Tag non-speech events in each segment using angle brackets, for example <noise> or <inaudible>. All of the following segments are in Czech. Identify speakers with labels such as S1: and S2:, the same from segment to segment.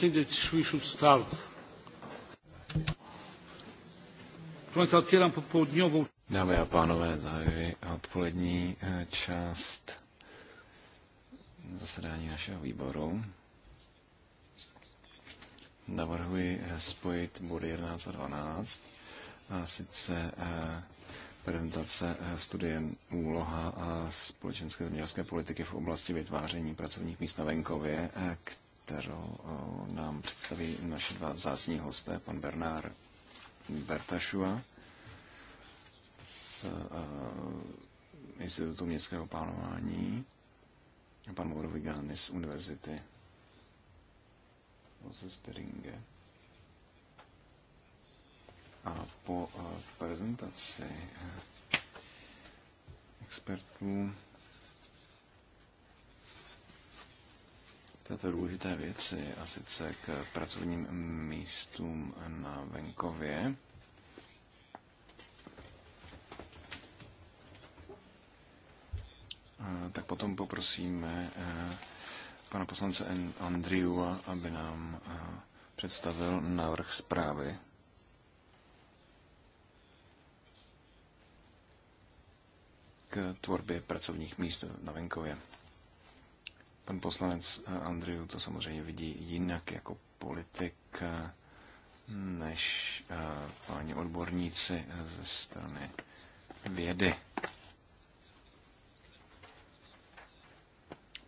S1: that should start.
S2: Dámy a pánové, zahajuji odpolední eh, část zasedání našeho výboru. Navrhuji eh, spojit body 11 a 12, a sice eh, prezentace studie úloha a společenské zemědělské politiky v oblasti vytváření pracovních míst na venkově, kterou eh, nám představí naše dva vzácní hosté, pan Bernard Bertašua z eh, Institutu městského plánování a pan Moro z Univerzity Osesteringe. A po eh, prezentaci expertů této důležité věci, a sice k pracovním místům na venkově. Tak potom poprosíme eh, pana poslance Andriu, aby nám eh, představil návrh zprávy. k tvorbě pracovních míst na venkově. Pan poslanec eh, Andriu to samozřejmě vidí jinak jako politik eh, než eh, páni odborníci ze strany vědy.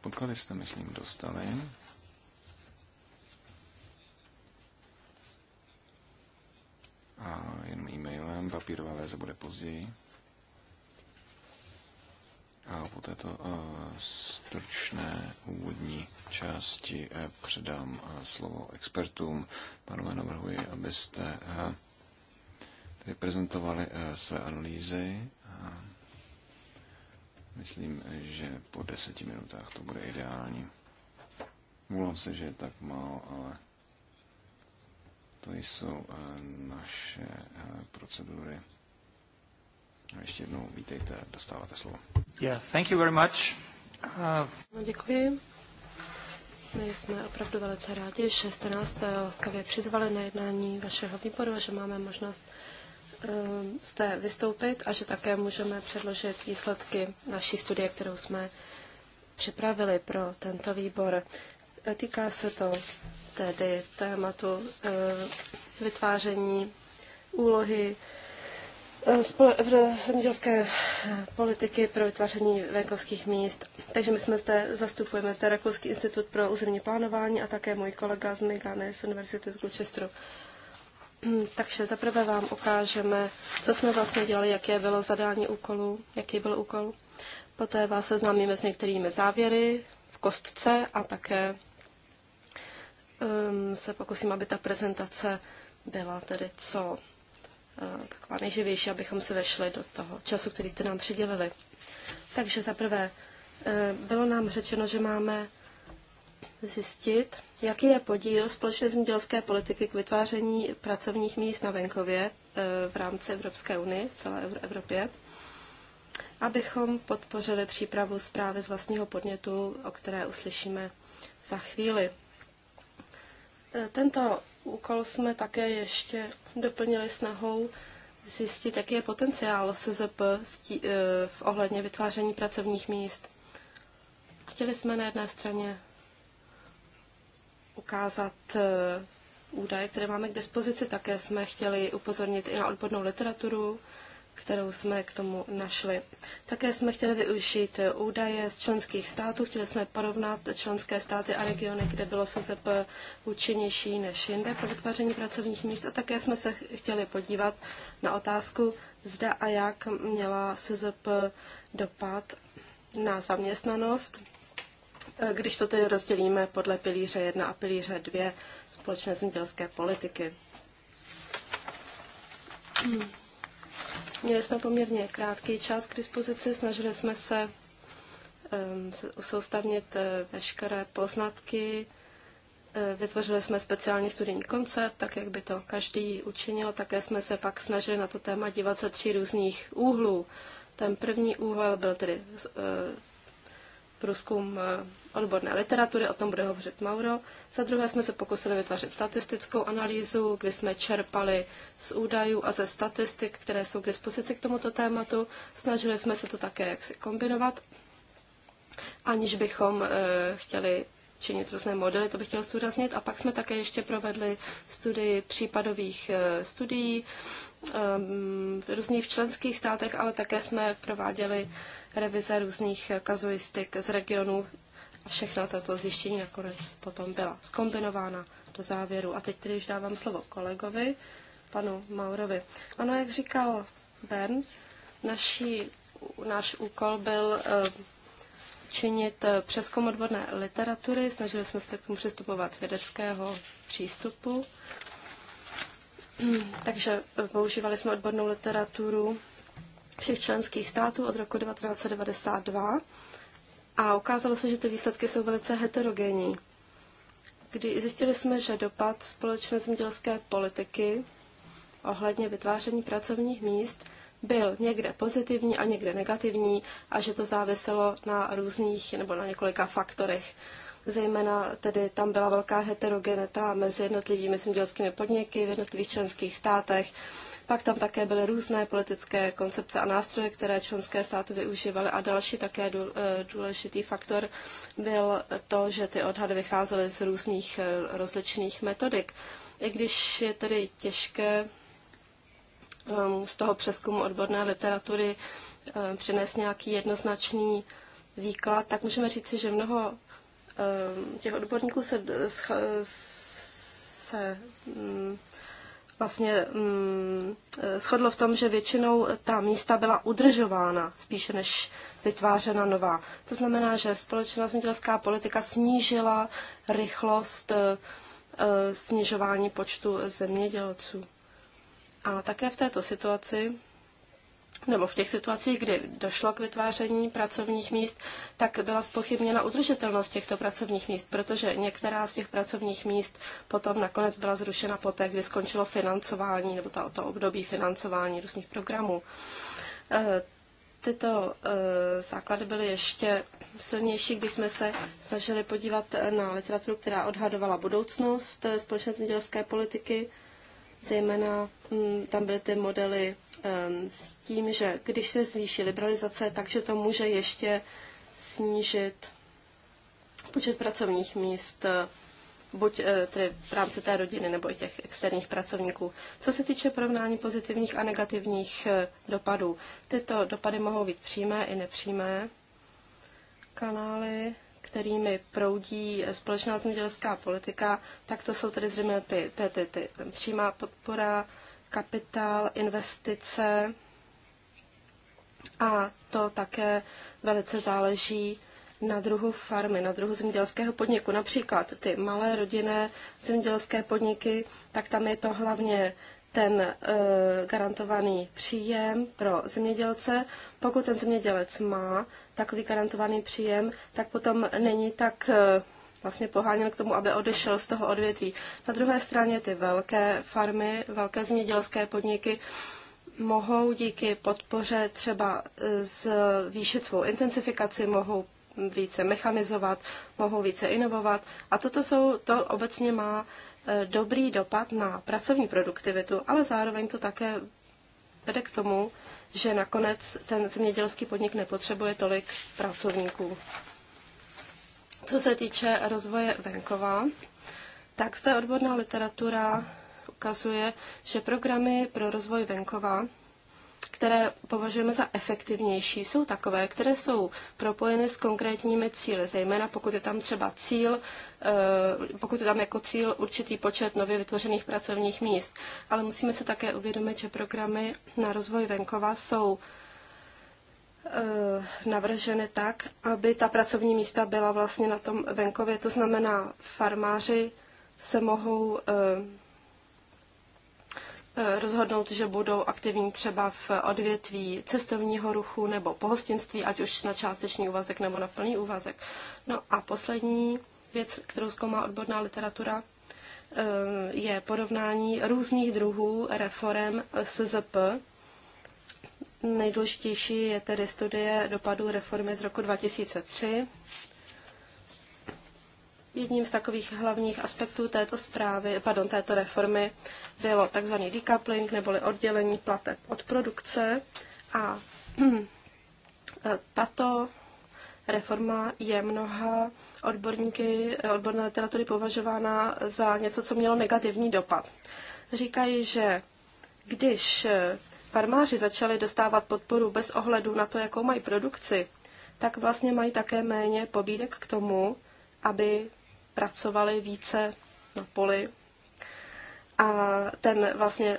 S2: Podklady jste, myslím, dostali. A jenom e-mailem, papírová verze bude později. A po této eh, stručné úvodní části eh, předám eh, slovo expertům. Pánové, navrhuji, abyste prezentovali své analýzy. Myslím, že po deseti minutách to bude ideální. Mluvám se, že je tak málo, ale to jsou naše procedury. No, ještě jednou vítejte, dostáváte slovo.
S3: Yeah, thank you very much. Uh...
S1: No, děkuji. My jsme opravdu velice rádi, že jste nás eh, laskavě přizvali na jednání vašeho výboru, že máme možnost eh, zde vystoupit a že také můžeme předložit výsledky naší studie, kterou jsme připravili pro tento výbor. Eh, týká se to tedy tématu vytváření úlohy Eh, zemědělské eh, politiky pro vytváření venkovských míst. Takže my jsme zde, zastupujeme zde Rakouský institut pro územní plánování a také můj kolega z Megane z Univerzity z Gloucesteru. Hmm, takže zaprvé vám ukážeme, co jsme vlastně dělali, jaké bylo zadání úkolu, jaký byl úkol. Poté vás seznámíme s některými závěry v kostce a také um, se pokusím, aby ta prezentace byla tedy co taková nejživější, abychom se vešli do toho času, který jste nám přidělili. Takže zaprvé e, bylo nám řečeno, že máme zjistit, jaký je podíl společné zemědělské politiky k vytváření pracovních míst na venkově e, v rámci Evropské unie, v celé Evropě, abychom podpořili přípravu zprávy z vlastního podnětu, o které uslyšíme za chvíli. E, tento úkol jsme také ještě doplnili snahou zjistit, jaký je potenciál SZP eh, v ohledně vytváření pracovních míst. Chtěli jsme na jedné straně ukázat eh, údaje, které máme k dispozici, také jsme chtěli upozornit i na odbornou literaturu, kterou jsme k tomu našli. Také jsme chtěli využít údaje z členských států, chtěli jsme porovnat členské státy a regiony, kde bylo SZP účinnější než jinde pro vytváření pracovních míst a také jsme se chtěli podívat na otázku, zda a jak měla SZP dopad na zaměstnanost, e, když to tedy rozdělíme podle pilíře 1 a pilíře 2 společné zemědělské politiky. Hmm. Měli jsme poměrně krátký čas k dispozici, snažili jsme se ehm, usoustavnit eh, veškeré poznatky, eh, Vytvořili jsme speciální studijní koncept, tak jak by to každý učinil. Také jsme se pak snažili na to téma dívat se tří různých úhlů. Ten první úhel byl tedy eh, průzkum eh, odborné literatury, o tom bude hovořit Mauro. Za druhé jsme se pokusili vytvořit statistickou analýzu, kdy jsme čerpali z údajů a ze statistik, které jsou k dispozici k tomuto tématu. Snažili jsme se to také jaksi kombinovat, aniž bychom eh, chtěli činit různé modely, to bych chtěl zdůraznit. A pak jsme také ještě provedli studii případových eh, studií ehm, v různých členských státech, ale také jsme prováděli revize různých eh, kazuistik z regionů. A všechna tato zjištění nakonec potom byla skombinována do závěru. A teď tedy už dávám slovo kolegovi, panu Maurovi. Ano, jak říkal Ben, naší, náš úkol byl ehm, činit přeskum odborné literatury, snažili jsme se k tomu přistupovat vědeckého přístupu. <clears throat> Takže eh, používali jsme odbornou literaturu všech členských států od roku 1992 a ukázalo se, že ty výsledky jsou velice heterogenní. Kdy zjistili jsme, že dopad společné zemědělské politiky ohledně vytváření pracovních míst byl někde pozitivní a někde negativní a že to záviselo na různých nebo na několika faktorech. Zejména tedy tam byla velká heterogenita mezi jednotlivými zemědělskými podniky v jednotlivých členských státech. Pak tam také byly různé politické koncepce a nástroje, které členské státy využívaly. A další také eh, důležitý faktor byl to, že ty odhady vycházely z různých eh, rozličných metodik. I když je tedy těžké Ehm, z toho přeskumu odborné literatury ehm, přinést nějaký jednoznačný výklad, tak můžeme říci, že mnoho ehm, těch odborníků se, se mm, vlastně mm, shodlo v tom, že většinou ta místa byla udržována spíše než vytvářena nová. To znamená, že společná zemědělská politika snížila rychlost snižování počtu zemědělců. A také v této situaci, nebo v těch situacích, kdy došlo k vytváření pracovních míst, tak byla spochybněna udržitelnost těchto pracovních míst, protože některá z těch pracovních míst potom nakonec byla zrušena poté, kdy skončilo financování nebo to, to období financování různých programů. E, tyto e, základy byly ještě silnější, když jsme se snažili podívat na literaturu, která odhadovala budoucnost společné zemědělské politiky, zejména Mm, tam byly ty modely ehm, s tím, že když se zvýší liberalizace, takže to může ještě snížit počet pracovních míst eh, buď eh, tedy v rámci té rodiny nebo i těch externích pracovníků. Co se týče porovnání pozitivních a negativních eh, dopadů, tyto dopady mohou být přímé i nepřímé kanály, kterými proudí společná zemědělská politika, tak to jsou tedy zřejmě ty, ty, ty, ty přímá podpora, kapitál, investice a to také velice záleží na druhu farmy, na druhu zemědělského podniku. Například ty malé rodinné zemědělské podniky, tak tam je to hlavně ten e, garantovaný příjem pro zemědělce. Pokud ten zemědělec má takový garantovaný příjem, tak potom není tak e, vlastně poháněl k tomu, aby odešel z toho odvětví. Na druhé straně ty velké farmy, velké zemědělské podniky mohou díky podpoře třeba eh, zvýšit svou intensifikaci, mohou více mechanizovat, mohou více inovovat. A toto jsou, to obecně má eh, dobrý dopad na pracovní produktivitu, ale zároveň to také vede k tomu, že nakonec ten zemědělský podnik nepotřebuje tolik pracovníků. Co se týče rozvoje venkova, tak zde odborná literatura ukazuje, že programy pro rozvoj venkova, které považujeme za efektivnější, jsou takové, které jsou propojeny s konkrétními cíly, zejména pokud je tam třeba cíl, eh, pokud je tam jako cíl určitý počet nově vytvořených pracovních míst. Ale musíme se také uvědomit, že programy na rozvoj venkova jsou Eh, navrženy tak, aby ta pracovní místa byla vlastně na tom venkově. To znamená, farmáři se mohou eh, eh, rozhodnout, že budou aktivní třeba v odvětví cestovního ruchu nebo pohostinství, ať už na částečný úvazek nebo na plný úvazek. No a poslední věc, kterou zkoumá odborná literatura, je porovnání různých druhů reform SZP Nejdůležitější je tedy studie dopadů reformy z roku 2003. Jedním z takových hlavních aspektů této zprávy, pardon, této reformy bylo tzv. decoupling neboli oddělení plateb od produkce a <clears throat> tato reforma je mnoha odborníky odborné literatury považována za něco, co mělo negativní dopad. Říkají, že když farmáři začali dostávat podporu bez ohledu na to, jakou mají produkci, tak vlastně mají také méně pobídek k tomu, aby pracovali více na poli. A ten vlastně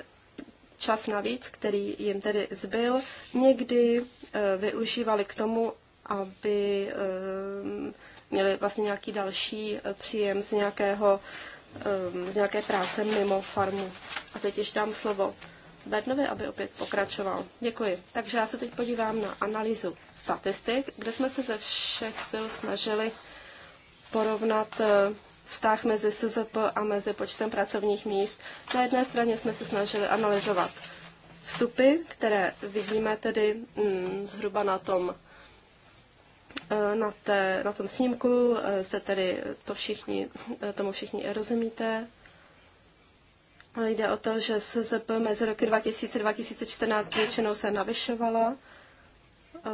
S1: čas navíc, který jim tedy zbyl, někdy eh, využívali k tomu, aby eh, měli vlastně nějaký další eh, příjem z, nějakého, z nějaké práce mimo farmu. A teď ještě dám slovo Bernovi, aby opět pokračoval. Děkuji. Takže já se teď podívám na analýzu statistik, kde jsme se ze všech sil snažili porovnat eh, vztah mezi SZP a mezi počtem pracovních míst. Na jedné straně jsme se snažili analyzovat vstupy, které vidíme tedy mm, zhruba na tom eh, na, té, na tom snímku. Eh, zde tedy to všichni, tomu všichni rozumíte. Jde o to, že SZP mezi roky 2000-2014 většinou se navyšovala.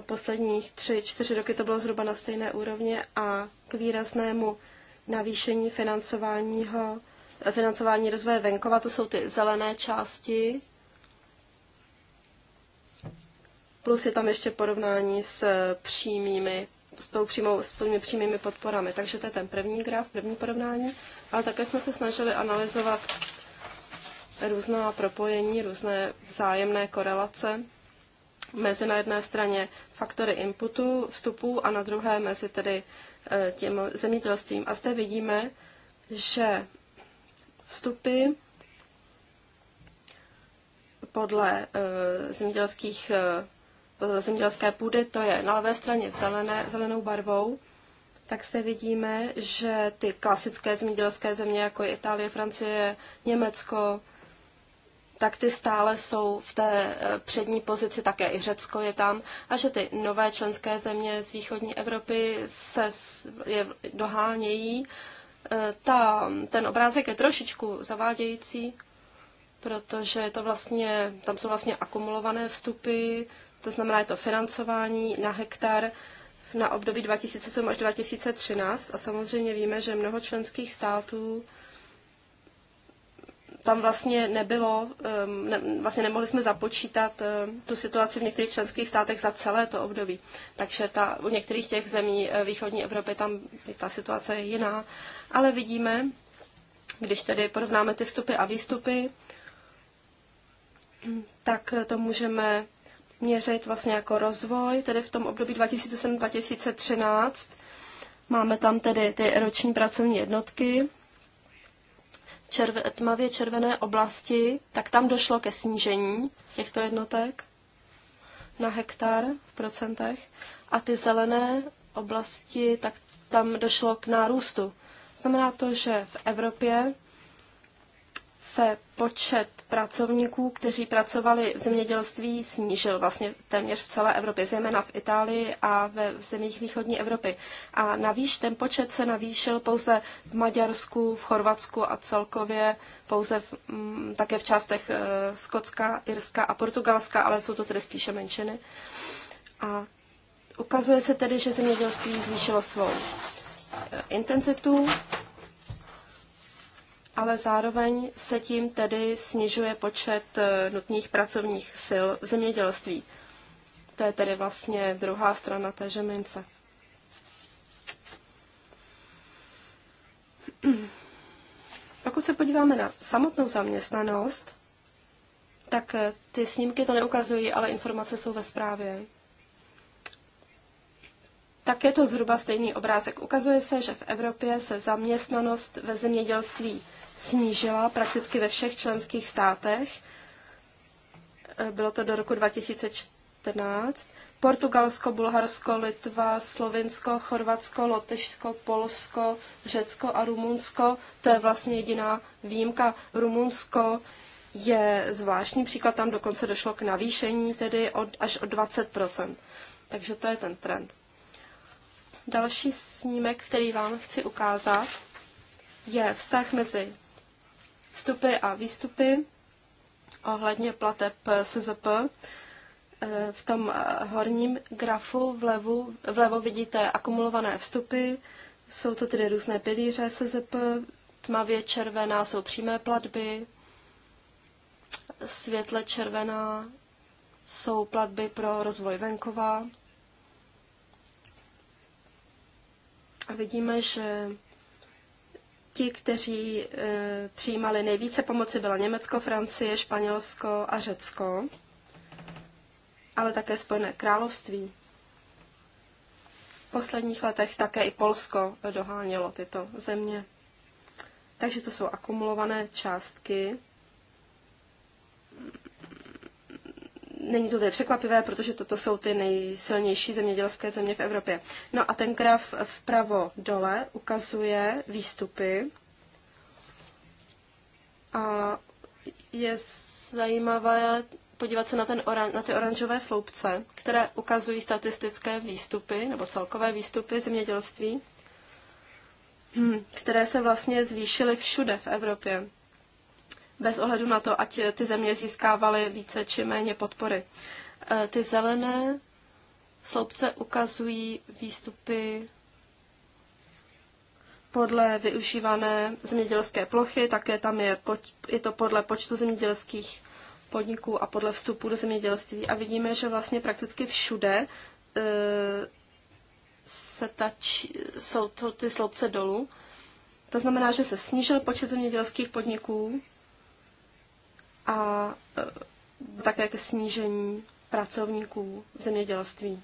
S1: Posledních tři, čtyři roky to bylo zhruba na stejné úrovni a k výraznému navýšení financováního, financování rozvoje venkova, to jsou ty zelené části. Plus je tam ještě porovnání s přímými s, tou přímou, s těmi přímými podporami. Takže to je ten první graf, první porovnání. Ale také jsme se snažili analyzovat různá propojení, různé vzájemné korelace mezi na jedné straně faktory inputu, vstupů a na druhé mezi tedy eh, tím zemědělstvím. A zde vidíme, že vstupy podle eh, zemědělských eh, podle zemědělské půdy, to je na levé straně zelené, zelenou barvou, tak zde vidíme, že ty klasické zemědělské země, jako je Itálie, Francie, Německo, tak ty stále jsou v té eh, přední pozici, také i Řecko je tam, a že ty nové členské země z východní Evropy se je dohánějí. Eh, ta, ten obrázek je trošičku zavádějící, protože to vlastně, tam jsou vlastně akumulované vstupy, to znamená je to financování na hektar na období 2007 až 2013 a samozřejmě víme, že mnoho členských států tam vlastně nebylo, ehm, ne, vlastně nemohli jsme započítat ehm, tu situaci v některých členských státech za celé to období. Takže ta, u některých těch zemí eh, východní Evropy tam ta situace je jiná. Ale vidíme, když tedy porovnáme ty vstupy a výstupy, hm, tak eh, to můžeme měřit vlastně jako rozvoj, tedy v tom období 2007-2013. Máme tam tedy ty roční pracovní jednotky, červe, tmavě červené oblasti, tak tam došlo ke snížení těchto jednotek na hektar v procentech a ty zelené oblasti, tak tam došlo k nárůstu. Znamená to, že v Evropě se počet pracovníků, kteří pracovali v zemědělství, snížil vlastně téměř v celé Evropě, zejména v Itálii a ve zemích východní Evropy. A navíc ten počet se navýšil pouze v Maďarsku, v Chorvatsku a celkově pouze v, m, mm, také v částech e, Skotska, Irska a Portugalska, ale jsou to tedy spíše menšiny. A ukazuje se tedy, že zemědělství zvýšilo svou eh, intenzitu, ale zároveň se tím tedy snižuje počet eh, nutných pracovních sil v zemědělství. To je tedy vlastně druhá strana té žemince. Pokud se podíváme na samotnou zaměstnanost, tak eh, ty snímky to neukazují, ale informace jsou ve zprávě. Tak je to zhruba stejný obrázek. Ukazuje se, že v Evropě se zaměstnanost ve zemědělství snížila prakticky ve všech členských státech. Eh, bylo to do roku 2014. Portugalsko, Bulharsko, Litva, Slovinsko, Chorvatsko, Lotyšsko, Polsko, Řecko a Rumunsko. To je vlastně jediná výjimka. Rumunsko je zvláštní příklad, tam dokonce došlo k navýšení tedy od, až o 20 Takže to je ten trend. Další snímek, který vám chci ukázat, je vztah mezi vstupy a výstupy ohledně plateb SZP. Eh, v tom eh, horním grafu vlevo, vlevo vidíte akumulované vstupy, jsou to tedy různé pilíře SZP, tmavě červená jsou přímé platby, světle červená jsou platby pro rozvoj venkova. A vidíme, že ti, kteří e, přijímali nejvíce pomoci, byla Německo, Francie, Španělsko a Řecko, ale také Spojené království. V posledních letech také i Polsko dohánělo tyto země. Takže to jsou akumulované částky Není to tedy překvapivé, protože toto jsou ty nejsilnější zemědělské země v Evropě. No a ten graf vpravo dole ukazuje výstupy a je zajímavé podívat se na, ten oran, na ty oranžové sloupce, které ukazují statistické výstupy nebo celkové výstupy zemědělství, hm, které se vlastně zvýšily všude v Evropě bez ohledu na to, ať ty země získávaly více či méně podpory. Eh, ty zelené sloupce ukazují výstupy podle využívané zemědělské plochy, také tam je, je to podle počtu zemědělských podniků a podle vstupu do zemědělství. A vidíme, že vlastně prakticky všude eh, se či, jsou to ty sloupce dolů. To znamená, že se snížil počet zemědělských podniků, a e, také ke snížení pracovníků v zemědělství.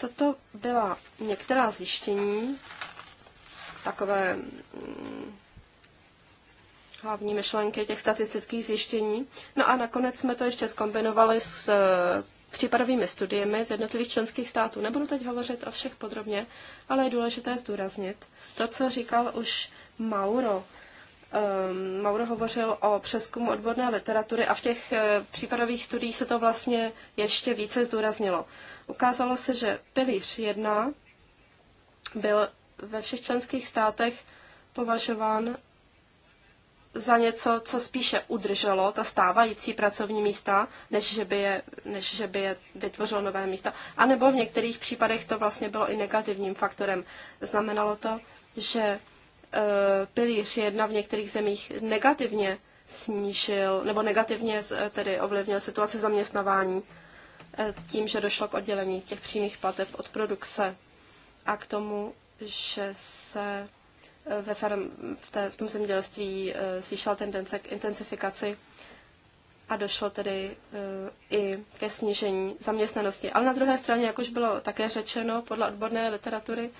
S1: Toto byla některá zjištění, takové mm, hlavní myšlenky těch statistických zjištění. No a nakonec jsme to ještě skombinovali s e, případovými studiemi z jednotlivých členských států. Nebudu teď hovořit o všech podrobně, ale je důležité zdůraznit to, co říkal už Mauro Um, Mauro hovořil o přeskumu odborné literatury a v těch eh, případových studiích se to vlastně ještě více zdůraznilo. Ukázalo se, že pilíř 1 byl ve všech členských státech považován za něco, co spíše udrželo ta stávající pracovní místa, než že by je, než že by je vytvořilo nové místa. A nebo v některých případech to vlastně bylo i negativním faktorem. Znamenalo to, že Eh, pilíř jedna v některých zemích negativně snížil, nebo negativně eh, tedy ovlivnil situaci zaměstnávání eh, tím, že došlo k oddělení těch přímých plateb od produkce a k tomu, že se ve farm, v, té, v tom zemědělství zvýšila tendence k intensifikaci a došlo tedy i ke snížení zaměstnanosti. Ale na druhé straně, jak už bylo také řečeno podle odborné literatury,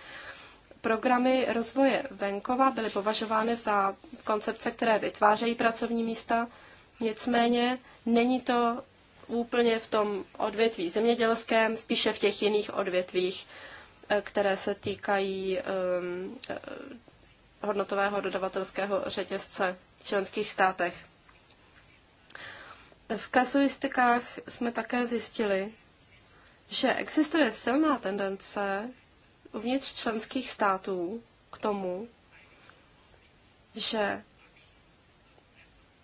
S1: Programy rozvoje venkova byly považovány za koncepce, které vytvářejí pracovní místa, nicméně není to úplně v tom odvětví zemědělském, spíše v těch jiných odvětvích, eh, které se týkají um, hodnotového dodavatelského řetězce v členských státech. V kasuistikách jsme také zjistili, že existuje silná tendence uvnitř členských států k tomu, že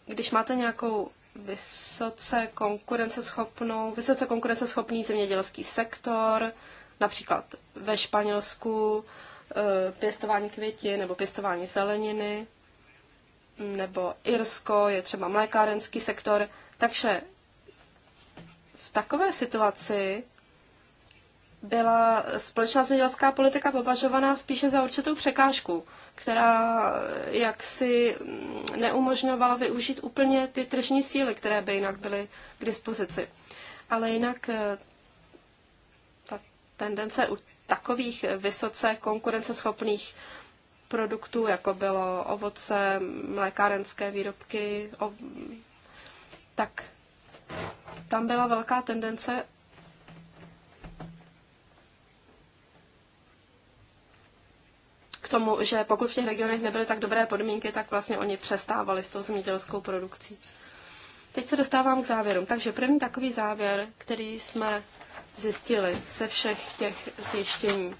S1: když máte nějakou vysoce konkurenceschopnou, vysoce konkurenceschopný zemědělský sektor, například ve Španělsku eh, pěstování květi nebo pěstování zeleniny, nebo Irsko, je třeba mlékárenský sektor. Takže v takové situaci byla společná zemědělská politika považovaná spíše za určitou překážku, která eh, jaksi mm, neumožňovala využít úplně ty tržní síly, které by jinak byly k dispozici. Ale jinak eh, ta tendence u takových vysoce konkurenceschopných produktů, jako bylo ovoce, mlékárenské výrobky, tak tam byla velká tendence tomu, že pokud v těch regionech nebyly tak dobré podmínky, tak vlastně oni přestávali s tou zemědělskou produkcí. Teď se dostávám k závěru. Takže první takový závěr, který jsme zjistili ze všech těch zjištění.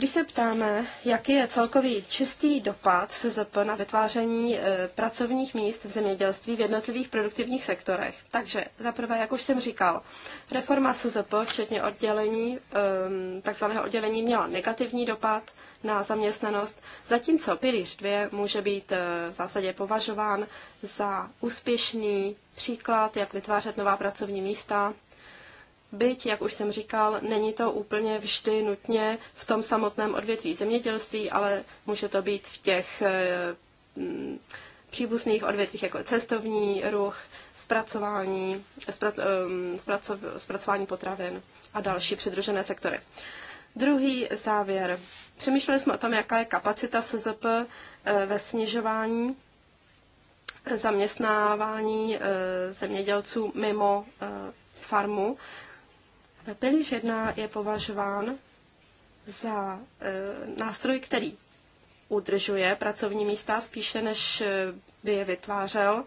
S1: Když se ptáme, jaký je celkový čistý dopad SZP na vytváření e, pracovních míst v zemědělství v jednotlivých produktivních sektorech, takže zaprvé, jak už jsem říkal, reforma SZP, včetně oddělení, takzvaného oddělení, měla negativní dopad na zaměstnanost, zatímco pilíř 2 může být e, v zásadě považován za úspěšný příklad, jak vytvářet nová pracovní místa Byť, jak už jsem říkal, není to úplně vždy nutně v tom samotném odvětví zemědělství, ale může to být v těch eh, mm, příbuzných odvětvích, jako cestovní ruch, zpracování, ehm, zpracování potravin a další přidružené sektory. Druhý závěr. Přemýšleli jsme o tom, jaká je kapacita SZP eh, ve snižování zaměstnávání eh, zemědělců mimo farmu. Pilíř jedna je považován za e, nástroj, který udržuje pracovní místa spíše, než e, by je vytvářel.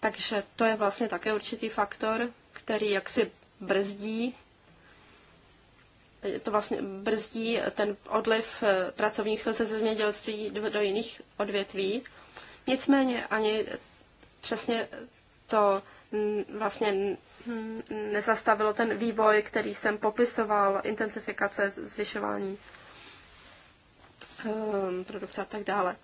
S1: Takže to je vlastně také určitý faktor, který jaksi brzdí to vlastně brzdí ten odliv e, pracovních sil ze zemědělství do jiných odvětví. Nicméně ani přesně to vlastně Mm, nezastavilo ten vývoj, který jsem popisoval, intenzifikace, zvyšování ehm, produkce a tak dále.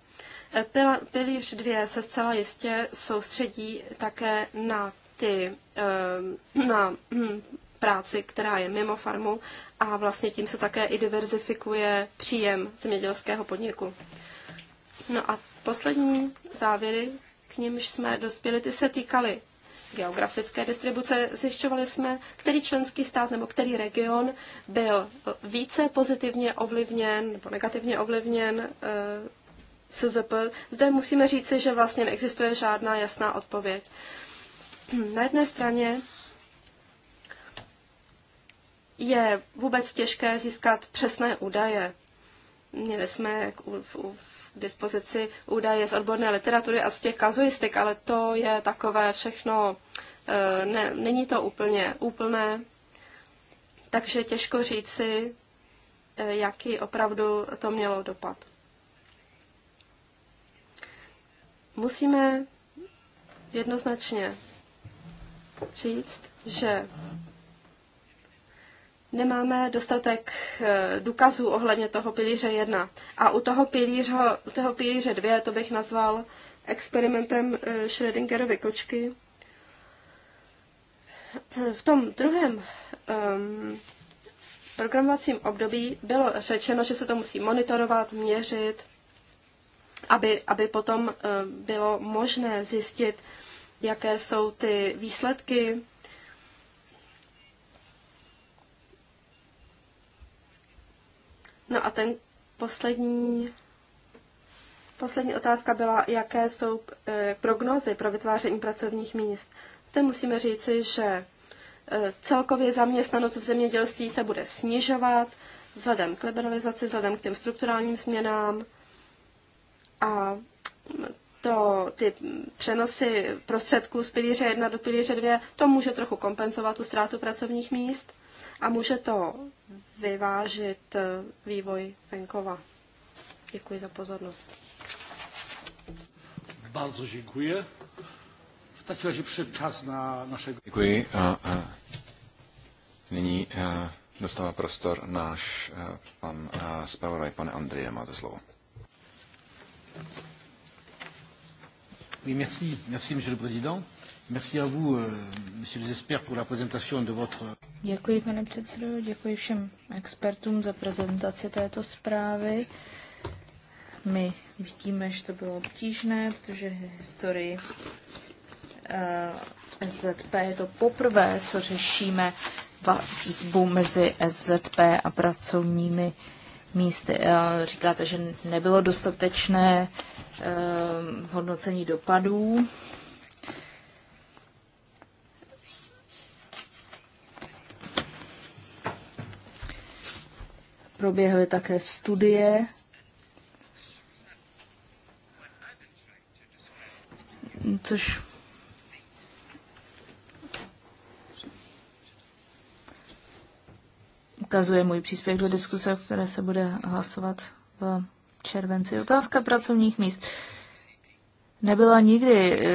S1: E, pilíř 2 se zcela jistě soustředí také na ty, ehm, na hm, práci, která je mimo farmu a vlastně tím se také i diverzifikuje příjem zemědělského podniku. No a poslední závěry, k nímž jsme dospěli, ty se týkaly geografické distribuce, zjišťovali jsme, který členský stát nebo který region byl více pozitivně ovlivněn nebo negativně ovlivněn eh, SZP. Zde musíme říci, že vlastně neexistuje žádná jasná odpověď. Na jedné straně je vůbec těžké získat přesné údaje. Měli jsme v k dispozici údaje z odborné literatury a z těch kazuistik, ale to je takové všechno, eh, ne, není to úplně úplné, takže těžko říci, eh, jaký opravdu to mělo dopad. Musíme jednoznačně říct, že nemáme dostatek eh, důkazů ohledně toho pilíře 1. A u toho pilíře, u toho pilíře 2 to bych nazval experimentem eh, Schrödingerovy kočky. V tom druhém um, programovacím období bylo řečeno, že se to musí monitorovat, měřit, aby, aby potom eh, bylo možné zjistit, jaké jsou ty výsledky No a ten poslední, poslední otázka byla, jaké jsou eh, prognozy pro vytváření pracovních míst. Zde musíme říci, že eh, celkově zaměstnanost v zemědělství se bude snižovat vzhledem k liberalizaci, vzhledem k těm strukturálním změnám a to, ty přenosy prostředků z pilíře 1 do pilíře 2, to může trochu kompenzovat tu ztrátu pracovních míst a může to vyvážit eh, vývoj venkova. Děkuji za pozornost. Bardzo dziękuję. W takim razie przyszedł czas na naszego...
S2: Děkuji. A, a, nyní a, eh, dostává prostor náš a, eh, pan a, zpravodaj, pane Andrie, máte slovo.
S3: Oui, merci. Merci, monsieur le président. Merci à vous, euh,
S1: monsieur les experts, pour la présentation de votre...
S3: Děkuji, pane předsedo, děkuji všem expertům za prezentaci této zprávy. My vidíme, že to bylo obtížné, protože historii eh, SZP je to poprvé, co řešíme vazbu mezi SZP a pracovními uh, míst. Eh, říkáte, že nebylo dostatečné eh, hodnocení dopadů. Proběhly také studie. Což odkazuje můj příspěvek do diskuse, o které se bude hlasovat v červenci. Otázka pracovních míst nebyla nikdy eh,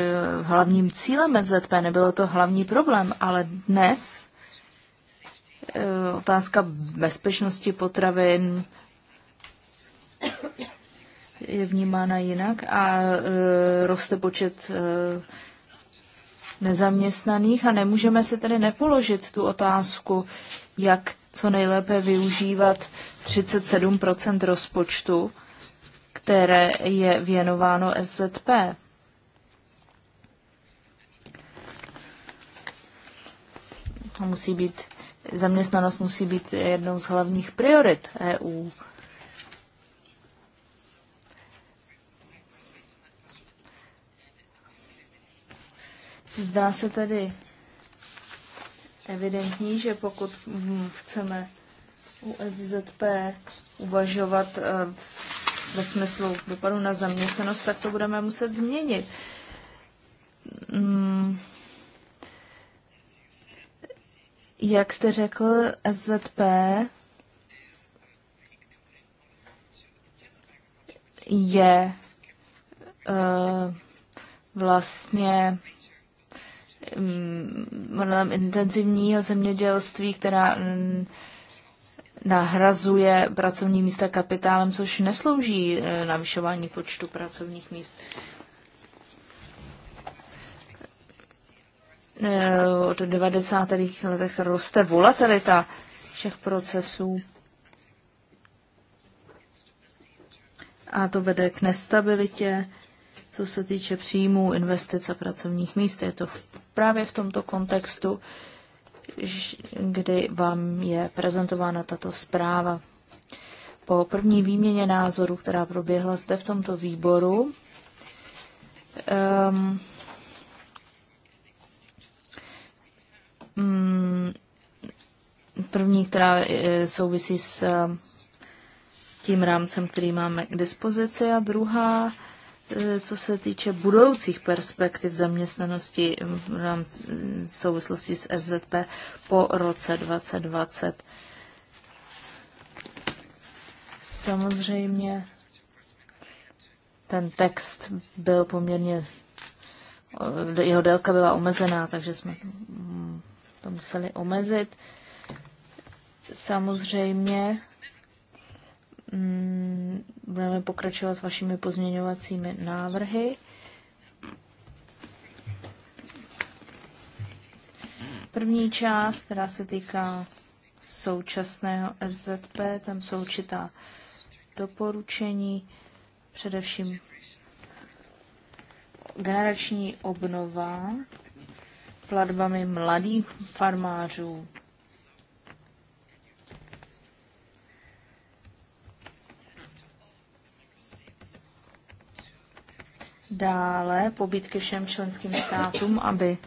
S3: hlavním cílem ZP, nebylo to hlavní problém, ale dnes eh, otázka bezpečnosti potravin je vnímána jinak a eh, roste počet nezaměstnaných a nemůžeme se tedy nepoložit tu otázku, jak co nejlépe využívat 37 rozpočtu, které je věnováno SZP. Musí být, zaměstnanost musí být jednou z hlavních priorit EU. Zdá se tedy, evidentní, že pokud hm, chceme u SZP uvažovat eh, ve smyslu dopadu na zaměstnanost, tak to budeme muset změnit. Hm. Jak jste řekl, SZP je eh, vlastně modelem intenzivního zemědělství, která mm, nahrazuje pracovní místa kapitálem, což neslouží eh, navyšování počtu pracovních míst. Eh, od 90. letech roste volatilita všech procesů. A to vede k nestabilitě, co se týče příjmů, investic a pracovních míst. Je to právě v tomto kontextu, kdy vám je prezentována tato zpráva. Po první výměně názorů, která proběhla zde v tomto výboru, um, um první, která e, souvisí s e, tím rámcem, který máme k dispozici, a druhá Eh, co se týče budoucích perspektiv zaměstnanosti v souvislosti s SZP po roce 2020. Samozřejmě ten text byl poměrně, eh, jeho délka byla omezená, takže jsme to museli omezit. Samozřejmě Mm, budeme pokračovat s vašimi pozměňovacími návrhy. První část, která se týká současného SZP, tam jsou určitá doporučení, především generační obnova platbami mladých farmářů Dále pobídky všem členským státům, aby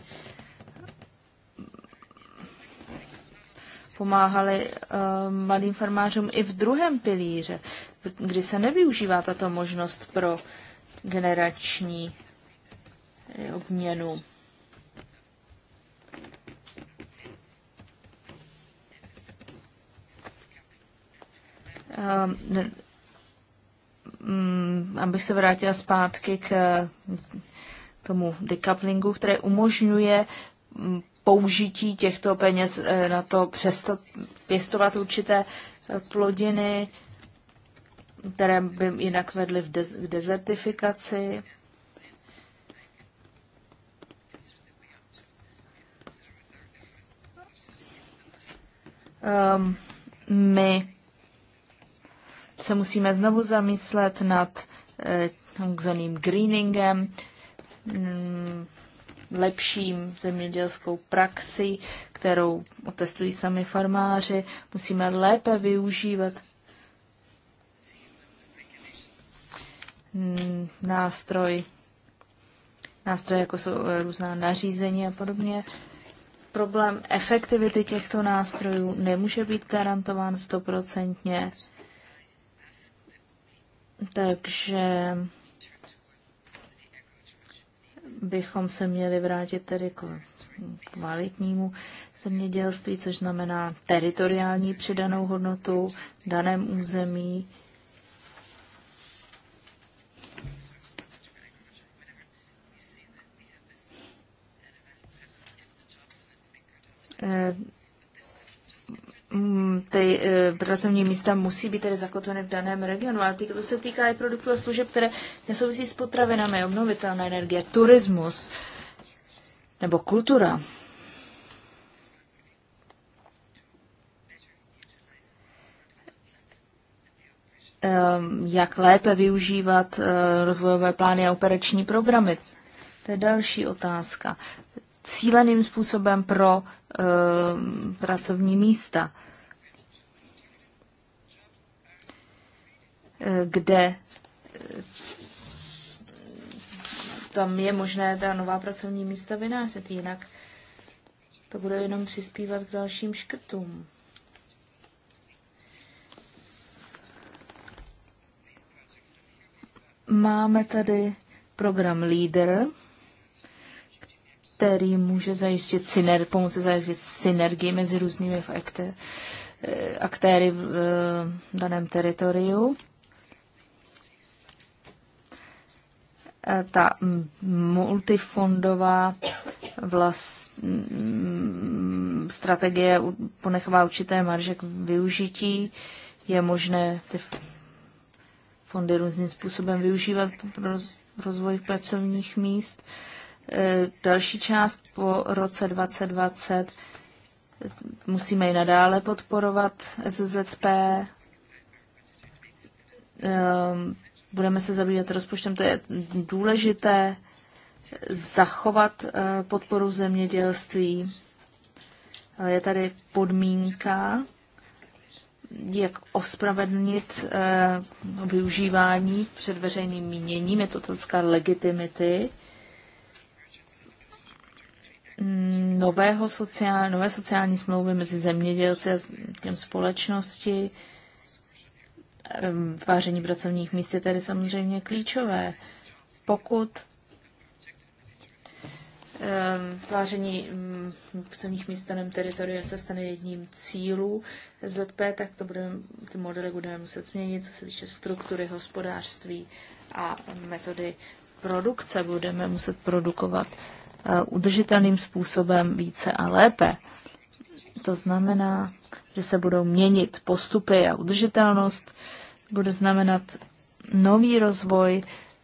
S3: pomáhali uh, mladým farmářům i v druhém pilíře, kdy se nevyužívá tato možnost pro generační eh, obměnu. Uh, Mm, abych se vrátila zpátky k eh, tomu decouplingu, které umožňuje mm, použití těchto peněz eh, na to přesto pěstovat určité eh, plodiny, které by jinak vedly v dez- k dezertifikaci. Um, my se musíme znovu zamyslet nad eh, takzvaným greeningem, mm, lepším zemědělskou praxi, kterou otestují sami farmáři. Musíme lépe využívat mm, nástroj, nástroj jako jsou eh, různá nařízení a podobně. Problém efektivity těchto nástrojů nemůže být garantován stoprocentně. Takže bychom se měli vrátit tedy k kvalitnímu zemědělství, což znamená teritoriální přidanou hodnotu v daném území. Eh, Mm, ty eh, pracovní místa musí být tedy zakotveny v daném regionu, ale ty, to se týká i produktů a služeb, které nesouvisí s potravinami, obnovitelná energie, turismus nebo kultura. Ehm, jak lépe využívat eh, rozvojové plány a operační programy. To je další otázka cíleným způsobem pro e, pracovní místa, eh, kde eh, tam je možné ta nová pracovní místa vynářet, jinak to bude jenom přispívat k dalším škrtům. Máme tady program Leader, který může zajistit syner, pomoci zajistit synergii mezi různými efekty eh, aktéry eh, v daném teritoriu. Eh, ta multifondová vlast, strategie ponechává určité marže k využití. Je možné ty fondy různým způsobem využívat pro rozvoj pracovních míst. Eh, další část po roce 2020. Musíme i nadále podporovat SZP. Ehm, budeme se zabývat rozpočtem, to je důležité zachovat eh, podporu zemědělství. je tady podmínka, jak ospravedlnit eh, využívání před veřejným míněním, je to otázka legitimity nového sociál, nové sociální smlouvy mezi zemědělci a společnosti, ehm, váření pracovních míst je tedy samozřejmě klíčové. Pokud ehm, vážení ehm, pracovních míst na daném teritoriu se stane jedním cílů ZP, tak to budeme, ty modely budeme muset změnit, co se týče struktury hospodářství a metody produkce. Budeme muset produkovat Eh, udržitelným způsobem více a lépe. To znamená, že se budou měnit postupy a udržitelnost bude znamenat nový rozvoj,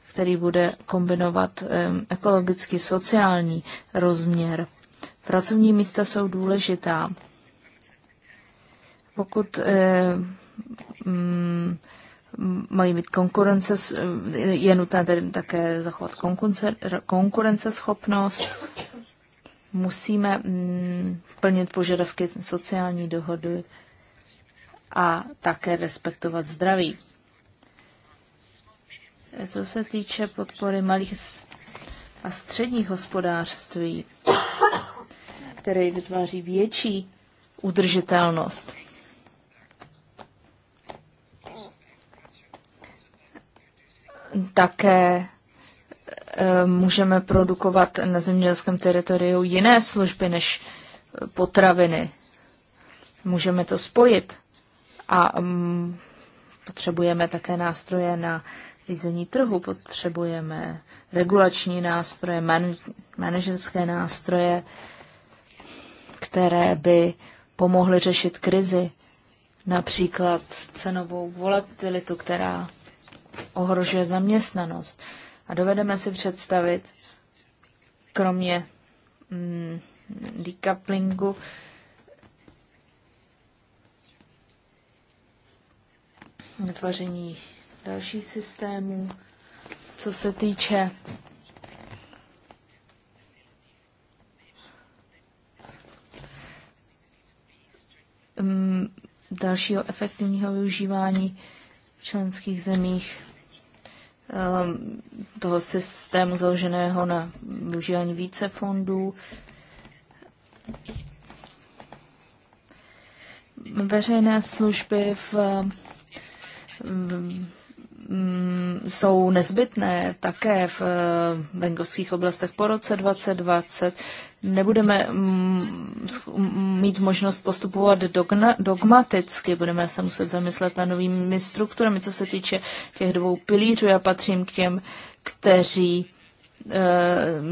S3: který bude kombinovat eh, ekologický sociální rozměr. Pracovní místa jsou důležitá. Pokud eh, mm, mají být konkurence, je nutné tedy také zachovat konkurence, konkurenceschopnost, musíme mm, plnit požadavky sociální dohody a také respektovat zdraví. Co se týče podpory malých a středních hospodářství, které vytváří větší udržitelnost. také eh, můžeme produkovat na zemědělském teritoriu jiné služby než potraviny. Můžeme to spojit. A mm, potřebujeme také nástroje na řízení trhu, potřebujeme regulační nástroje, man, manažerské nástroje, které by pomohly řešit krizi, například cenovou volatilitu, která ohrožuje zaměstnanost. A dovedeme si představit, kromě mm, decouplingu, vytvoření dalších systémů, co se týče mm, dalšího efektivního využívání členských zemích ehm, toho systému založeného na využívání více fondů. Veřejné služby v, v Mm, jsou nezbytné také v eh, venkovských oblastech po roce 2020. Nebudeme mm, mm, mít možnost postupovat dogmaticky, budeme se muset zamyslet na novými strukturami, co se týče těch dvou pilířů. Já patřím k těm, kteří eh,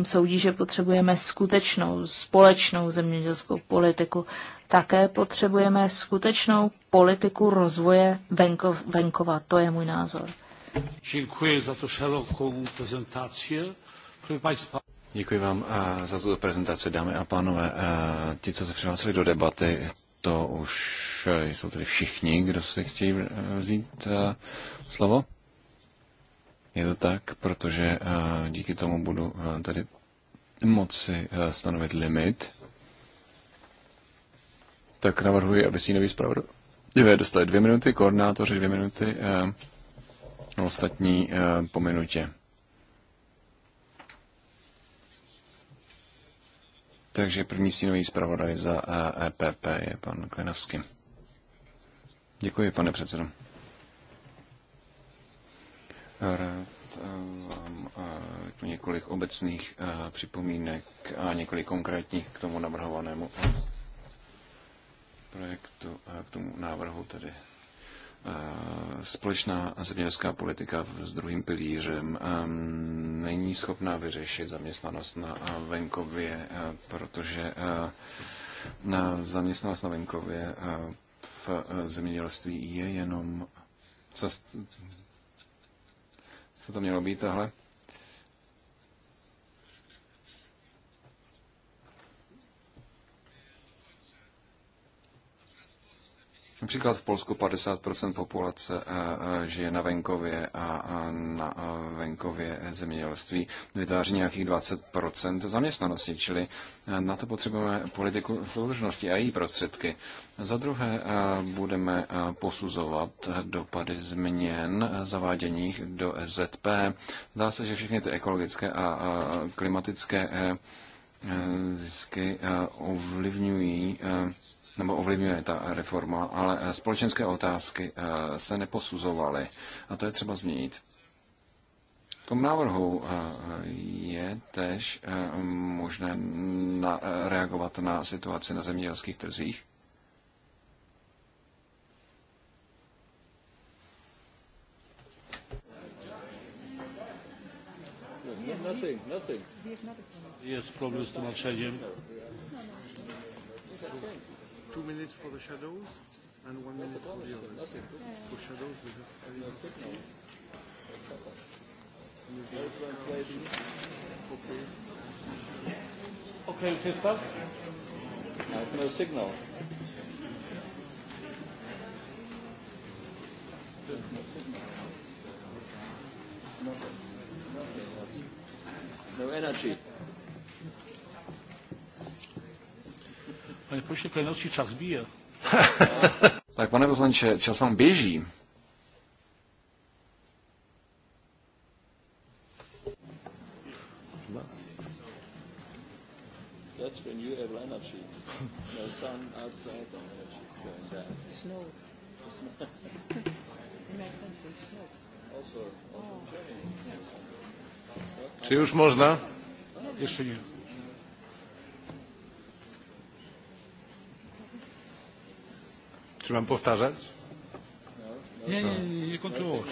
S3: soudí, že potřebujeme skutečnou společnou zemědělskou politiku. Také potřebujeme skutečnou politiku rozvoje venkov, venkova. To je můj názor.
S2: Děkuji za tu širokou prezentaci. Děkuji vám eh, za tuto prezentaci, dámy a pánové. Eh, ti, co se přihlásili do debaty, to už eh, jsou tedy všichni, kdo se chtějí vzít slovo. Je to tak, protože díky tomu budu tady moci stanovit limit. Tak navrhuji, aby si nový zpravodaj dostali dvě minuty, koordinátoři dvě minuty, no ostatní eh, po minutě. Takže první stínový zpravodaj za EPP eh, e je pan Klinovský. Děkuji, pane předsedo. Rád eh, vám několik obecných připomínek a několik konkrétních k tomu navrhovanému projektu, k tomu návrhu tedy. Eh, společná zemědělská politika s druhým pilířem eh, není schopná vyřešit zaměstnanost na venkově, eh, protože na zaměstnanost na venkově v zemědělství je jenom... Co, co to mělo být tahle? Například v Polsku 50% populace eh, eh, žije na venkově a na eh, venkově zemědělství vytváří nějakých 20% zaměstnanosti, čili na to potřebujeme politiku soudržnosti a její prostředky. Za druhé budeme posuzovat dopady změn zaváděních do SZP. Zdá se, že všechny ty ekologické a klimatické zisky ovlivňují nebo ovlivňuje ta reforma, ale eh, společenské otázky eh, se neposuzovaly. A to je třeba změnit. V tom návrhu eh, je tež možné na, reagovat na situaci na zemědělských trzích. Nothing, nothing. Jest problem z tłumaczeniem two minutes for the shadows and one minute for the others. For shadows, we have three minutes.
S3: Okay. Okay, okay, stop.
S2: I have no signal.
S1: <laughs>
S2: tak pane poslanče, čas vám běží. That's when energy. No sun outside energy is going down. Snow. In my country, snow. Also, also oh. Germany. Czy już można? Jeszcze nie. mam powtarzać? Nie, nie, nie, nie kontynuować.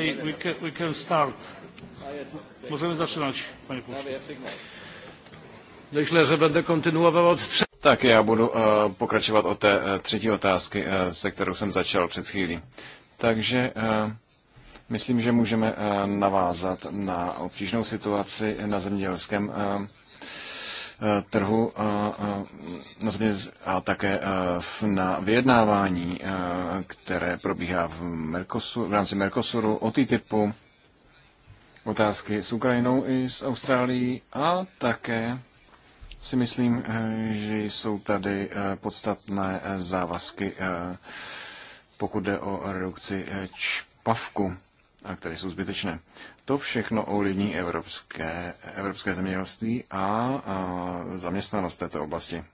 S2: Okay, we can,
S1: we can start. Możemy zaczynać, panie pośle.
S2: Myślę, że będę kontynuował od trzech. Tak, já budu e, pokračovat od té e, třetí otázky, e, se kterou jsem začal před chvílí. Takže myslím, že můžeme navázat na obtížnou situaci na zemědělském trhu a, a, a také na vyjednávání, které probíhá v, Mercosur, v rámci Mercosuru o TTIPu, otázky s Ukrajinou i s Austrálií a také si myslím, e, že jsou tady e, podstatné e, závazky, pokud jde o redukci čpavku, které jsou zbytečné. To všechno ovlivní evropské, evropské zemědělství a, a zaměstnanost této oblasti.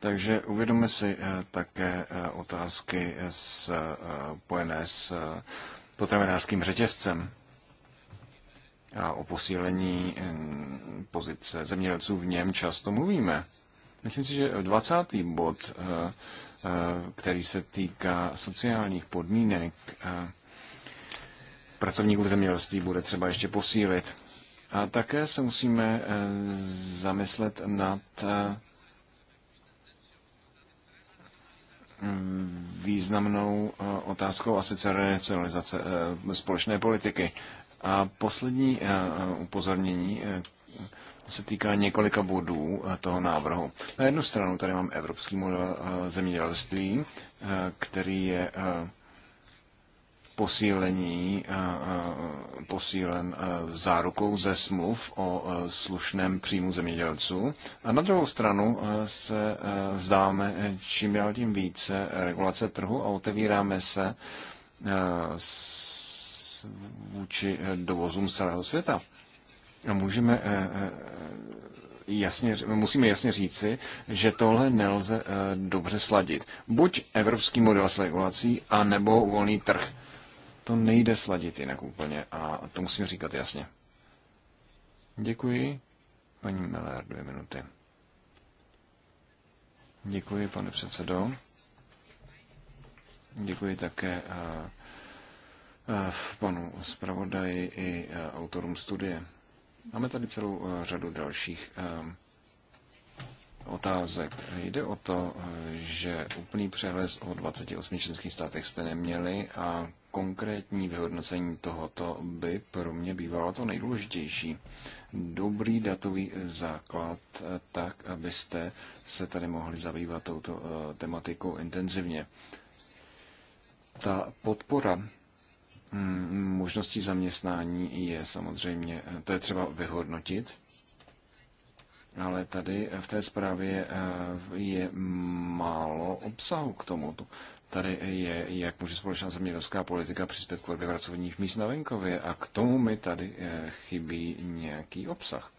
S2: Takže uvědomme si eh, také eh, otázky spojené s eh, potravinářským řetězcem a o posílení pozice zemědělců v něm často mluvíme. Myslím si, že 20. bod, který se týká sociálních podmínek, pracovníků v zemědělství bude třeba ještě posílit. A také se musíme eh, zamyslet nad eh, mm, významnou eh, otázkou a sice renacionalizace společné politiky. A poslední upozornění se týká několika bodů toho návrhu. Na jednu stranu tady mám evropský model zemědělství, který je posílení, eh, eh, posílen eh, zárukou ze smluv o slušném příjmu zemědělců. A na druhou stranu se vzdáme čím dál tím více regulace trhu a otevíráme se vůči dovozům z celého světa. Můžeme jasně, musíme jasně říci, že tohle nelze dobře sladit. Buď evropský model s regulací, anebo volný trh to nejde sladit jinak úplně a to musím říkat jasně. Děkuji. Paní Miller, dvě minuty. Děkuji, pane předsedo. Děkuji také eh, eh, panu zpravodaji i eh, autorům studie. Máme tady celou řadu dalších otázek. Jde o to, že úplný přehled o 28 členských státech jste neměli a konkrétní vyhodnocení tohoto by pro mě bývalo to nejdůležitější. Dobrý datový základ eh, tak, abyste se tady mohli zabývat touto eh, tematikou intenzivně. Ta podpora mm, možností zaměstnání je samozřejmě, eh, to je třeba vyhodnotit, ale tady v té zprávě je málo obsahu k tomu tady je, jak může společná zemědělská politika přispět k pracovních míst na venkově a k tomu mi tady eh, chybí nějaký obsah.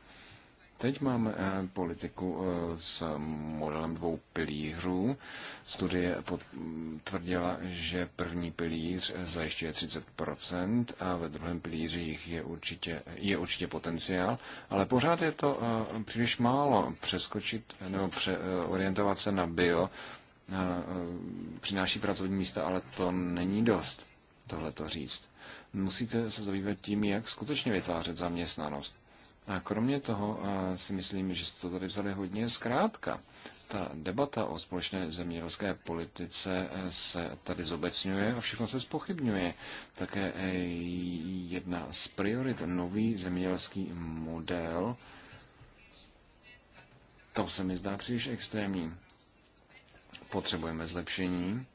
S2: Teď máme eh, politiku eh, s modelem dvou pilířů. Studie potvrdila, že první pilíř zajišťuje 30% a ve druhém pilíři jich je určitě, je určitě potenciál, ale pořád je to příliš málo přeskočit nebo pře, orientovat se na bio Eh, přináší pracovní místa, ale to není dost, tohle to říct. Musíte se zabývat tím, jak skutečně vytvářet zaměstnanost. A kromě toho eh, si myslím, že jste to tady vzali hodně zkrátka. Ta debata o společné zemědělské politice eh, se tady zobecňuje a všechno se spochybňuje. Také jedna z priorit, nový zemědělský model, to se mi zdá příliš extrémní potřebujeme zlepšení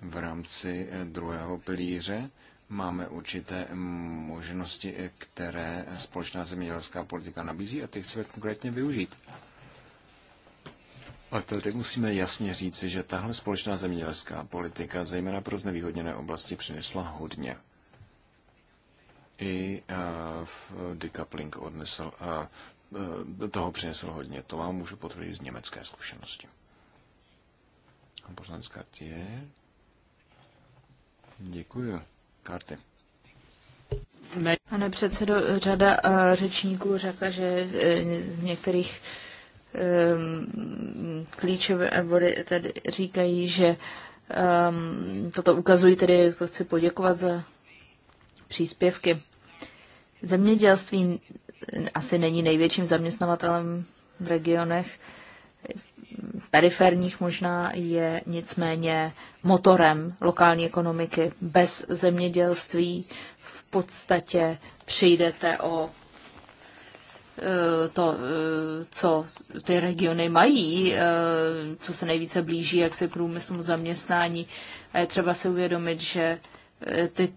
S2: v rámci eh, druhého pilíře. Máme určité možnosti, eh, které společná zemědělská politika nabízí a ty chceme konkrétně využít. A tady musíme jasně říci, že tahle společná zemědělská politika, zejména pro znevýhodněné oblasti, přinesla hodně. I uh, v decoupling odnesl, uh, toho přinesl hodně. To vám můžu potvrdit z německé zkušenosti. Pan poslanec Kartě. Děkuji. Karty.
S3: Pane předsedo, řada eh, řečníků řekla, že v eh, některých eh, klíčové body tady říkají, že um, toto ukazují tedy, to chci poděkovat za příspěvky. Zemědělství asi není největším zaměstnavatelem v regionech periferních možná, je nicméně motorem lokální ekonomiky. Bez zemědělství v podstatě přijdete o e, to, e, co ty regiony mají, e, co se nejvíce blíží, jak se průmyslu zaměstnání. A je třeba si uvědomit, že ty,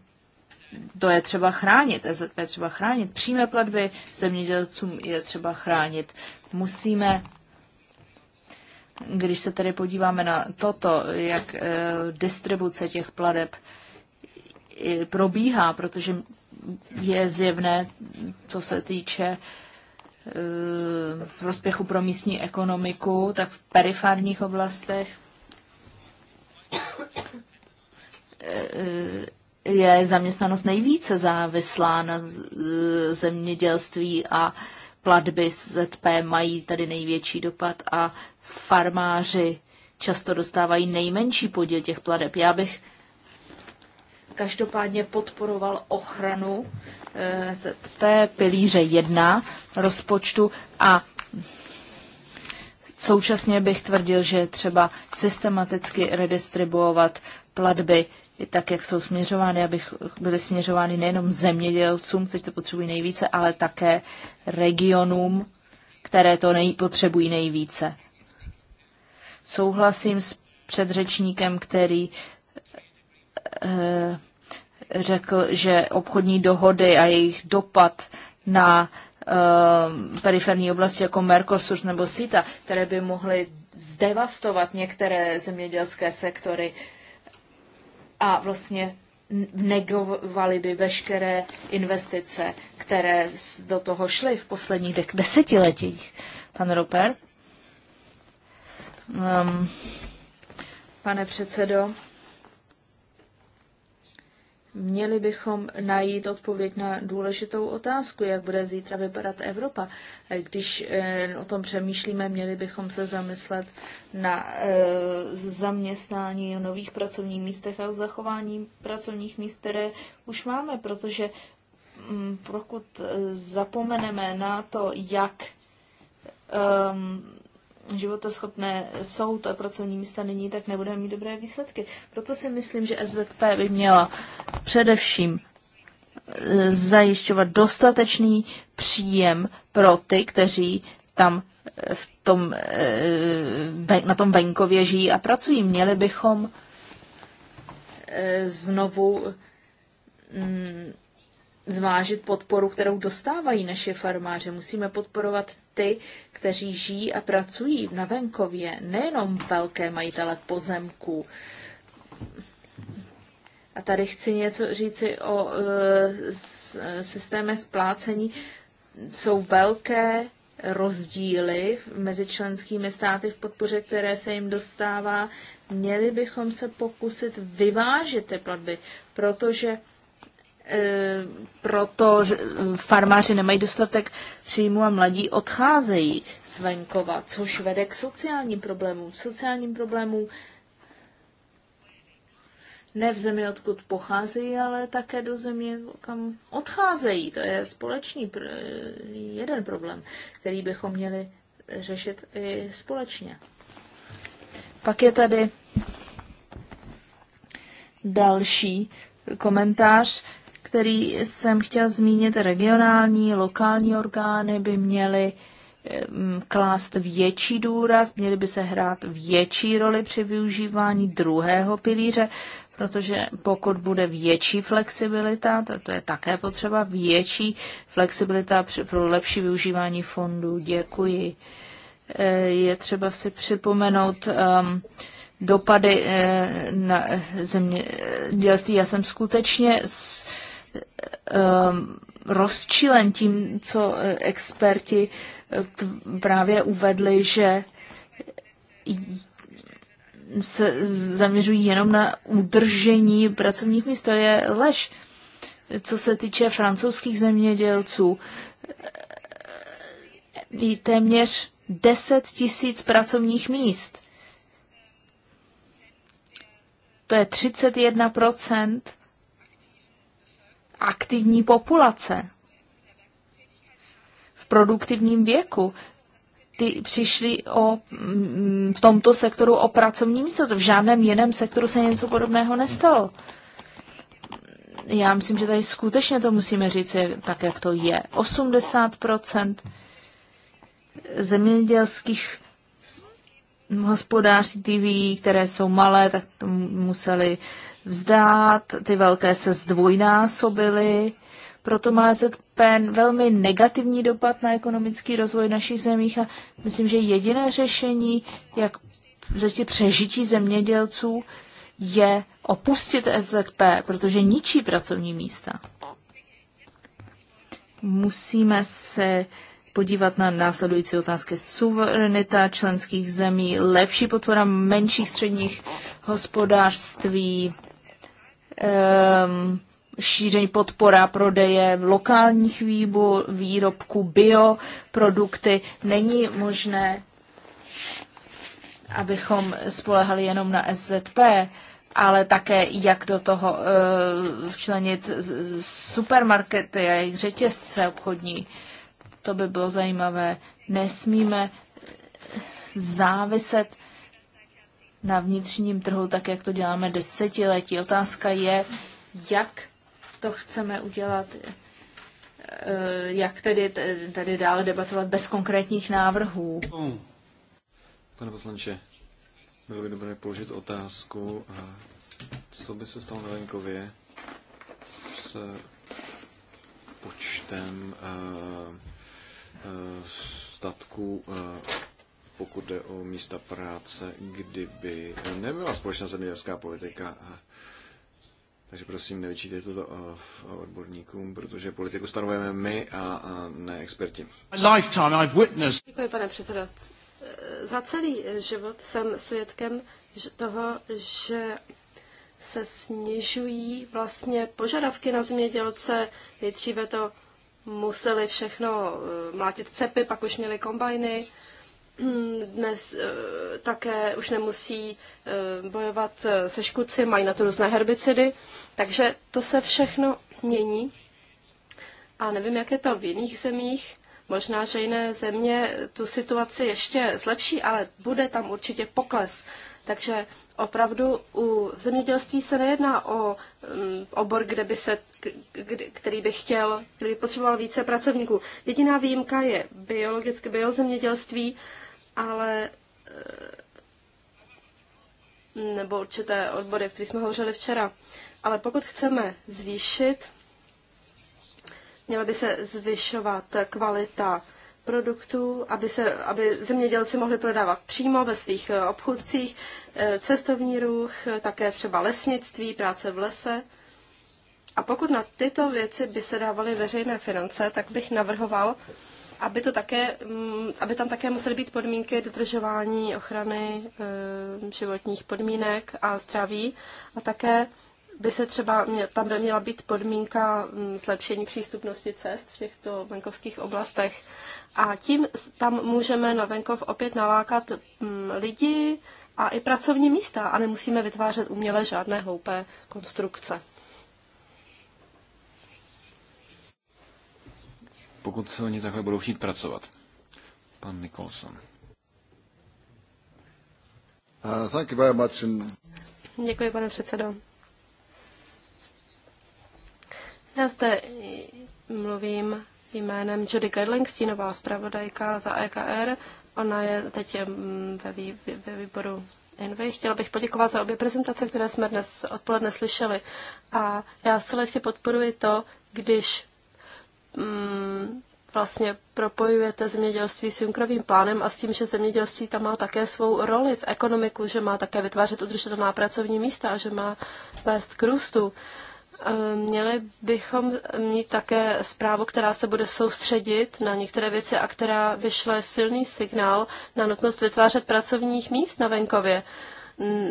S3: to je třeba chránit, EZP je třeba chránit, přímé platby zemědělcům je třeba chránit. Musíme když se tedy podíváme na toto, jak eh, distribuce těch pladeb probíhá, protože je zjevné, co se týče eh, prospěchu pro místní ekonomiku, tak v periferních oblastech eh, je zaměstnanost nejvíce závislá na zemědělství a platby ZP mají tady největší dopad a farmáři často dostávají nejmenší podíl těch pladeb. Já bych každopádně podporoval ochranu eh, ZP pilíře 1 rozpočtu a současně bych tvrdil, že třeba systematicky redistribuovat platby tak, jak jsou směřovány, abych byly směřovány nejenom zemědělcům, kteří to potřebují nejvíce, ale také regionům, které to nejpotřebují nejvíce. Souhlasím s předřečníkem, který eh, řekl, že obchodní dohody a jejich dopad na eh, periferní oblasti jako Mercosur nebo SITA, které by mohly zdevastovat některé zemědělské sektory a vlastně negovaly by veškeré investice, které do toho šly v posledních desetiletích. Pan Roper? Um, pane předsedo, měli bychom najít odpověď na důležitou otázku, jak bude zítra vypadat Evropa. Když eh, o tom přemýšlíme, měli bychom se zamyslet na eh, zaměstnání o nových pracovních místech a o zachování pracovních míst, které už máme, protože mm, pokud eh, zapomeneme na to, jak ehm, Životoschopné jsou, to pracovní místa není, tak nebudeme mít dobré výsledky. Proto si myslím, že SZP by měla především e, zajišťovat dostatečný příjem pro ty, kteří tam e, v tom, e, na tom venkově žijí a pracují. Měli bychom znovu mm, zvážit podporu, kterou dostávají naše farmáře. Musíme podporovat ty, kteří žijí a pracují na venkově, nejenom velké majitele pozemků. A tady chci něco říci o e, systéme splácení. Jsou velké rozdíly mezi členskými státy v podpoře, které se jim dostává. Měli bychom se pokusit vyvážit ty platby, protože E, proto e, farmáři nemají dostatek příjmu a mladí odcházejí z venkova, což vede k sociálním problémům. Sociálním problémům ne v zemi, odkud pocházejí, ale také do země, kam odcházejí. To je společný jeden problém, který bychom měli řešit i společně. Pak je tady další komentář který jsem chtěl zmínit, regionální, lokální orgány by měly klást větší důraz, měly by se hrát větší roli při využívání druhého pilíře, protože pokud bude větší flexibilita, to, to je také potřeba, větší flexibilita pro lepší využívání fondů, děkuji. E, je třeba si připomenout um, dopady e, na země. E, dělství. Já jsem skutečně s, Um, rozčilen tím, co eh, experti eh, právě uvedli, že se zaměřují jenom na udržení pracovních míst. To je lež. Co se týče francouzských zemědělců, eh, je téměř 10 tisíc pracovních míst. To je 31 aktivní populace v produktivním věku. Ty přišli o, mm, v tomto sektoru o pracovní místo. V žádném jiném sektoru se něco podobného nestalo. Já myslím, že tady skutečně to musíme říct tak, jak to je. 80 zemědělských hospodářství, které jsou malé, tak to museli vzdát, ty velké se zdvojnásobily, proto má ZP velmi negativní dopad na ekonomický rozvoj našich zemích a myslím, že jediné řešení, jak zase přežití zemědělců, je opustit SZP, protože ničí pracovní místa. Musíme se podívat na následující otázky. Suverenita členských zemí, lepší podpora menších středních hospodářství, um, šíření podpora prodeje lokálních výbu, výrobků, bioprodukty. Není možné, abychom spolehali jenom na SZP, ale také jak do toho uh, včlenit supermarkety a jejich řetězce obchodní. To by bylo zajímavé. Nesmíme záviset na vnitřním trhu, tak jak to děláme desetiletí. Otázka je, jak to chceme udělat, eh, jak tedy, tady dále debatovat bez konkrétních návrhů.
S2: Pane poslanče, bylo by dobré položit otázku, eh, co by se stalo na venkově s počtem eh, statků pokud jde o místa práce, kdyby nebyla společná zemědělská politika. Takže prosím, nevyčítejte to eh, odborníkům, protože politiku stanovujeme my a ne experti.
S1: Děkuji, pane předsedo. Za celý život jsem svědkem toho, že se snižují vlastně požadavky na zemědělce. Nejdříve to museli všechno eh, mlátit cepy, pak už měli kombajny. Mm, dnes eh, také už nemusí eh, bojovat eh, se škudci, mají na to různé herbicidy, takže to se všechno mění. A nevím, jak je to v jiných zemích. Možná, že jiné země tu situaci ještě zlepší, ale bude tam určitě pokles. Takže opravdu u zemědělství se nejedná o mm, obor, kde by se, který by chtěl, který by potřeboval více pracovníků. Jediná výjimka je biologické biozemědělství, ale eh, nebo určité odbory, o kterých jsme hovořili včera. Ale pokud chceme zvýšit, měla by se zvyšovat kvalita produktů, aby, se, aby zemědělci mohli prodávat přímo ve svých eh, obchůdcích, eh, cestovní ruch, také třeba lesnictví, práce v lese. A pokud na tyto věci by se dávaly veřejné finance, tak bych navrhoval, aby, to také, mm, aby tam také musely být podmínky dodržování ochrany eh, životních podmínek a zdraví a také by se třeba, tam by měla být podmínka mm, zlepšení přístupnosti cest v těchto venkovských oblastech. A tím tam můžeme na venkov opět nalákat mm, lidi a i pracovní místa a nemusíme vytvářet uměle žádné hloupé konstrukce.
S2: pokud se oni takhle budou chtít pracovat. Pan Nicholson. Uh,
S1: Děkuji, pane předsedo. Já zde mluvím jménem Judy Gerling, stínová zpravodajka za EKR. Ona je teď ve, vý, ve výboru Anyway, chtěla bych poděkovat za obě prezentace, které jsme dnes odpoledne slyšeli. A já zcela si podporuji to, když mm, vlastně propojujete zemědělství s Junkrovým plánem a s tím, že zemědělství tam má také svou roli v ekonomiku, že má také vytvářet udržitelná pracovní místa a že má vést k růstu. Eh, měli bychom mít také zprávu, která se bude soustředit na některé věci a která vyšle silný signál na nutnost vytvářet pracovních míst na venkově.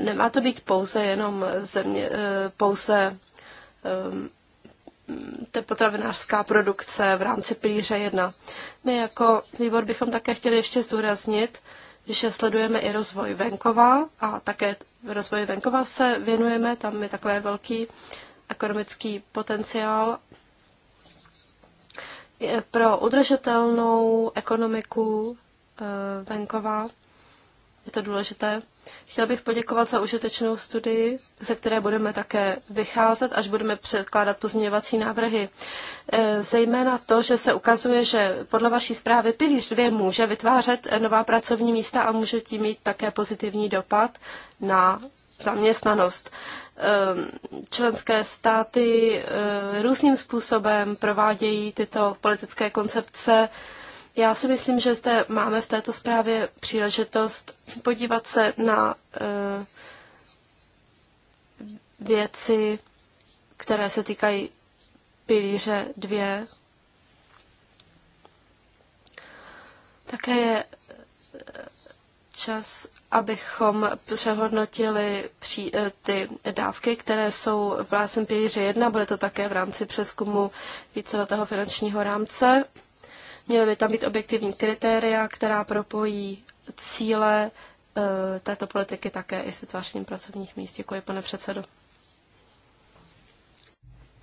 S1: Nemá to být pouze jenom země, eh, pouze ehm, ta potravinářská produkce v rámci pilíře 1. My jako výbor bychom také chtěli ještě zdůraznit, že sledujeme i rozvoj venkova a také rozvoji venkova se věnujeme, tam je takový velký ekonomický potenciál. Pro udržitelnou ekonomiku eh, venkova je to důležité. Chtěl bych poděkovat za užitečnou studii, ze které budeme také vycházet, až budeme předkládat pozměňovací návrhy. E, zejména to, že se ukazuje, že podle vaší zprávy pilíř dvě může vytvářet nová pracovní místa a může tím mít také pozitivní dopad na zaměstnanost. E, členské státy e, různým způsobem provádějí tyto politické koncepce já si myslím, že zde máme v této zprávě příležitost podívat se na eh, věci, které se týkají pilíře dvě, Také je eh, čas, abychom přehodnotili při, eh, ty dávky, které jsou v rámci pilíře 1. Bude to také v rámci přeskumu víceletého finančního rámce. Měly by tam být objektivní kritéria, která propojí cíle eh, této politiky také i s vytvářením pracovních míst. Děkuji, pane předsedo.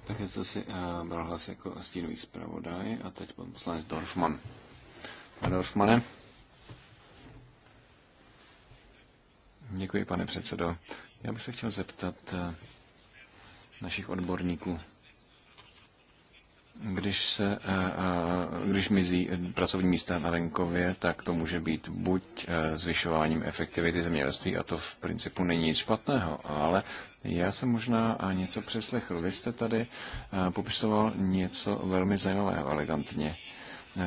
S2: Také jste si uh, bral hlas jako stínový zpravodaj a teď pan poslanec Dorfman. Pane Dorfmane. Děkuji, pane předsedo. Já bych se chtěl zeptat eh, našich odborníků když, se, eh, eh, když mizí pracovní místa na venkově, tak to může být buď eh, zvyšováním efektivity zemědělství, a to v principu není nic špatného, ale já jsem možná něco přeslechl. Vy jste tady popisoval něco velmi zajímavého elegantně.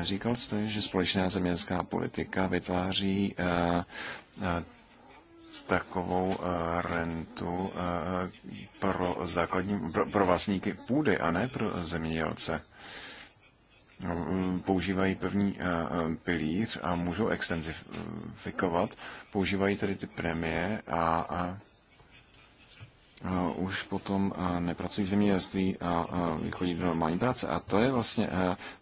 S2: Říkal jste, že společná zemědělská politika vytváří takovou eh, rentu eh, pro, základní, pro, pro vlastníky půdy a ne pro zemědělce. No, mm, používají první eh, pilíř a můžou extenzifikovat. Používají tedy ty premie a, a už potom nepracují v zemědělství a chodí do normální práce. A to je vlastně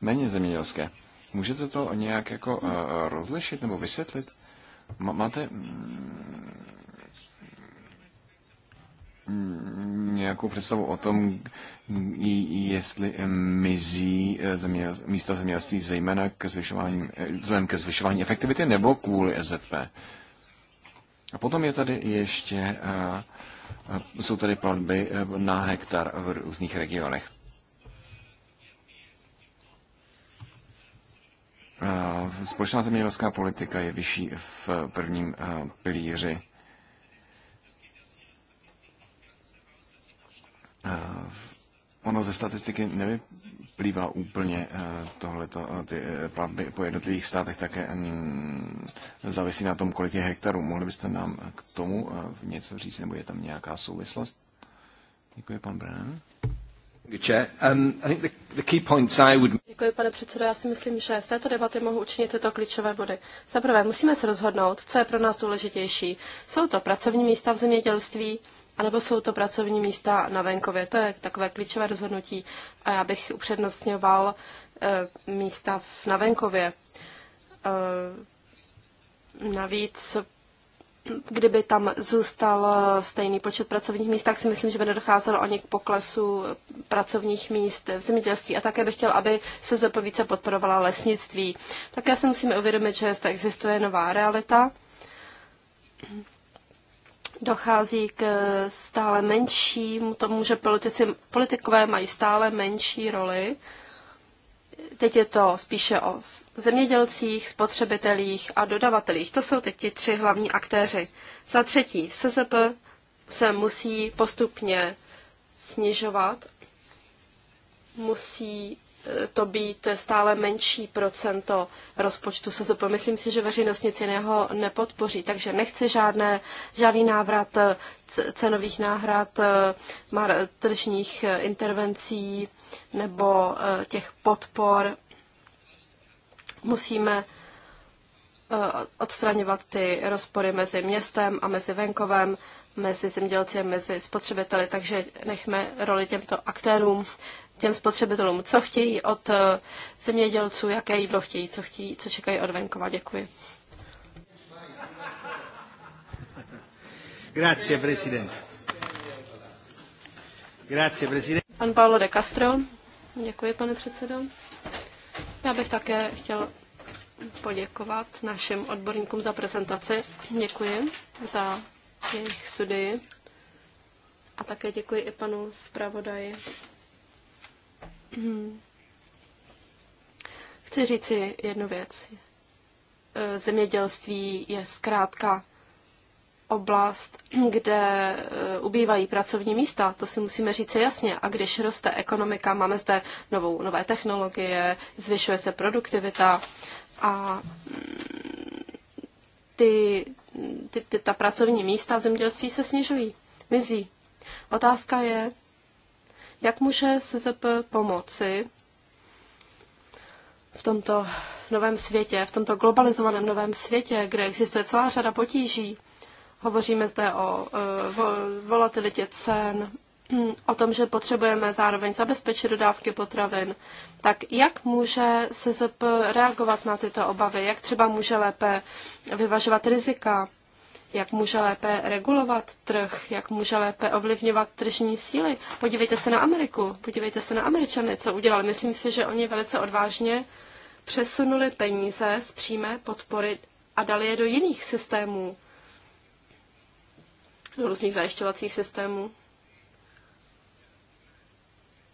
S2: méně zemědělské. Můžete to nějak jako rozlišit nebo vysvětlit? Máte mm, nějakou představu o tom, jestli mizí eh, země, místa zemědělství zejména k zvyšování, eh, ke zvyšování efektivity nebo kvůli EZP. A potom je tady ještě, eh, jsou tady platby na hektar v různých regionech. Společná zemědělská politika je vyšší v prvním pilíři Eh, ono ze statistiky nevyplývá úplně eh, tohleto, eh, ty platby po jednotlivých státech také mm, závisí na tom, kolik je hektarů. Mohli byste nám k tomu něco říct, nebo je tam nějaká souvislost? Děkuji, pan Brennan. Um,
S1: Děkuji, pane předsedo. Já si myslím, že z této debaty mohu učinit tyto klíčové body. Za prvé, musíme se rozhodnout, co je pro nás důležitější. Jsou to pracovní místa v zemědělství anebo jsou to pracovní místa na venkově. To je takové klíčové rozhodnutí a já bych upřednostňoval e, místa na venkově. E, navíc, kdyby tam zůstal stejný počet pracovních míst, tak si myslím, že by nedocházelo ani k poklesu pracovních míst v zemědělství. A také bych chtěl, aby se ZP více podporovala lesnictví. Také si musíme uvědomit, že zde existuje nová realita dochází k eh, stále menšímu tomu, že politici, politikové mají stále menší roli. Teď je to spíše o zemědělcích, spotřebitelích a dodavatelích. To jsou teď ti tři hlavní aktéři. Za třetí, SZP se musí postupně snižovat, musí to být stále menší procento rozpočtu SZP. Myslím si, že veřejnost nic jiného nepodpoří, takže nechci žádné, žádný návrat cenových náhrad, eh, tržních eh, intervencí nebo eh, těch podpor. Musíme odstraňovat ty rozpory mezi městem a mezi venkovem, mezi zemědělci a mezi spotřebiteli, takže nechme roli těmto aktérům těm spotřebitelům, co chtějí od eh, zemědělců, jaké jídlo chtějí, co chtějí, co čekají od venkova. Děkuji.
S3: Grazie, presidente. Grazie, presidente.
S1: Pan Paolo de Castro. Děkuji, pane předsedo. Já bych také chtěl poděkovat našim odborníkům za prezentaci. Děkuji za jejich studii. A také děkuji i panu zpravodaji <clears throat> Chci říci jednu věc. Eh, zemědělství je zkrátka oblast, <clears throat> kde eh, ubývají pracovní místa, to si musíme říct jasně. A když roste ekonomika, máme zde novou, nové technologie, zvyšuje se produktivita a mm, ty, ty, ty, ta pracovní místa v zemědělství se snižují, mizí. Otázka je, jak může SZP pomoci v tomto novém světě, v tomto globalizovaném novém světě, kde existuje celá řada potíží? Hovoříme zde o eh, volatilitě cen, hm, o tom, že potřebujeme zároveň zabezpečit dodávky potravin, tak jak může SZP reagovat na tyto obavy? Jak třeba může lépe vyvažovat rizika? jak může lépe regulovat trh, jak může lépe ovlivňovat tržní síly. Podívejte se na Ameriku, podívejte se na Američany, co udělali. Myslím si, že oni velice odvážně přesunuli peníze z přímé podpory a dali je do jiných systémů, do různých zajišťovacích systémů.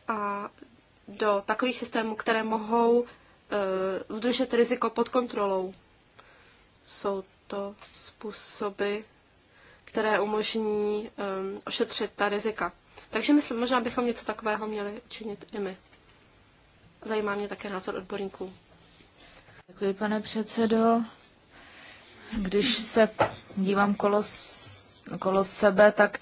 S1: A do takových systémů, které mohou uh, udržet riziko pod kontrolou. Jsou to způsoby, které umožní um, ošetřit ta rizika. Takže myslím, možná bychom něco takového měli učinit i my. Zajímá mě také názor odborníků.
S3: Děkuji, pane předsedo. Když se dívám kolo, kolo sebe, tak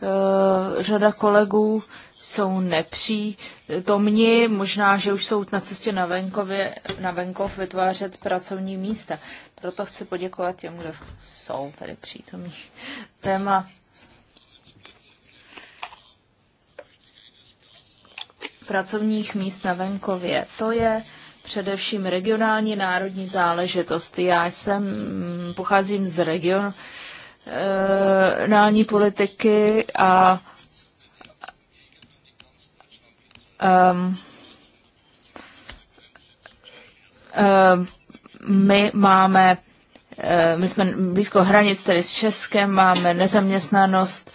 S3: uh, řada kolegů jsou nepřítomní, možná, že už jsou na cestě na, venkově, na venkov vytvářet pracovní místa. Proto chci poděkovat těm, kdo jsou tady přítomní. Téma pracovních míst na venkově. To je především regionální národní záležitost. Já jsem, pocházím z regionální politiky a um, um, my máme, ehm, my jsme blízko hranic tedy s Českem, máme nezaměstnanost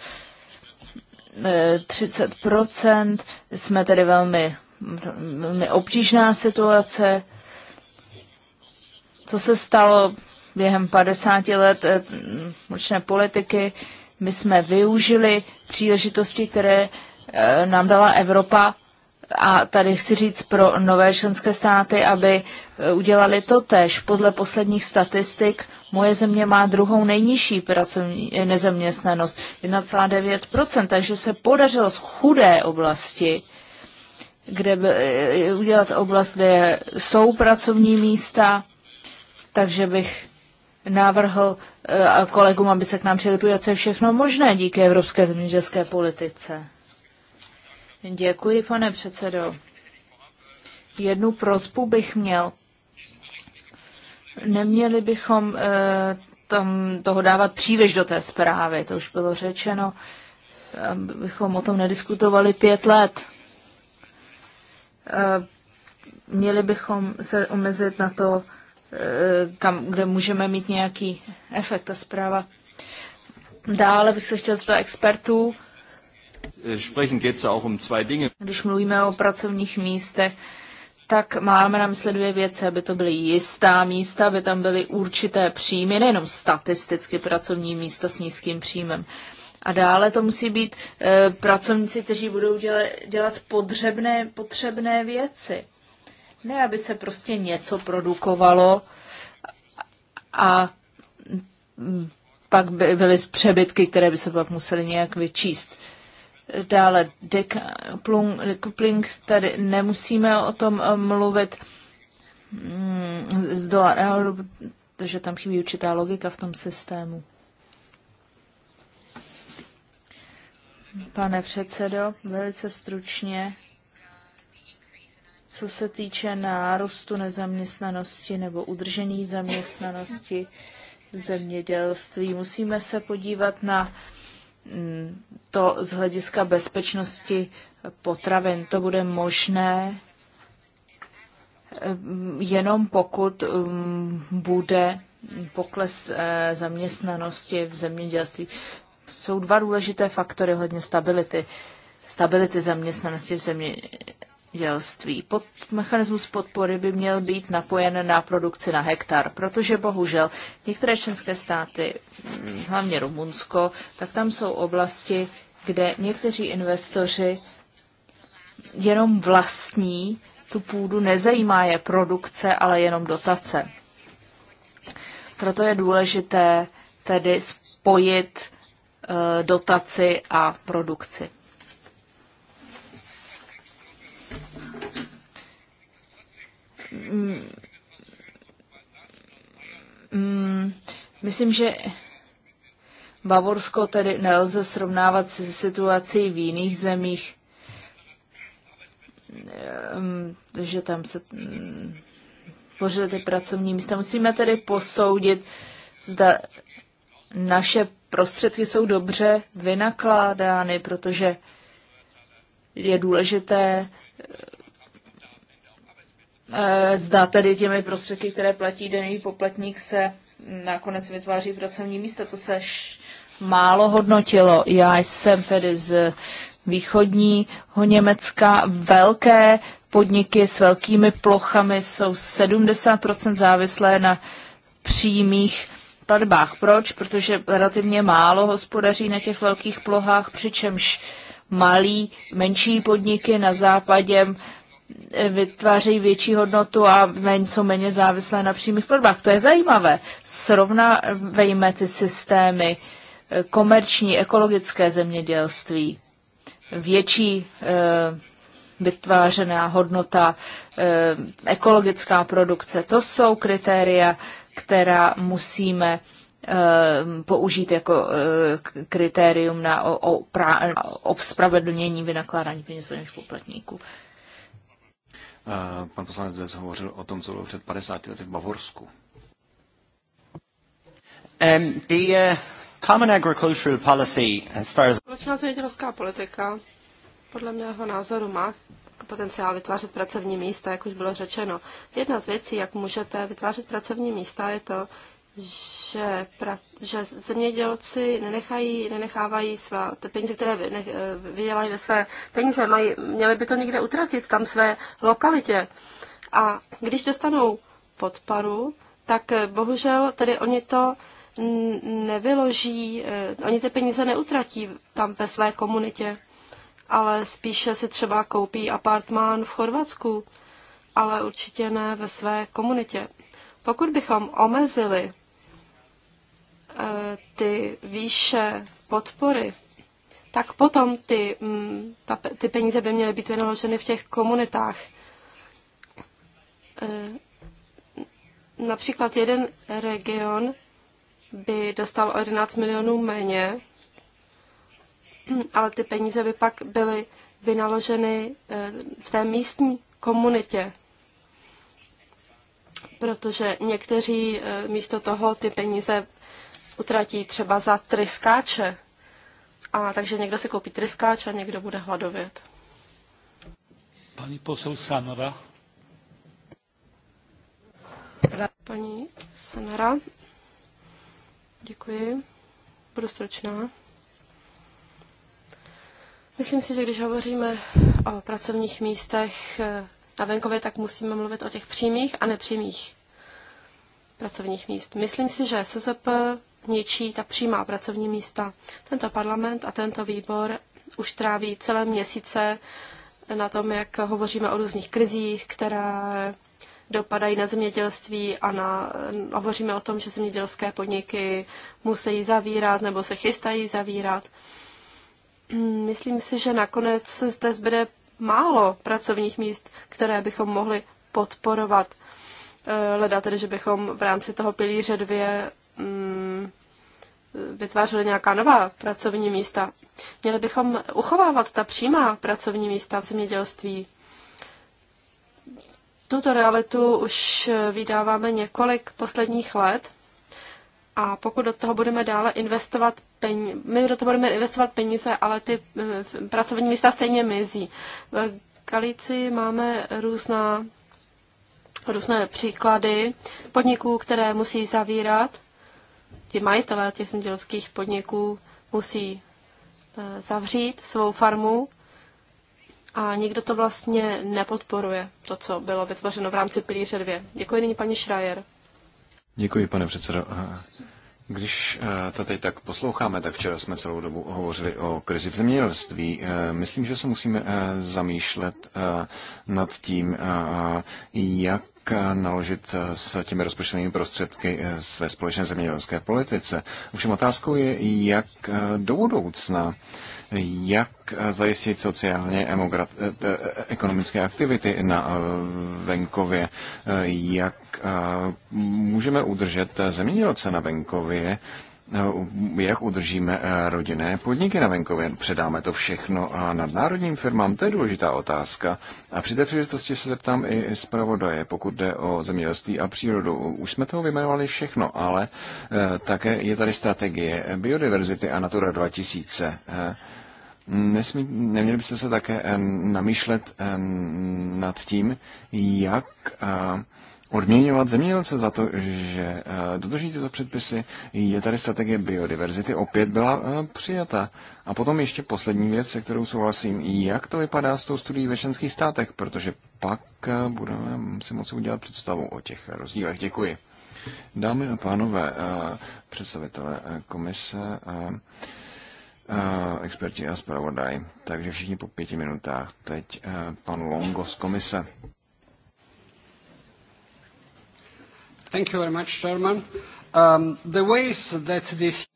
S3: 30%, eh, jsme tedy velmi, velmi obtížná situace. Co se stalo během 50 let močné eh, politiky? My jsme využili příležitosti, které eh, nám dala Evropa a tady chci říct pro nové členské státy, aby e, udělali to tež. Podle posledních statistik moje země má druhou nejnižší pracovní e, nezaměstnanost, 1,9%, takže se podařilo z chudé oblasti kde by, e, udělat oblast, kde jsou pracovní místa, takže bych navrhl kolegům, aby se k nám přidali, co je všechno možné díky evropské zemědělské politice. Děkuji, pane předsedo. Jednu prozbu bych měl. Neměli bychom eh, tam toho dávat příliš do té zprávy, to už bylo řečeno, bychom o tom nediskutovali pět let. Eh, měli bychom se omezit na to, eh, kam, kde můžeme mít nějaký efekt, ta zpráva. Dále bych se chtěl zeptat expertů,
S2: Äh, um Když
S3: mluvíme o pracovních místech, tak máme na mysli dvě věci, aby to byly jistá místa, aby tam byly určité příjmy, nejenom statisticky pracovní místa s nízkým příjmem. A dále to musí být e, pracovníci, kteří budou děle, dělat podřebné, potřebné věci. Ne, aby se prostě něco produkovalo a mm, pak by byly přebytky, které by se pak museli nějak vyčíst. E, Dále decoupling, tady nemusíme o tom eh, mluvit mm, z dola, protože tam chybí určitá logika v tom systému. Pane předsedo, velice stručně, co se týče nárůstu nezaměstnanosti nebo udržení zaměstnanosti zemědělství, musíme se podívat na Mm, to z hlediska bezpečnosti potravin. To bude možné mm, jenom pokud mm, bude pokles eh, zaměstnanosti v zemědělství. Jsou dva důležité faktory hodně stability. Stability zaměstnanosti v země, zemědělství. Pod, mechanismus podpory by měl být napojen na produkci na hektar, protože bohužel některé členské státy, mm, hlavně Rumunsko, tak tam jsou oblasti, kde někteří investoři jenom vlastní tu půdu, nezajímá je produkce, ale jenom dotace. Proto je důležité tedy spojit eh, dotaci a produkci. Mm, mm, myslím, že Bavorsko tedy nelze srovnávat s situací v jiných zemích, mm, že tam se tvořily ty pracovní místa. Musíme tedy posoudit, zda naše prostředky jsou dobře vynakládány, protože je důležité Eh, Zdá tedy těmi prostředky, které platí daný poplatník, se nakonec vytváří pracovní místa. To se málo hodnotilo. Já jsem tedy z východního Německa. Velké podniky s velkými plochami jsou 70% závislé na přímých platbách. Proč? Protože relativně málo hospodaří na těch velkých plochách, přičemž malí, menší podniky na západě vytvářejí větší hodnotu a méně, jsou méně závislé na přímých platbách. To je zajímavé. Srovnávejme ty systémy eh, komerční, ekologické zemědělství, větší e, vytvářená hodnota, e, ekologická produkce. To jsou kritéria, která musíme použít jako kritérium na o, o, pra, o spravedlnění vynakládání peněz poplatníků.
S2: Pan poslanec Zdes hovořil o tom, co bylo před 50 lety v Bavorsku. Um, the uh, common agricultural
S1: policy, as far as... Společná zemědělská politika podle mého názoru má potenciál vytvářet pracovní místa, jak už bylo řečeno. Jedna z věcí, jak můžete vytvářet pracovní místa, je to, že, pra, že zemědělci nenechají, nenechávají své ty peníze, které vy, ne, eh, vydělají ve své peníze, mají, měli by to někde utratit, tam své lokalitě. A když dostanou podparu, tak eh, bohužel tedy oni to nevyloží, eh, oni ty peníze neutratí tam ve své komunitě, ale spíše si třeba koupí apartmán v Chorvatsku, ale určitě ne ve své komunitě. Pokud bychom omezili Eh, ty výše podpory, tak potom ty, mm, ta, ty peníze by měly být vynaloženy v těch komunitách. Eh, například jeden region by dostal o 11 milionů méně, <clears throat> ale ty peníze by pak byly vynaloženy eh, v té místní komunitě, protože někteří místo toho ty peníze utratí třeba za tryskáče. A takže někdo si koupí tryskáč a někdo bude hladovět. Pani posel Sanara. Paní Sanara, děkuji. Budu stručná. Myslím si, že když hovoříme o pracovních místech eh, na venkově, tak musíme mluvit o těch přímých a nepřímých pracovních míst. Myslím si, že SZP ničí ta přímá pracovní místa. Tento parlament a tento výbor už tráví celé měsíce na tom, jak hovoříme o různých krizích, které dopadají na zemědělství a na, hovoříme o tom, že zemědělské podniky musí zavírat nebo se chystají zavírat. Myslím si, že nakonec zde zbyde málo pracovních míst, které bychom mohli podporovat. Eh, leda tedy, že bychom v rámci toho pilíře dvě Mm, vytvářeli nějaká nová pracovní místa. Měli bychom uchovávat ta přímá pracovní místa v zemědělství. Tuto realitu už vydáváme několik posledních let a pokud do toho budeme dále investovat peníze, my do toho budeme investovat peníze, ale ty eh, pracovní místa stejně mizí. V Galici máme různá, různé příklady podniků, které musí zavírat ti majitelé těch zemědělských podniků musí eh, zavřít svou farmu a nikdo to vlastně nepodporuje, to, co bylo vytvořeno v rámci pilíře 2. Děkuji nyní paní Schreier.
S2: Děkuji, pane předsedo. Eh, když eh, to teď tak posloucháme, tak včera jsme celou dobu hovořili o krizi v zemědělství. Myslím, že se musíme zamýšlet nad tím, jak Eh, naložit eh, s těmi rozpočtovými prostředky eh, své společné zemědělské politice. Ovšem otázkou je, jak do budoucna, jak zajistit sociálně ekonomické aktivity na venkově, jak můžeme udržet zemědělce na venkově, No, jak udržíme eh, rodinné podniky na venkově. Předáme to všechno a eh, nadnárodním firmám, to je důležitá otázka. A při té příležitosti se zeptám i zpravodaje, pokud jde o zemědělství a přírodu. Už jsme toho vymenovali všechno, ale eh, také je tady strategie biodiverzity a Natura 2000. Nesmí, neměli byste se také namýšlet nad tím, jak odměňovat zemědělce za to, že eh, dodrží tyto předpisy. Je tady strategie biodiverzity, opět byla eh, přijata. A potom ještě poslední věc, se kterou souhlasím, jak to vypadá s tou studií ve členských státech, protože pak eh, budeme si moci udělat představu o těch rozdílech. Děkuji. Dámy a pánové, představitelé komise, experti a zpravodaj, takže všichni po pěti minutách. Teď pan Longo z komise. Um,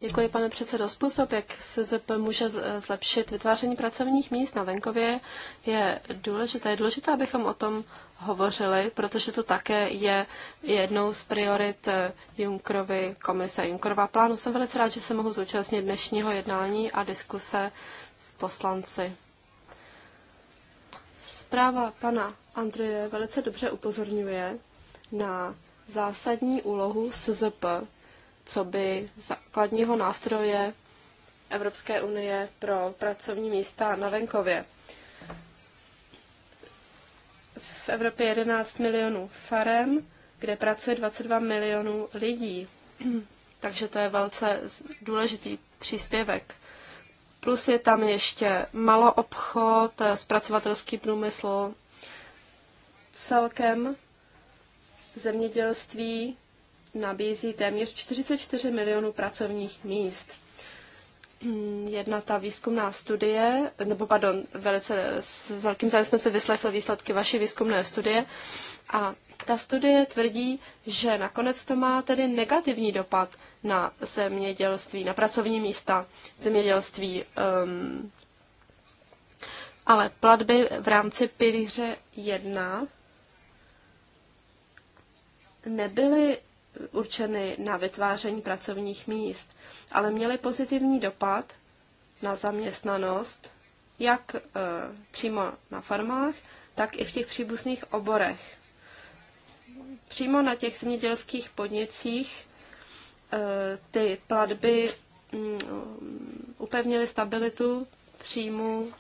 S1: Děkuji, pane předsedo. Způsob, jak SZP může zlepšit vytváření pracovních míst na venkově, je důležité. Je důležité, abychom o tom hovořili, protože to také je jednou z priorit eh, Junkrovy komise Junkrova plánu. Jsem velice rád, že se mohu zúčastnit dnešního jednání a diskuse s poslanci. Zpráva pana Andreje velice dobře upozorňuje na zásadní úlohu SZP, co by základního nástroje Evropské unie pro pracovní místa na venkově. V Evropě 11 milionů farem, kde pracuje 22 milionů lidí. <clears throat> Takže to je velice důležitý příspěvek. Plus je tam ještě maloobchod, eh, zpracovatelský průmysl. Celkem zemědělství nabízí téměř 44 milionů pracovních míst. Mm, jedna ta výzkumná studie, nebo pardon, velice s velkým zájmem jsme se vyslechli výsledky vaší výzkumné studie a ta studie tvrdí, že nakonec to má tedy negativní dopad na zemědělství, na pracovní místa zemědělství. Um, ale platby v rámci pilíře 1 nebyly určeny na vytváření pracovních míst, ale měly pozitivní dopad na zaměstnanost, jak e, přímo na farmách, tak i v těch příbuzných oborech. Přímo na těch zemědělských podnicích e, ty platby mm, upevnily stabilitu příjmu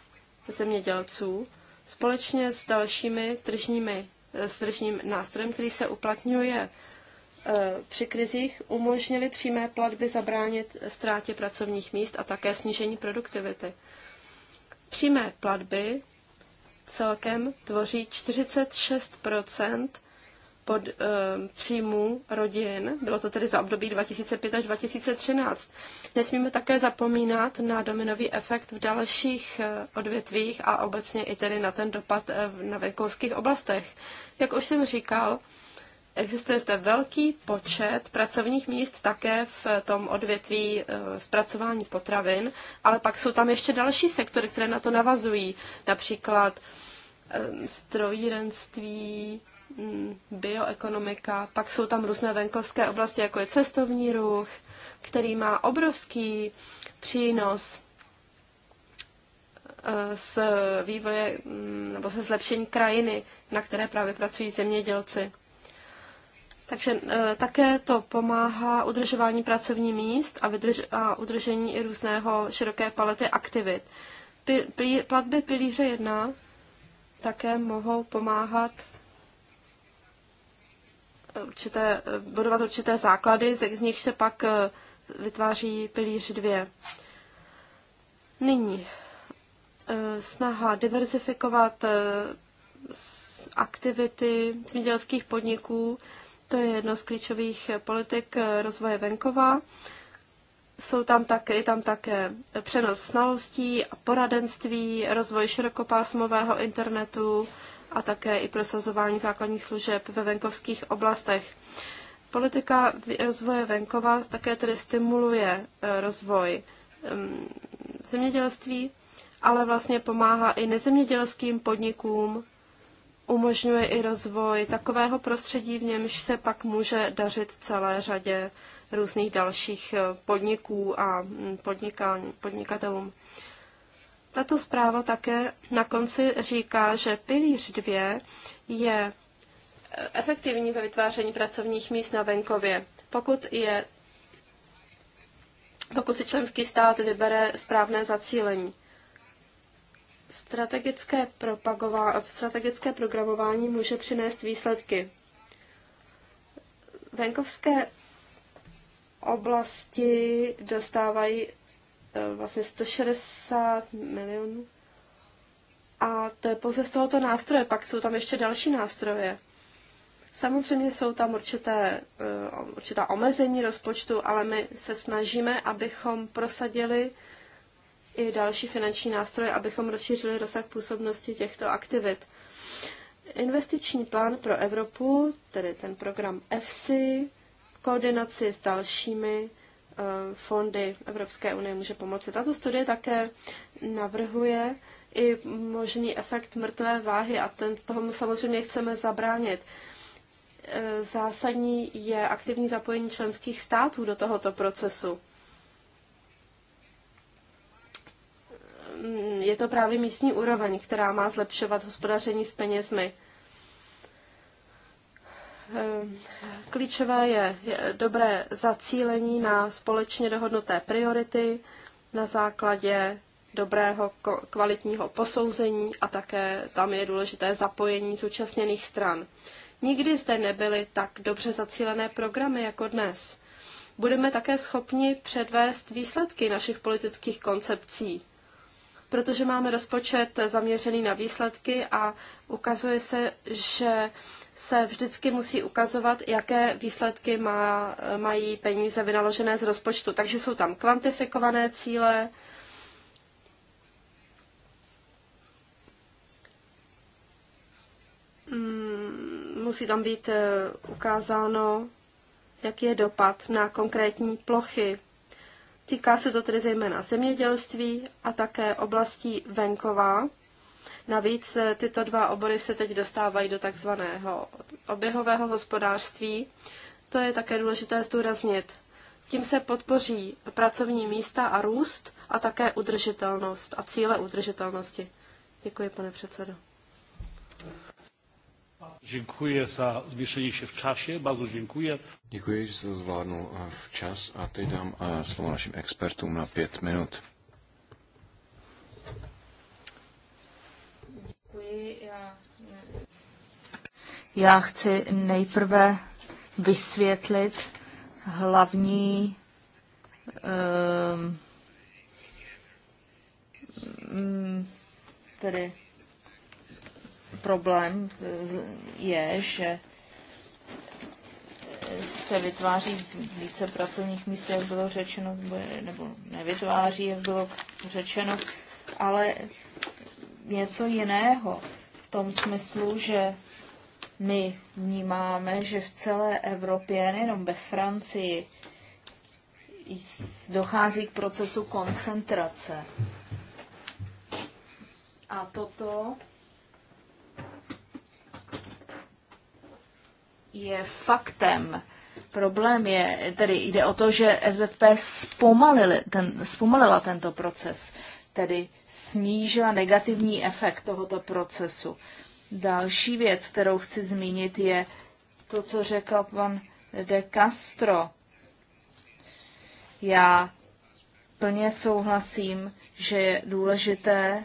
S1: zemědělců společně s dalšími tržními Eh, srdečním nástrojem, který se uplatňuje eh, při krizích, umožnili přímé platby zabránit ztrátě pracovních míst a také snížení produktivity. Přímé platby celkem tvoří 46 pod, um, eh, příjmu rodin. Bylo to tedy za období 2005 až 2013. Nesmíme také zapomínat na dominový efekt v dalších eh, odvětvích a obecně i tedy na ten dopad eh, na venkovských oblastech. Jak už jsem říkal, Existuje zde velký počet pracovních míst také v tom odvětví zpracování potravin, ale pak jsou tam ještě další sektory, které na to navazují, například strojírenství, Mm, bioekonomika, pak jsou tam různé venkovské oblasti, jako je cestovní ruch, který má obrovský přínos eh, z vývoje mm, nebo se zlepšení krajiny, na které právě pracují zemědělci. Takže eh, také to pomáhá udržování pracovních míst a, vydrž, a udržení i různého široké palety aktivit. Pil, pil, platby pilíře 1 také mohou pomáhat určité, eh, budovat určité základy, z nich se pak eh, vytváří pilíř dvě. Nyní eh, snaha diverzifikovat aktivity zemědělských podniků, to je jedno z klíčových politik rozvoje venkova. Jsou tam také, je tam také přenos znalostí a poradenství, rozvoj širokopásmového internetu, a také i prosazování základních služeb ve venkovských oblastech. Politika rozvoje venkova také tedy stimuluje e, rozvoj mm, zemědělství, ale vlastně pomáhá i nezemědělským podnikům, umožňuje i rozvoj takového prostředí, v němž se pak může dařit celé řadě různých dalších e, podniků a mm, podnikatelům. Tato zpráva také na konci říká, že pilíř 2 je efektivní ve vytváření pracovních míst na venkově. Pokud je pokud si členský stát vybere správné zacílení. Strategické, propagová, strategické programování může přinést výsledky. Venkovské oblasti dostávají Eh, vlastně 160 milionů. A to je pouze z tohoto nástroje, pak jsou tam ještě další nástroje. Samozřejmě jsou tam určité, eh, určitá omezení rozpočtu, ale my se snažíme, abychom prosadili i další finanční nástroje, abychom rozšířili rozsah působnosti těchto aktivit. Investiční plán pro Evropu, tedy ten program EFSI, koordinaci s dalšími Eh, fondy Evropské unie může pomoci. Tato studie také navrhuje i možný efekt mrtvé váhy a ten, tomu samozřejmě chceme zabránit. Eh, zásadní je aktivní zapojení členských států do tohoto procesu. Eh, je to právě místní úroveň, která má zlepšovat hospodaření s penězmi. Eh, Klíčové je dobré zacílení na společně dohodnuté priority na základě dobrého kvalitního posouzení a také tam je důležité zapojení zúčastněných stran. Nikdy zde nebyly tak dobře zacílené programy jako dnes. Budeme také schopni předvést výsledky našich politických koncepcí, protože máme rozpočet zaměřený na výsledky a ukazuje se, že se vždycky musí ukazovat, jaké výsledky má, mají peníze vynaložené z rozpočtu. Takže jsou tam kvantifikované cíle, mm, musí tam být eh, ukázáno, jaký je dopad na konkrétní plochy. Týká se to tedy zejména zemědělství a také oblastí venková. Navíc eh, tyto dva obory se teď dostávají do takzvaného oběhového hospodářství. To je také důležité zdůraznit. Tím se podpoří pracovní místa a růst a také udržitelnost a cíle udržitelnosti. Děkuji, pane předsedo.
S2: Děkuji za zvýšení se v čase, bardzo děkuji. Děkuji, že se to zvládnul eh, včas a teď dám eh, slovo našim expertům na pět minut.
S3: Já, Já chci nejprve vysvětlit hlavní um, tedy problém je, že se vytváří více pracovních míst, jak bylo řečeno, nebo nevytváří, jak bylo řečeno, ale něco jiného v tom smyslu, že my vnímáme, že v celé Evropě, nejenom ve Francii, dochází k procesu koncentrace. A toto je faktem. Problém je, tedy jde o to, že EZP zpomalili ten, zpomalila tento proces tedy snížila negativní efekt tohoto procesu. Další věc, kterou chci zmínit, je to, co řekl pan de Castro. Já plně souhlasím, že je důležité uh,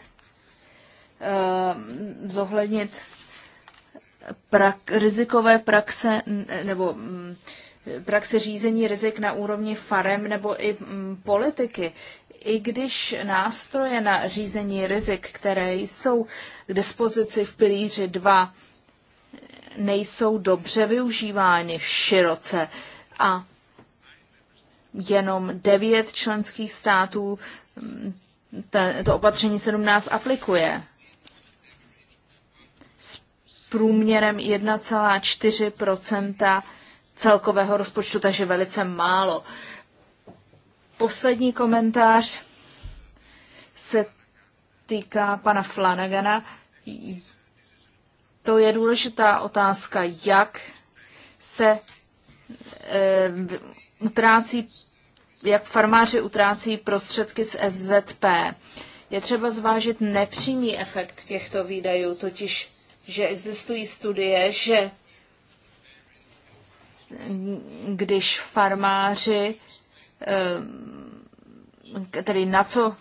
S3: zohlednit prak, rizikové praxe nebo mm, praxe řízení rizik na úrovni farem nebo i um, politiky i když nástroje na řízení rizik, které jsou k dispozici v pilíři 2, nejsou dobře využívány široce a jenom devět členských států mm, to opatření 17 aplikuje s průměrem 1,4 celkového rozpočtu, takže velice málo poslední komentář se týká pana Flanagana. To je důležitá otázka, jak se e, utrácí, jak farmáři utrácí prostředky z SZP. Je třeba zvážit nepřímý efekt těchto výdajů, totiž, že existují studie, že když farmáři Eh, tedy na co,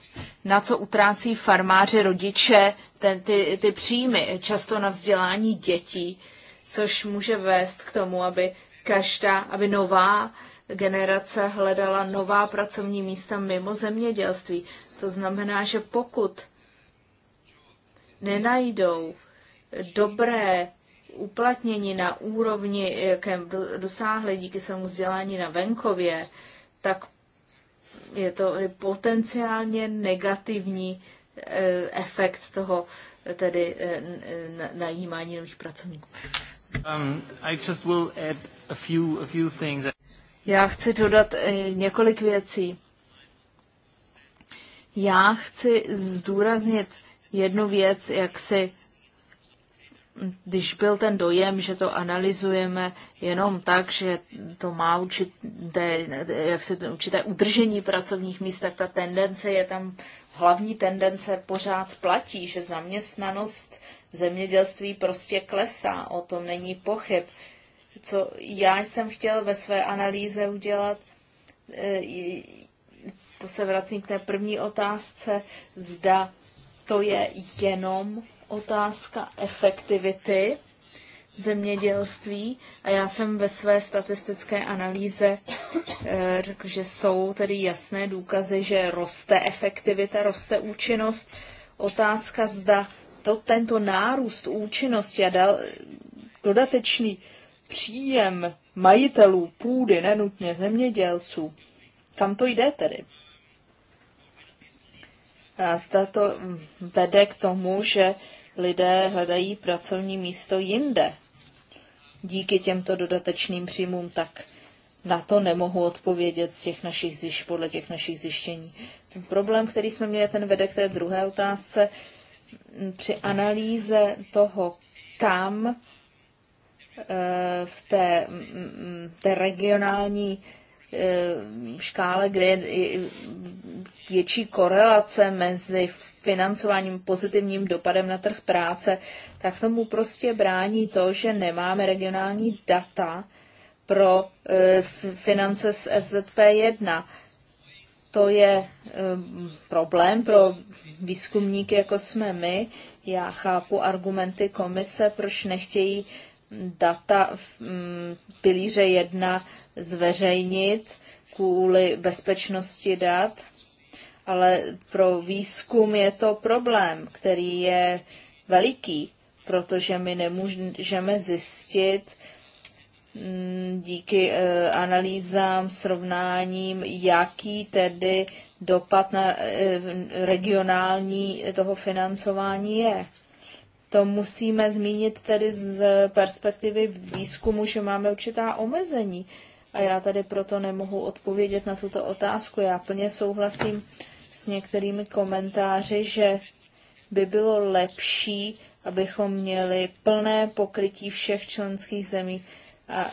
S3: na co utrácí farmáři, rodiče ten, ty, ty příjmy, často na vzdělání dětí, což může vést k tomu, aby každá, aby nová generace hledala nová pracovní místa mimo zemědělství. To znamená, že pokud nenajdou dobré uplatnění na úrovni, jakém eh, dosáhli díky svému vzdělání na venkově, tak je to potenciálně negativní eh, efekt toho eh, tedy eh, najímání nových pracovníků.
S1: Um,
S3: Já chci dodat několik věcí. Já chci zdůraznit jednu věc, jak si když byl ten dojem, že to analyzujeme jenom tak, že to má určité, jak se, určité udržení pracovních míst, tak ta tendence je tam, hlavní tendence pořád platí, že zaměstnanost v zemědělství prostě klesá, o tom není pochyb. Co já jsem chtěl ve své analýze udělat, e, to se vracím k té první otázce, zda to je jenom otázka efektivity v zemědělství a já jsem ve své statistické analýze eh, řekl, že jsou tedy jasné důkazy, že roste efektivita, roste účinnost. Otázka zda to, tento nárůst účinnosti a dal, dodatečný příjem majitelů půdy, nenutně zemědělců, kam to jde tedy? A zda to vede k tomu, že lidé hledají pracovní místo jinde. Díky těmto dodatečným příjmům tak na to nemohu odpovědět z těch našich zjiš, podle těch našich zjištění. Ten problém, který jsme měli, ten vede k té druhé otázce. Při analýze toho, kam eh, v té, mm, mm, té regionální Eh, škále, kde je větší korelace mezi financováním pozitivním dopadem na trh práce, tak tomu prostě brání to, že nemáme regionální data pro eh, finance z SZP1. To je eh, problém pro výzkumníky, jako jsme my. Já chápu argumenty komise, proč nechtějí data v mm, pilíře 1 zveřejnit kvůli bezpečnosti dat, ale pro výzkum je to problém, který je veliký, protože my nemůžeme zjistit mm, díky e, analýzám, srovnáním, jaký tedy dopad na e, regionální toho financování je to musíme zmínit tedy z perspektivy výzkumu, že máme určitá omezení. A já tady proto nemohu odpovědět na tuto otázku. Já plně souhlasím s některými komentáři, že by bylo lepší, abychom měli plné pokrytí všech členských zemí a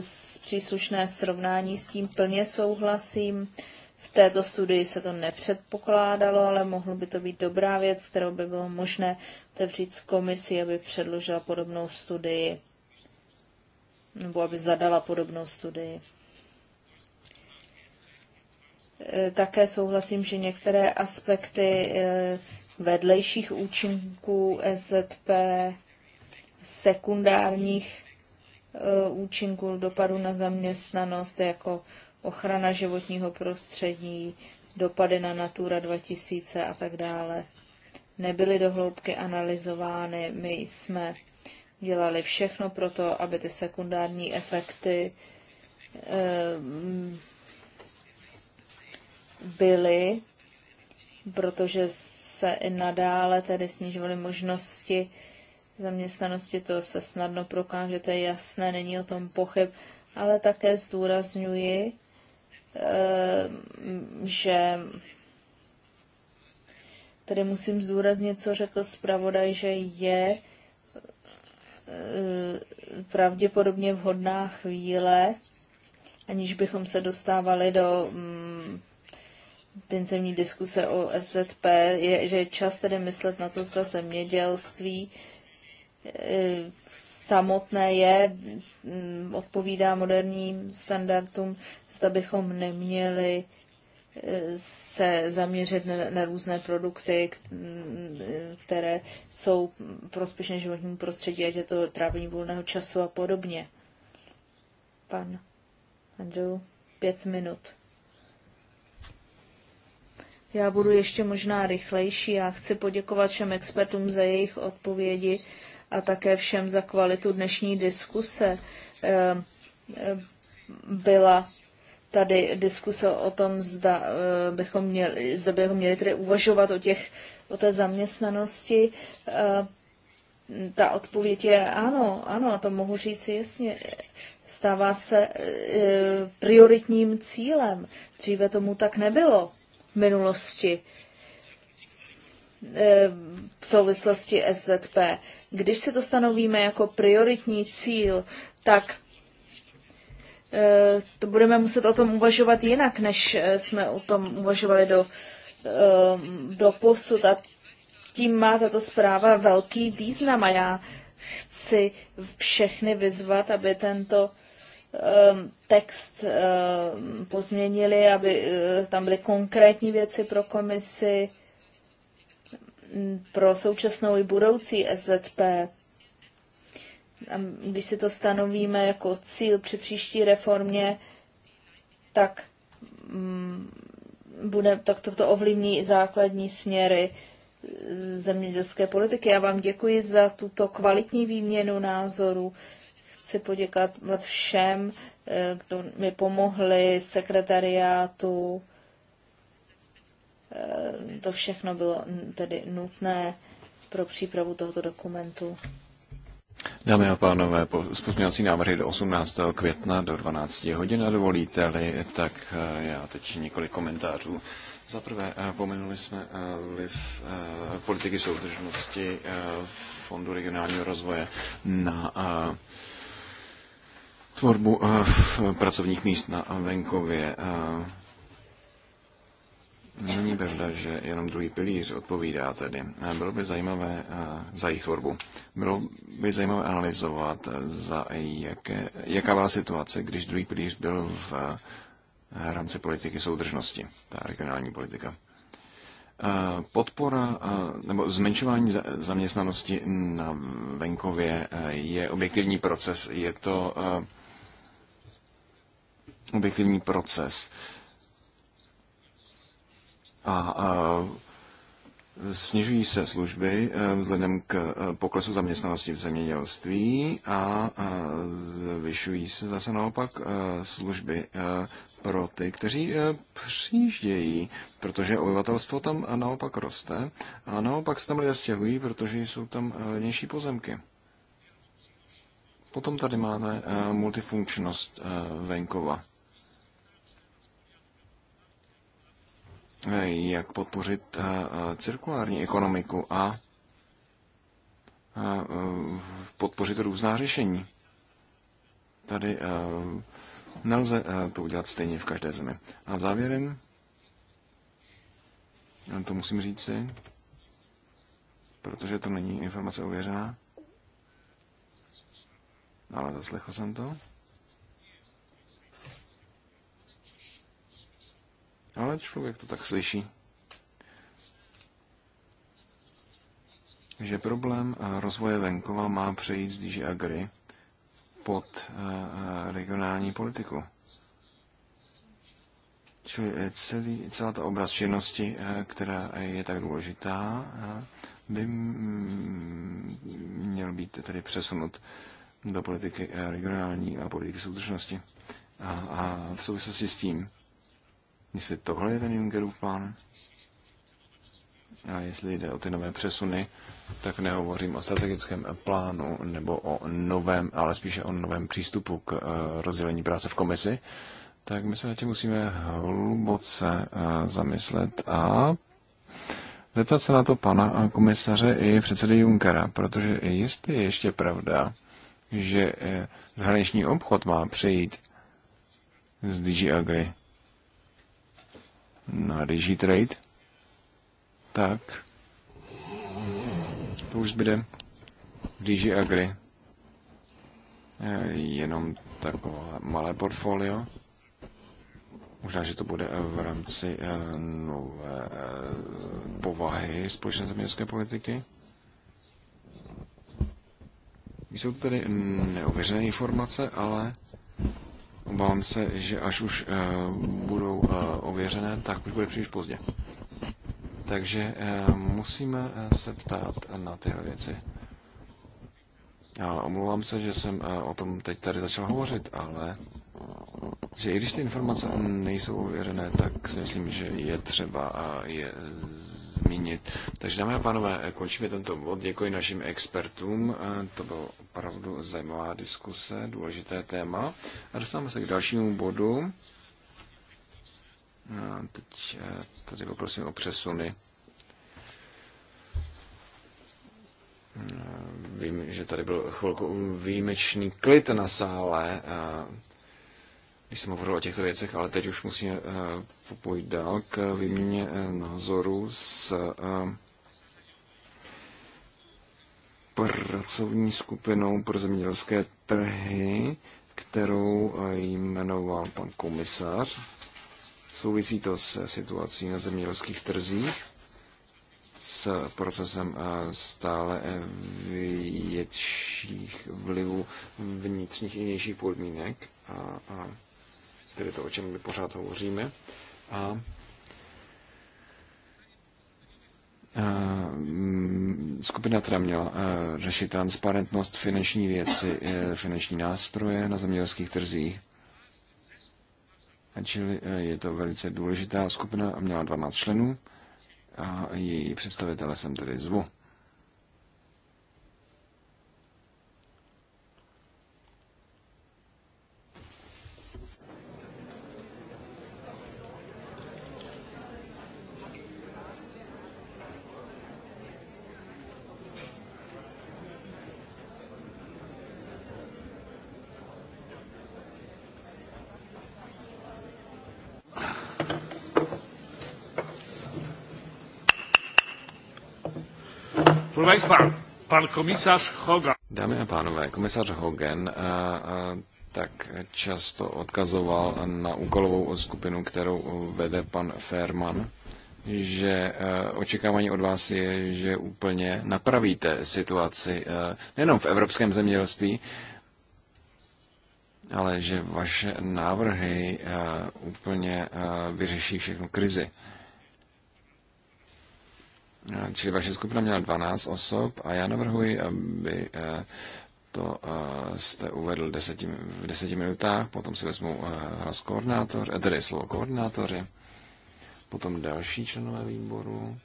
S3: s příslušné srovnání s tím plně souhlasím. V této studii se to nepředpokládalo, ale mohlo by to být dobrá věc, kterou by bylo možné otevřít z komisí, aby předložila podobnou studii nebo aby zadala podobnou studii. E, také souhlasím, že některé aspekty e, vedlejších účinků SZP, sekundárních e, účinků dopadu na zaměstnanost, jako ochrana životního prostředí, dopady na Natura 2000 a tak dále. Nebyly dohloubky analyzovány, my jsme dělali všechno pro to, aby ty sekundární efekty ehm, byly, protože se i nadále tedy snižovaly možnosti zaměstnanosti, to se snadno prokáže, to je jasné, není o tom pochyb, ale také zdůrazňuji, Ehm, že tady musím zdůraznit, co řekl zpravodaj, že je eh, pravděpodobně vhodná chvíle, aniž bychom se dostávali do mm, intenzivní diskuse o SZP, je, že je čas tedy myslet na to, zda zemědělství eh, samotné je, mm, odpovídá moderním standardům, zda bychom neměli e, se zaměřit na, na různé produkty, mm, které jsou prospěšné životnímu prostředí, ať je to trávení volného času a podobně. Pan Andrew, pět minut. Já budu ještě možná rychlejší. a chci poděkovat všem expertům za jejich odpovědi a také všem za kvalitu dnešní diskuse. Eh, eh, byla tady diskuse o tom, zda eh, bychom měli, zda bychom měli tedy uvažovat o, těch, o té zaměstnanosti. Ta odpověď je ano, ano, a to mohu říct jasně. Stává se prioritním cílem. Dříve tomu tak nebylo v minulosti v souvislosti SZP. Když si to stanovíme jako prioritní cíl, tak eh, to budeme muset o tom uvažovat jinak, než eh, jsme o tom uvažovali do, eh, do posud. A tím má tato zpráva velký význam a já chci všechny vyzvat, aby tento text pozměnili, aby tam byly konkrétní věci pro komisi, pro současnou i budoucí SZP. Když si to stanovíme jako cíl při příští reformě, tak mm, bude, tak toto ovlivní i základní směry zemědělské politiky. Já vám děkuji za tuto kvalitní výměnu názorů. Chci poděkat všem, eh, kdo mi pomohli, sekretariátu, Eh, to všechno bylo tedy nutné pro přípravu tohoto dokumentu.
S2: Dámy a pánové, pozměňovací návrhy do 18. května do 12 hodin dovolíte-li, tak eh, já teď několik komentářů. Za prvé, eh, pomenuli jsme vliv politiky soudržnosti Fondu regionálního rozvoje na tvorbu pracovních míst na venkově. Není pravda, že jenom druhý pilíř odpovídá tedy. Bylo by zajímavé eh, za jejich tvorbu. Bylo by zajímavé analyzovat, za jaké, jaká byla situace, když druhý pilíř byl v eh, rámci politiky soudržnosti, ta regionální politika. Eh, podpora nebo zmenšování zaměstnanosti na venkově je objektivní proces. Je to objektivní proces a, a snižují se služby eh, vzhledem k eh, poklesu zaměstnanosti v zemědělství a zvyšují se zase naopak eh, služby pro ty, kteří přijíždějí, protože obyvatelstvo tam naopak roste a naopak se tam lidé stěhují, protože jsou tam levnější pozemky. Potom tady máme multifunkčnost venkova. jak podpořit eh, eh, cirkulární ekonomiku a eh, podpořit různá řešení. Tady nelze to udělat stejně v každé zemi. A závěrem, to musím říci, protože to není informace ověřená, ale zaslechl jsem to. Ale člověk to tak slyší. Že problém eh, rozvoje venkova má přejít z DG Agry pod eh, eh, regionální politiku. Čili celý, celá ta obraz činnosti, která je tak důležitá, by měl být tedy přesunut do politiky regionální a politiky soudržnosti. A, a v souvislosti s tím Jestli tohle je ten Junckerův plán, a jestli jde o ty nové přesuny, tak nehovořím o strategickém plánu nebo o novém, ale spíše o novém přístupu k eh, rozdělení práce v komisi, tak my se na tím musíme hluboce eh, zamyslet a zeptat se na to pana komisaře i předsedy Junkera, protože jestli je ještě pravda, že eh, zahraniční obchod má přejít z DG Agri na Digitrade, tak to už zbyde Digi Agri. E, jenom takové malé portfolio. Možná, že to bude e, v rámci e, nové povahy společné zemědělské politiky. Jsou to tedy neuvěřené informace, ale Obávám se, že až už eh, budou eh, ověřené, tak už bude příliš pozdě. Takže eh, musíme se ptát na tyhle věci. Já omlouvám se, že jsem o tom teď tady začal hovořit, ale že i když ty informace nejsou ověřené, tak si myslím, že je třeba je zmínit. Takže dámy a pánové, končíme tento bod. Děkuji našim expertům. To bylo opravdu zajímavá diskuse, důležité téma. A dostáváme se k dalšímu bodu. A teď eh, tady poprosím o přesuny. Eh, vím, že tady byl chvilku výjimečný klid na sále, eh, když jsem hovoril o těchto věcech, ale teď už musíme pojít dál k výměně eh, názoru s eh, pracovní skupinou pro zemědělské trhy, kterou eh, jmenoval pan komisař. Souvisí to se situací na zemědělských trzích, s procesem stále větších vlivů vnitřních i vnějších podmínek, a, a tedy to, o čem my pořád hovoříme a skupina teda měla řešit transparentnost finanční věci, e, finanční nástroje na zemědělských trzích. Čili e, je to velice důležitá skupina, měla 12 členů a její představitele jsem tedy zvu. Państwa, pan Hogan. Dámy a pánové, komisař Hogan a, eh, a, eh, tak často odkazoval na úkolovou skupinu, kterou vede pan Fairman, že eh, očekávání od vás je, že úplně napravíte situaci nejenom v evropském zemědělství, ale že vaše návrhy úplně vyřeší všechnu krizi. Eh, čili vaše skupina měla 12 osob a já navrhuji, aby eh, to eh, jste uvedl deseti, v deseti minutách, potom si vezmu hlas koordinátor, tedy slovo koordinátoři, potom další členové výboru,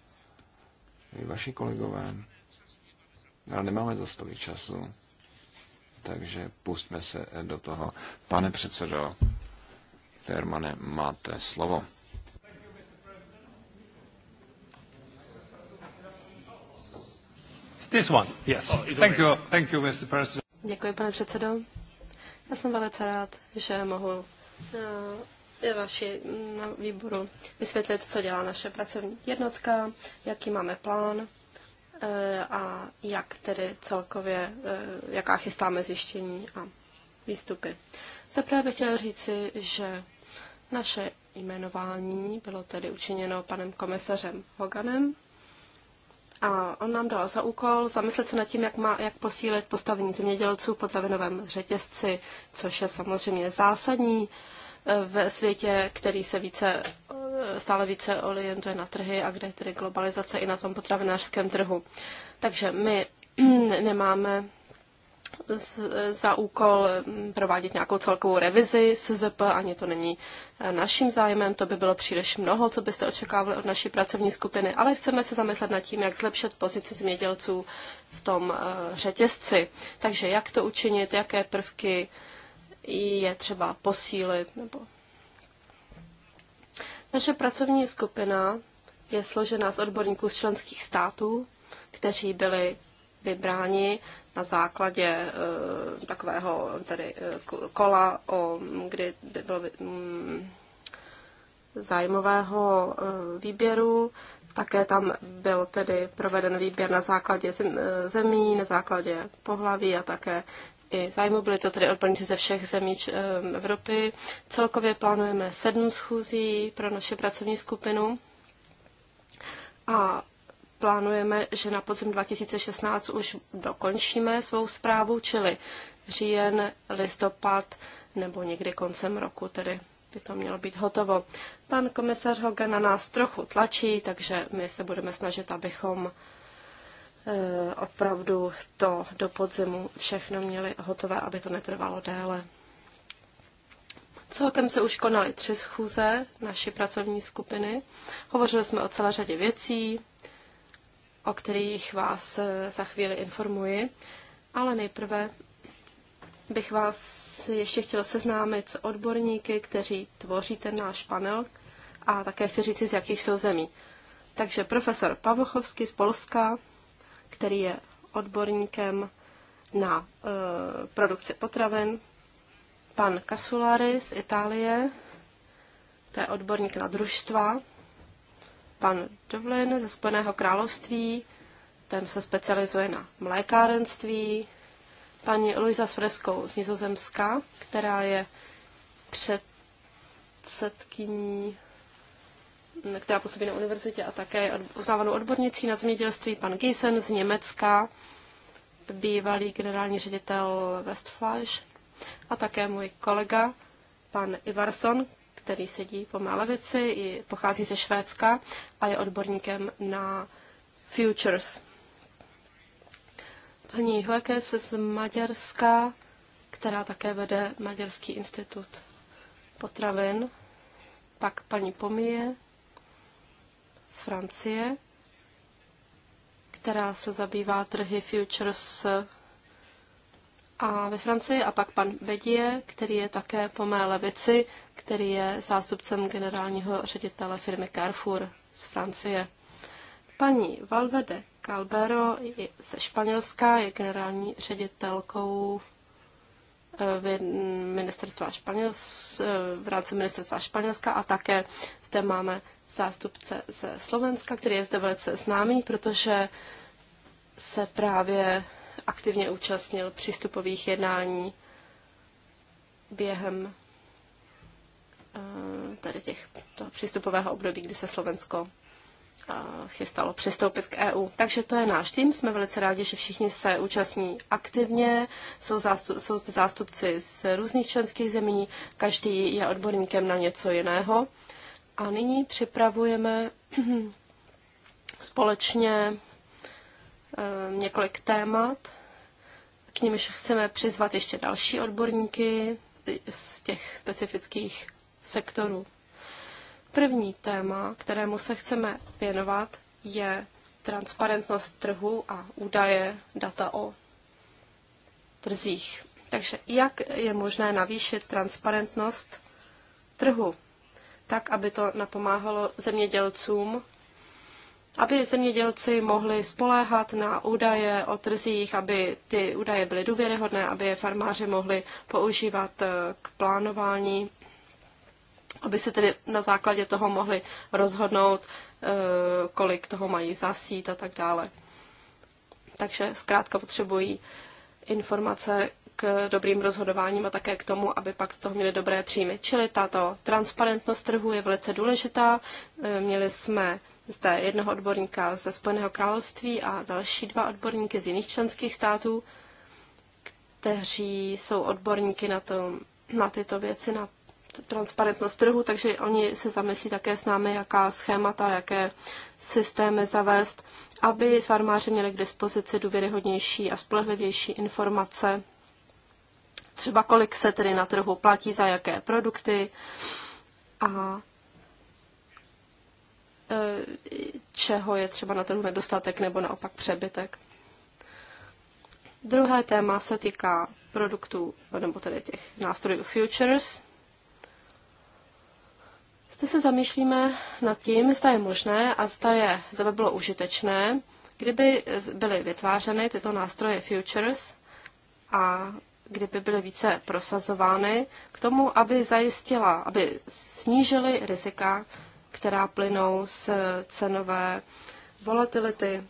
S2: i vaši kolegové. Ale nemáme za tolik času, takže pustme se do toho. Pane předsedo, Fermane, máte slovo. This one, yes. Oh, thank you, thank you, Mr. President.
S1: Děkuji, pane předsedo. Já jsem velice rád, že mohu je eh, vaši mm, na výboru vysvětlit, co dělá naše pracovní jednotka, jaký máme plán eh, a jak tedy celkově, eh, jaká chystáme zjištění a výstupy. Zaprvé bych chtěla říci, že naše jmenování bylo tedy učiněno panem komisařem Hoganem a on nám dal za úkol zamyslet se nad tím, jak, má, jak posílit postavení zemědělců v potravinovém řetězci, což je samozřejmě zásadní eh, ve světě, který se více, eh, stále více orientuje na trhy a kde je tedy globalizace i na tom potravinářském trhu. Takže my <clears throat> nemáme za úkol mm, provádět nějakou celkovou revizi SZP, ani to není naším zájmem, to by bylo příliš mnoho, co byste očekávali od naší pracovní skupiny, ale chceme se zamyslet nad tím, jak zlepšit pozici zemědělců v tom eh, řetězci. Takže jak to učinit, jaké prvky je třeba posílit nebo naše pracovní skupina je složena z odborníků z členských států, kteří byli vybráni na základě eh, takového tedy eh, kola, o, kdy by bylo mm, zájmového eh, výběru. Také tam byl tedy proveden výběr na základě zemí, na základě pohlaví a také i zájmu. byly to tedy odborníci ze všech zemí Evropy. Celkově plánujeme sedm schůzí pro naše pracovní skupinu. A plánujeme, že na podzim 2016 už dokončíme svou zprávu, čili říjen, listopad nebo někdy koncem roku tedy by to mělo být hotovo. Pan komisař Hogan na nás trochu tlačí, takže my se budeme snažit, abychom e, opravdu to do podzimu všechno měli hotové, aby to netrvalo déle. Celkem se už konaly tři schůze naší pracovní skupiny. Hovořili jsme o celé řadě věcí, o kterých vás eh, za chvíli informuji. Ale nejprve bych vás ještě chtěla seznámit s odborníky, kteří tvoří ten náš panel a také chci říct, z jakých jsou zemí. Takže profesor Pavlochovský z Polska, který je odborníkem na e, produkci potravin, pan Casulari z Itálie, to je odborník na družstva, pan Dovlin ze Spojeného království, ten se specializuje na mlékárenství, paní Luisa Freskou z Nizozemska, která je předsedkyní, která působí na univerzitě a také je uznávanou odbornicí na zemědělství, pan Giesen z Německa, bývalý generální ředitel Westflash a také můj kolega, pan Ivarson, který sedí po mé levici, pochází ze Švédska a je odborníkem na futures. Paní se z Maďarska, která také vede Maďarský institut potravin. Pak paní Pomie z Francie, která se zabývá trhy futures a ve Francii a pak pan Bedie, který je také po mé levici, který je zástupcem generálního ředitele firmy Carrefour z Francie. Paní Valvede Calbero ze Španělska je generální ředitelkou eh, v, ministerstva Španělsk, eh, v rámci ministerstva Španělska a také zde máme zástupce ze Slovenska, který je zde velice známý, protože se právě aktivně účastnil přístupových jednání během eh, tady těch, toho přístupového období, kdy se Slovensko eh, chystalo přistoupit k EU. Takže to je náš tým. Jsme velice rádi, že všichni se účastní aktivně. Jsou, zástup, jsou zástupci z různých členských zemí. Každý je odborníkem na něco jiného. A nyní připravujeme <clears throat> společně Ehm, několik témat, k nimž chceme přizvat ještě další odborníky z těch specifických sektorů. První téma, kterému se chceme věnovat, je transparentnost trhu a údaje data o trzích. Takže jak je možné navýšit transparentnost trhu, tak aby to napomáhalo zemědělcům aby zemědělci mohli spoléhat na údaje o trzích, aby ty údaje byly důvěryhodné, aby je farmáři mohli používat eh, k plánování, aby se tedy na základě toho mohli rozhodnout, eh, kolik toho mají zasít a tak dále. Takže zkrátka potřebují informace k dobrým rozhodováním a také k tomu, aby pak z toho měli dobré příjmy. Čili tato transparentnost trhu je velice důležitá. Eh, měli jsme zde jednoho odborníka ze Spojeného království a další dva odborníky z jiných členských států, kteří jsou odborníky na, to, na tyto věci, na transparentnost trhu, takže oni se zamyslí také s námi, jaká schémata, jaké systémy zavést, aby farmáři měli k dispozici důvěryhodnější a spolehlivější informace, třeba kolik se tedy na trhu platí za jaké produkty a Eh, čeho je třeba na trhu nedostatek nebo naopak přebytek. Druhé téma se týká produktů, nebo tedy těch nástrojů futures. Zde se zamýšlíme nad tím, zda je možné a zda, je, zda by bylo užitečné, kdyby byly vytvářeny tyto nástroje futures a kdyby byly více prosazovány k tomu, aby zajistila, aby snížily rizika která plynou z cenové volatility,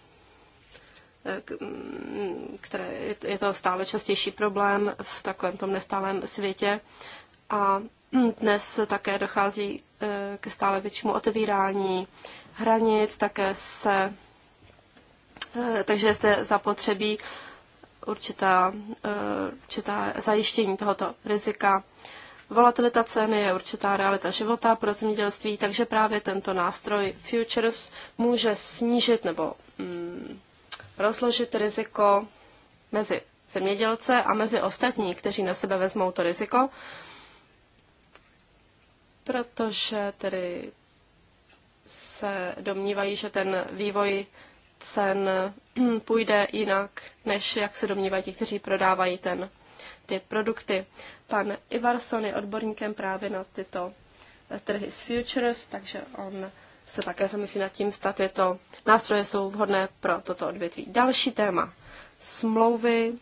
S1: eh, mm, které je to stále častější problém v takovém tom nestálém světě. A dnes také dochází eh, ke stále většímu otevírání hranic, také se, eh, takže se zapotřebí určitá, určitá zajištění tohoto rizika. Volatilita ceny je určitá realita života pro zemědělství, takže právě tento nástroj futures může snížit nebo mm, rozložit riziko mezi zemědělce a mezi ostatní, kteří na sebe vezmou to riziko, protože tedy se domnívají, že ten vývoj cen mm, půjde jinak, než jak se domnívají ti, kteří prodávají ten ty produkty. Pan Ivarson je odborníkem právě na tyto eh, trhy s futures, takže on se také zamyslí nad tím, zda tyto nástroje jsou vhodné pro toto odvětví. Další téma. Smlouvy.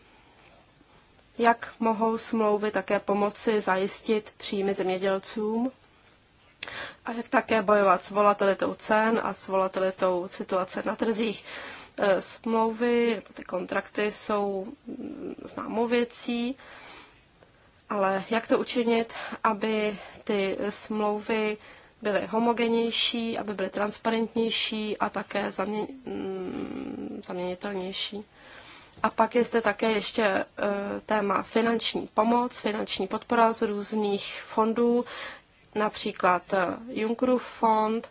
S1: Jak mohou smlouvy také pomoci zajistit příjmy zemědělcům? A jak také bojovat s volatilitou cen a s volatilitou situace na trzích? Eh, smlouvy nebo ty kontrakty jsou mm, známou věcí, ale jak to učinit, aby ty smlouvy byly homogenější, aby byly transparentnější a také zamě, mm, zaměnitelnější. A pak je zde také ještě eh, téma finanční pomoc, finanční podpora z různých fondů, například eh, Junckerův fond,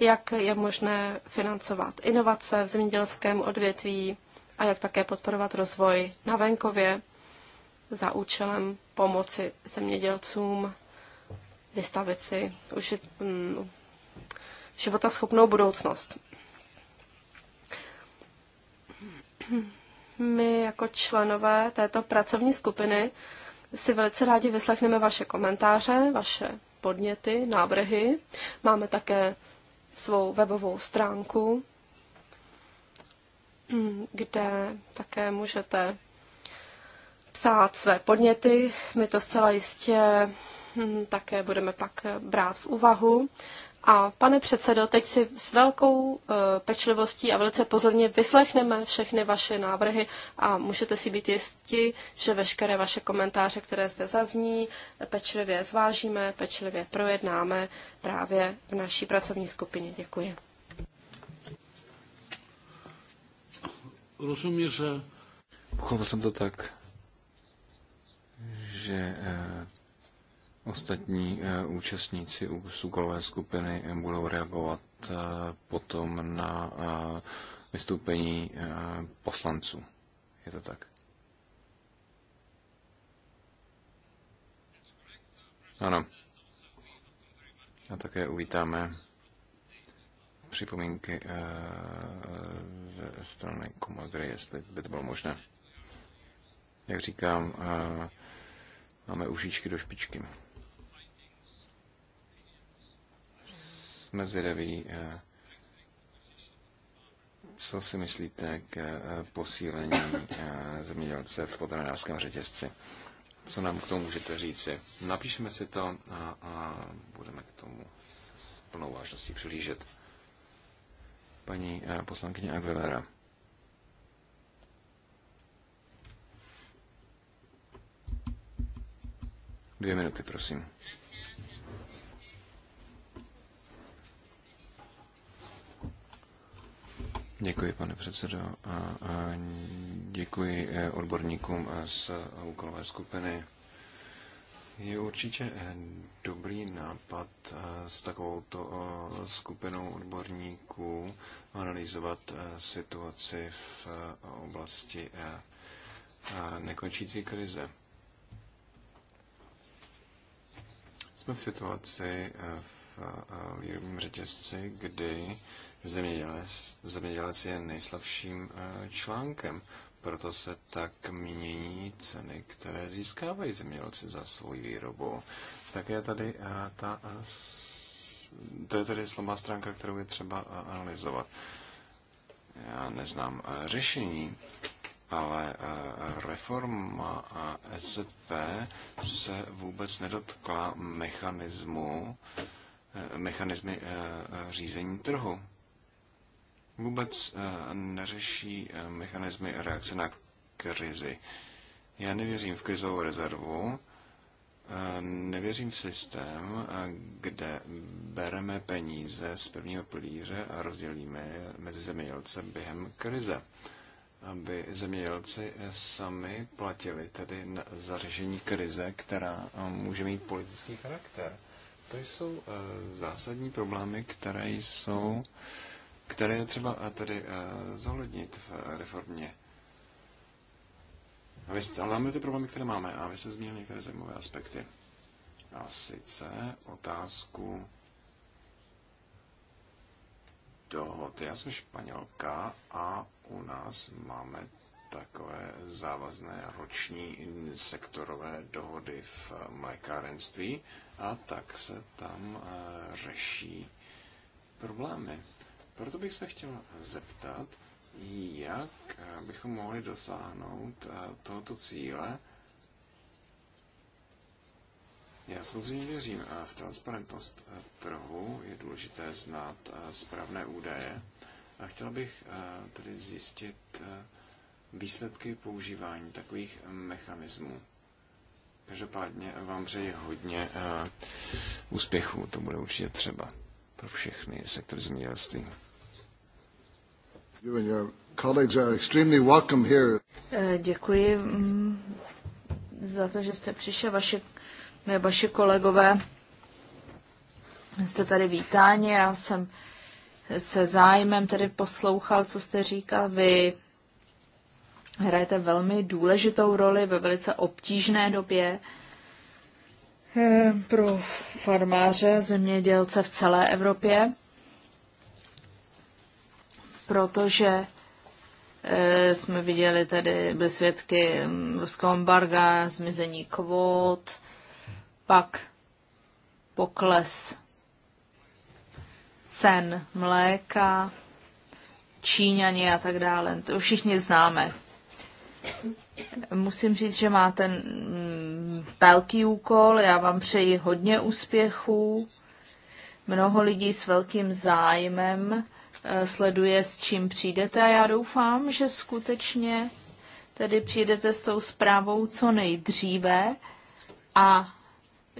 S1: jak je možné financovat inovace v zemědělském odvětví a jak také podporovat rozvoj na venkově za účelem pomoci zemědělcům vystavit si už mm, schopnou budoucnost. My jako členové této pracovní skupiny si velice rádi vyslechneme vaše komentáře, vaše podněty, návrhy. Máme také svou webovou stránku, mm, kde také můžete psát své podněty. My to zcela jistě mm, také budeme pak brát v úvahu a pane předsedo, teď si s velkou eh, pečlivostí a velice pozorně vyslechneme všechny vaše návrhy a můžete si být jisti, že veškeré vaše komentáře, které zde zazní, pečlivě zvážíme, pečlivě projednáme právě v naší pracovní skupině. Děkuji.
S2: Rozumím, že... Pochopil jsem to tak, že eh, Ostatní eh, účastníci úsukové skupiny eh, budou reagovat eh, potom na vystoupení poslanců. Je to tak? Ano. A také uvítáme připomínky ze strany Komagry, jestli by to bylo možné. Jak říkám, máme ušičky do špičky. jsme zvědaví, eh, co si myslíte k eh, posílení eh, zemědělce v potravinářském řetězci. Co nám k tomu můžete říci? Napíšeme si to a, a budeme k tomu s plnou vážností přilížet. Paní poslankyně Aguilera. Dvě minuty, prosím. Děkuji, pane předsedo. A, a děkuji eh, odborníkům eh, z úkolové skupiny. Je určitě eh, dobrý nápad s takovouto skupinou odborníků analyzovat situaci v oblasti nekončící krize. Jsme v situaci v výrobním řetězci, kdy zemědělec, zemědělec je nejslabším eh, článkem. Proto se tak mění ceny, které získávají zemědělci za svou výrobu. Tak je tady eh, ta, eh, to je tady slabá stránka, kterou je třeba analyzovat. Já neznám řešení, ale reforma SZP se vůbec nedotkla mechanismu, mechanizmy řízení trhu vůbec eh, neřeší eh, mechanismy reakce na krizi. Já nevěřím v krizovou rezervu, eh, nevěřím v systém, kde bereme peníze z prvního pilíře a rozdělíme je mezi zemědělce během krize, aby zemědělci sami platili tedy za řešení krize, která může mít politický charakter. To jsou zásadní problémy, které jsou uh, které je třeba eh, tady eh, zohlednit v eh, reformě. A vy jste, ale máme ty problémy, které máme, a vy jste zmínil některé zajímavé aspekty. A sice otázku dohod. Já jsem Španělka a u nás máme takové závazné roční sektorové dohody v mlékárenství a tak se tam řeší problémy. Proto bych se chtěla zeptat, jak bychom mohli dosáhnout eh, tohoto cíle. Já samozřejmě věřím eh, v transparentnost eh, trhu, je důležité znát správné údaje a chtěl bych tedy zjistit výsledky používání takových mechanismů. Každopádně vám přeji hodně úspěchů, to bude určitě třeba pro všechny sektory zemědělství. Děkuji
S3: za to, že jste přišel. Vaše, eh, vaše kolegové jste tady vítáni. Já jsem se zájmem tedy poslouchal, co jste říkal. Vy hrajete velmi důležitou roli ve velice obtížné době eh, pro farmáře, zemědělce v celé Evropě protože e, jsme viděli tady, byly svědky mm, ruského embarga, zmizení kvót, pak pokles cen mléka, Číňani a tak dále. To všichni známe. Musím říct, že máte mm, velký úkol. Já vám přeji hodně úspěchů. Mnoho lidí s velkým zájmem Eh, sleduje, s čím přijdete a já doufám, že skutečně tedy přijdete s tou zprávou co nejdříve a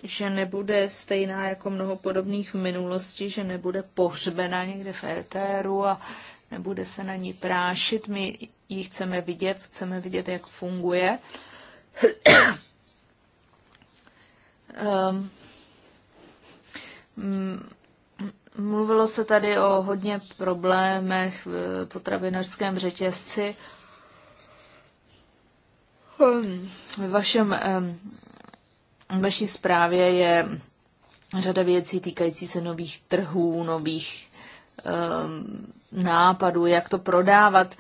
S3: že nebude stejná jako mnoho podobných v minulosti, že nebude pohřbena někde v éteru a nebude se na ní prášit. My ji chceme vidět, chceme vidět, jak funguje. um, <coughs> Mluvilo se tady o hodně problémech v potravinářském řetězci. Hm, v vašem, vaší zprávě je řada věcí týkající se nových trhů, nových nápadů, jak to prodávat.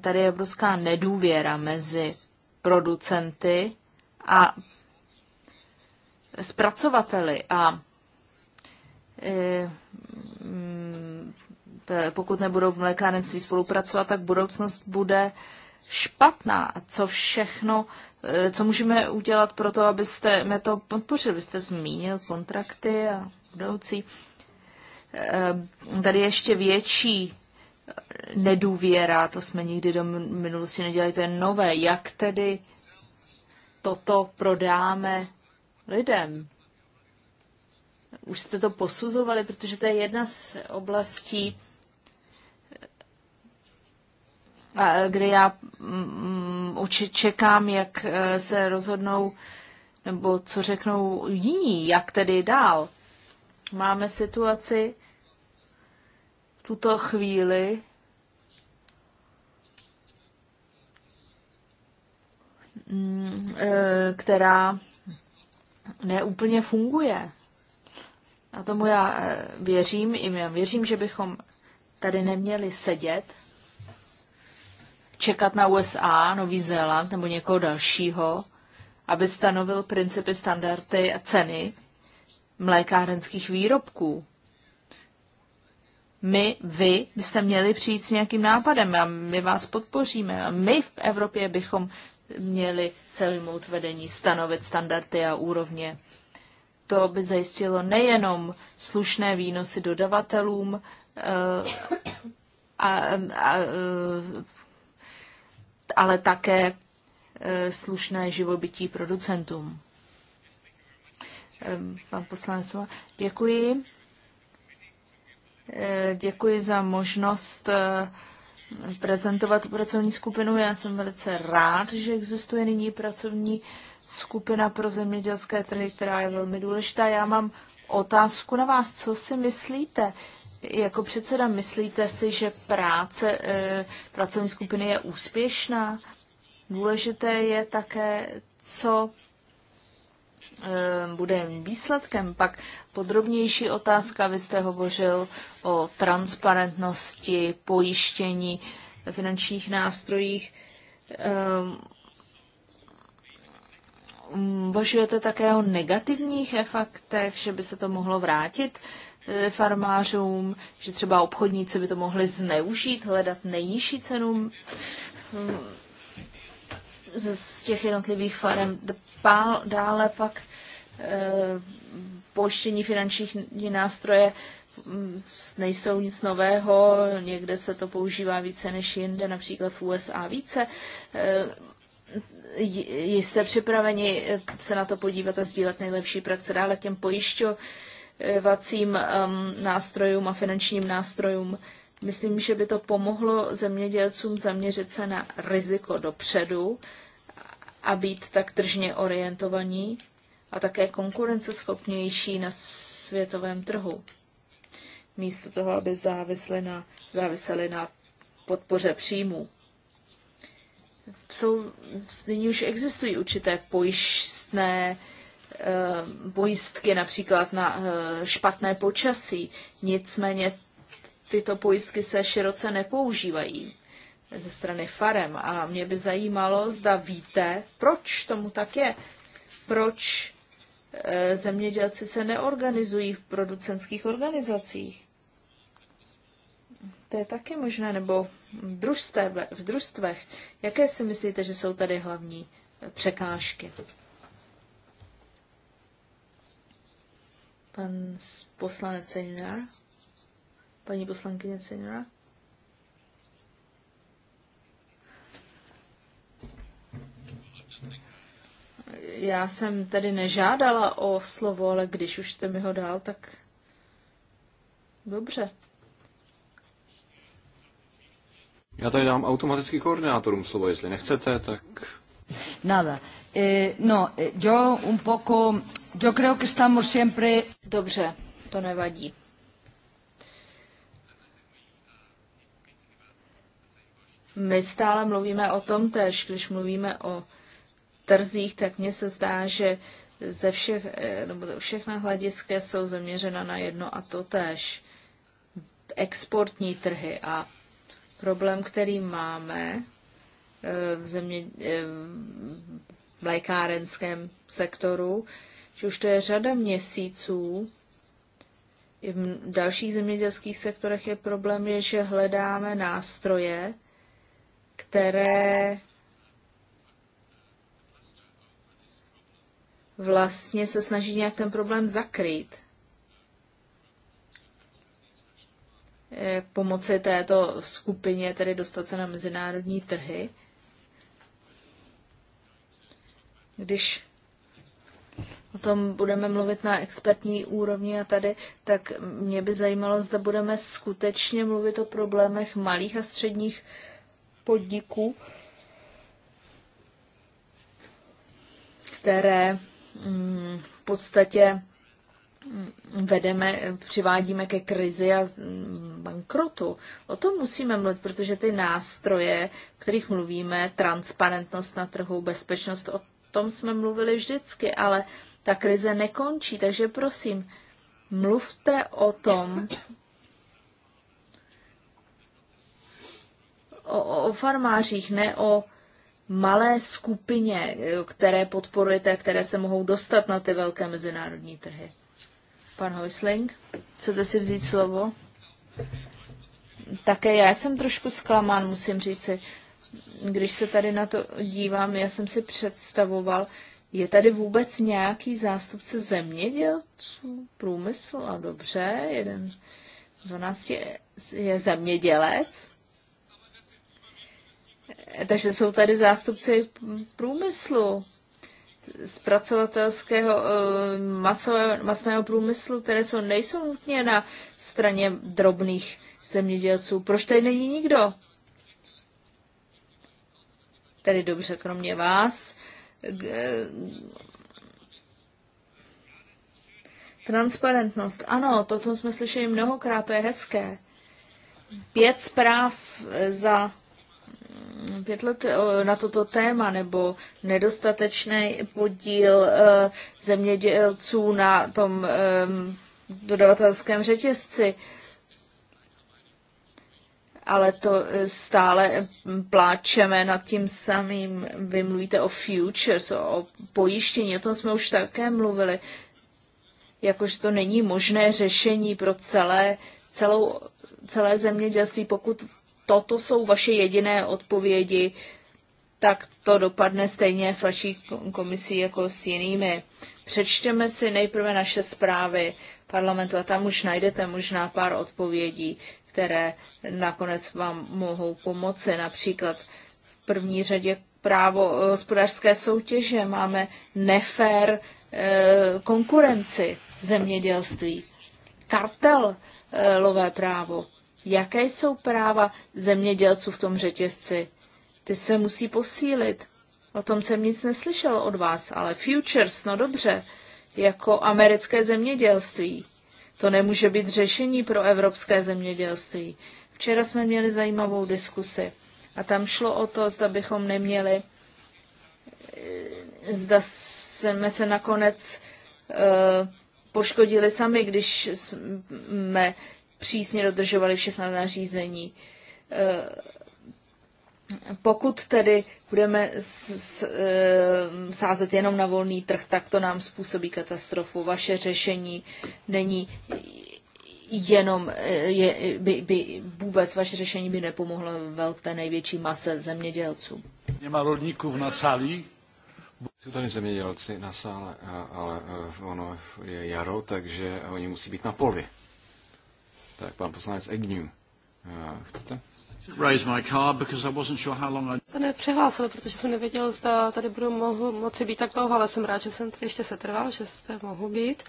S3: Tady je obrovská nedůvěra mezi producenty a zpracovateli a E, mm, e, pokud nebudou v mlékárenství spolupracovat, tak budoucnost bude špatná. A co všechno, e, co můžeme udělat pro to, abyste mě to podpořili? Vy jste zmínil kontrakty a budoucí. Tady ještě větší nedůvěra, to jsme nikdy do minulosti nedělali, to je nové. Jak tedy toto prodáme lidem? už jste to posuzovali, protože to je jedna z oblastí, kde já mm, čekám, jak e, se rozhodnou nebo co řeknou jiní, jak tedy dál. Máme situaci tuto chvíli, mm, e, která neúplně funguje. A tomu já eh, věřím, i já věřím, že bychom tady neměli sedět, čekat na USA, Nový Zéland nebo někoho dalšího, aby stanovil principy, standardy a ceny mlékárenských výrobků. My, vy byste měli přijít s nějakým nápadem a my vás podpoříme. A my v Evropě bychom měli se vymout vedení, stanovit standardy a úrovně to by zajistilo nejenom slušné výnosy dodavatelům eh, a, a, eh, ale také eh, slušné živobytí producentům. Pan poslanec, děkuji. Děkuji za možnost prezentovat pracovní skupinu. Já jsem velice rád, že existuje nyní pracovní skupina pro zemědělské trhy, která je velmi důležitá. Já mám otázku na vás. Co si myslíte? Jako předseda, myslíte si, že práce eh, pracovní skupiny je úspěšná? Důležité je také, co eh, bude výsledkem. Pak podrobnější otázka, vy jste hovořil o transparentnosti, pojištění, finančních nástrojích. Ehm, Uvažujete také o negativních efektech, že by se to mohlo vrátit e, farmářům, že třeba obchodníci by to mohli zneužít, hledat nejnižší cenu mm, z těch jednotlivých farem. Dále pak e, pojištění finančních nástroje mm, nejsou nic nového, někde se to používá více než jinde, například v USA více. E, jste připraveni se na to podívat a sdílet nejlepší praxe dále těm pojišťovacím um, nástrojům a finančním nástrojům. Myslím, že by to pomohlo zemědělcům zaměřit se na riziko dopředu a být tak tržně orientovaní a také konkurenceschopnější na světovém trhu. Místo toho, aby závisli na, záviseli na podpoře příjmů jsou, nyní už existují určité pojistné eh, pojistky například na eh, špatné počasí. Nicméně tyto pojistky se široce nepoužívají ze strany farem a mě by zajímalo, zda víte, proč tomu tak je. Proč eh, zemědělci se neorganizují v producenských organizacích. To je taky možné, nebo v družstvech. Jaké si myslíte, že jsou tady hlavní překážky? Pan poslanec senior? Paní poslankyně seniora? Já jsem tedy nežádala o slovo, ale když už jste mi ho dal, tak dobře.
S2: Já tady dám automaticky koordinátorům slovo, jestli nechcete, tak...
S3: Nada. Eh, no, eh, yo un poco, yo creo que estamos siempre... Dobře, to nevadí. My stále mluvíme o tom tež, když mluvíme o trzích, tak mně se zdá, že ze všech, eh, nebo všechna hlediska jsou zaměřena na jedno a to tež. Exportní trhy a Problém, který máme eh, v, země, eh, v lékárenském sektoru, že už to je řada měsíců, i v dalších zemědělských sektorech je problém, je, že hledáme nástroje, které vlastně se snaží nějak ten problém zakrýt. pomoci této skupině tedy dostat se na mezinárodní trhy. Když o tom budeme mluvit na expertní úrovni a tady, tak mě by zajímalo, zda budeme skutečně mluvit o problémech malých a středních podniků, které mm, v podstatě vedeme, přivádíme ke krizi a mm, bankrotu. O tom musíme mluvit, protože ty nástroje, o kterých mluvíme, transparentnost na trhu, bezpečnost, o tom jsme mluvili vždycky, ale ta krize nekončí, takže prosím, mluvte o tom, o, o farmářích, ne o malé skupině, které podporujete, které se mohou dostat na ty velké mezinárodní trhy. Pan Hoisling, chcete si vzít slovo? Také já jsem trošku zklamán, musím říci. Když se tady na to dívám, já jsem si představoval, je tady vůbec nějaký zástupce zemědělců, průmysl? A dobře, jeden z 12 je, je zemědělec. Takže jsou tady zástupci průmyslu, zpracovatelského eh, masového, masného průmyslu, které jsou nejsou nutně na straně drobných zemědělců. Proč tady není nikdo? Tady dobře, kromě vás. Eh, transparentnost. Ano, to, co jsme slyšeli mnohokrát, to je hezké. Pět zpráv eh, za pět let eh, na toto téma, nebo nedostatečný podíl eh, zemědělců na tom ehm, dodavatelském řetězci. Ale to eh, stále pláčeme nad tím samým. Vy mluvíte o futures, o pojištění, o tom jsme už také mluvili. Jakože to není možné řešení pro celé, celou, celé zemědělství, pokud toto jsou vaše jediné odpovědi, tak to dopadne stejně s vaší komisí jako s jinými. Přečteme si nejprve naše zprávy parlamentu a tam už najdete možná pár odpovědí, které nakonec vám mohou pomoci. Například v první řadě právo eh, hospodářské soutěže, máme nefér e, konkurenci v zemědělství, kartel e, lové právo jaké jsou práva zemědělců v tom řetězci. Ty se musí posílit. O tom jsem nic neslyšel od vás, ale futures, no dobře, jako americké zemědělství. To nemůže být řešení pro evropské zemědělství. Včera jsme měli zajímavou diskusi a tam šlo o to, zda bychom neměli, eh, zda jsme se nakonec uh, poškodili sami, když jsme přísně dodržovali všechna nařízení. Eh, pokud tedy budeme eh, sázet jenom na volný trh, tak to nám způsobí katastrofu. Vaše řešení není jenom, eh, je, by, by, vůbec vaše řešení by nepomohlo velké největší mase zemědělců.
S2: Nemá rolníků v nasálí? jsou tady zemědělci na sále, ale ono je jaro, takže oni musí být na poli. Tak pan poslanec Egnu. Eh, chcete?
S1: Se nepřihlásil, protože jsem nevěděl, zda tady budu mohu, moci být tak dlouho, ale jsem rád, že jsem tady ještě setrval, že jste mohu být.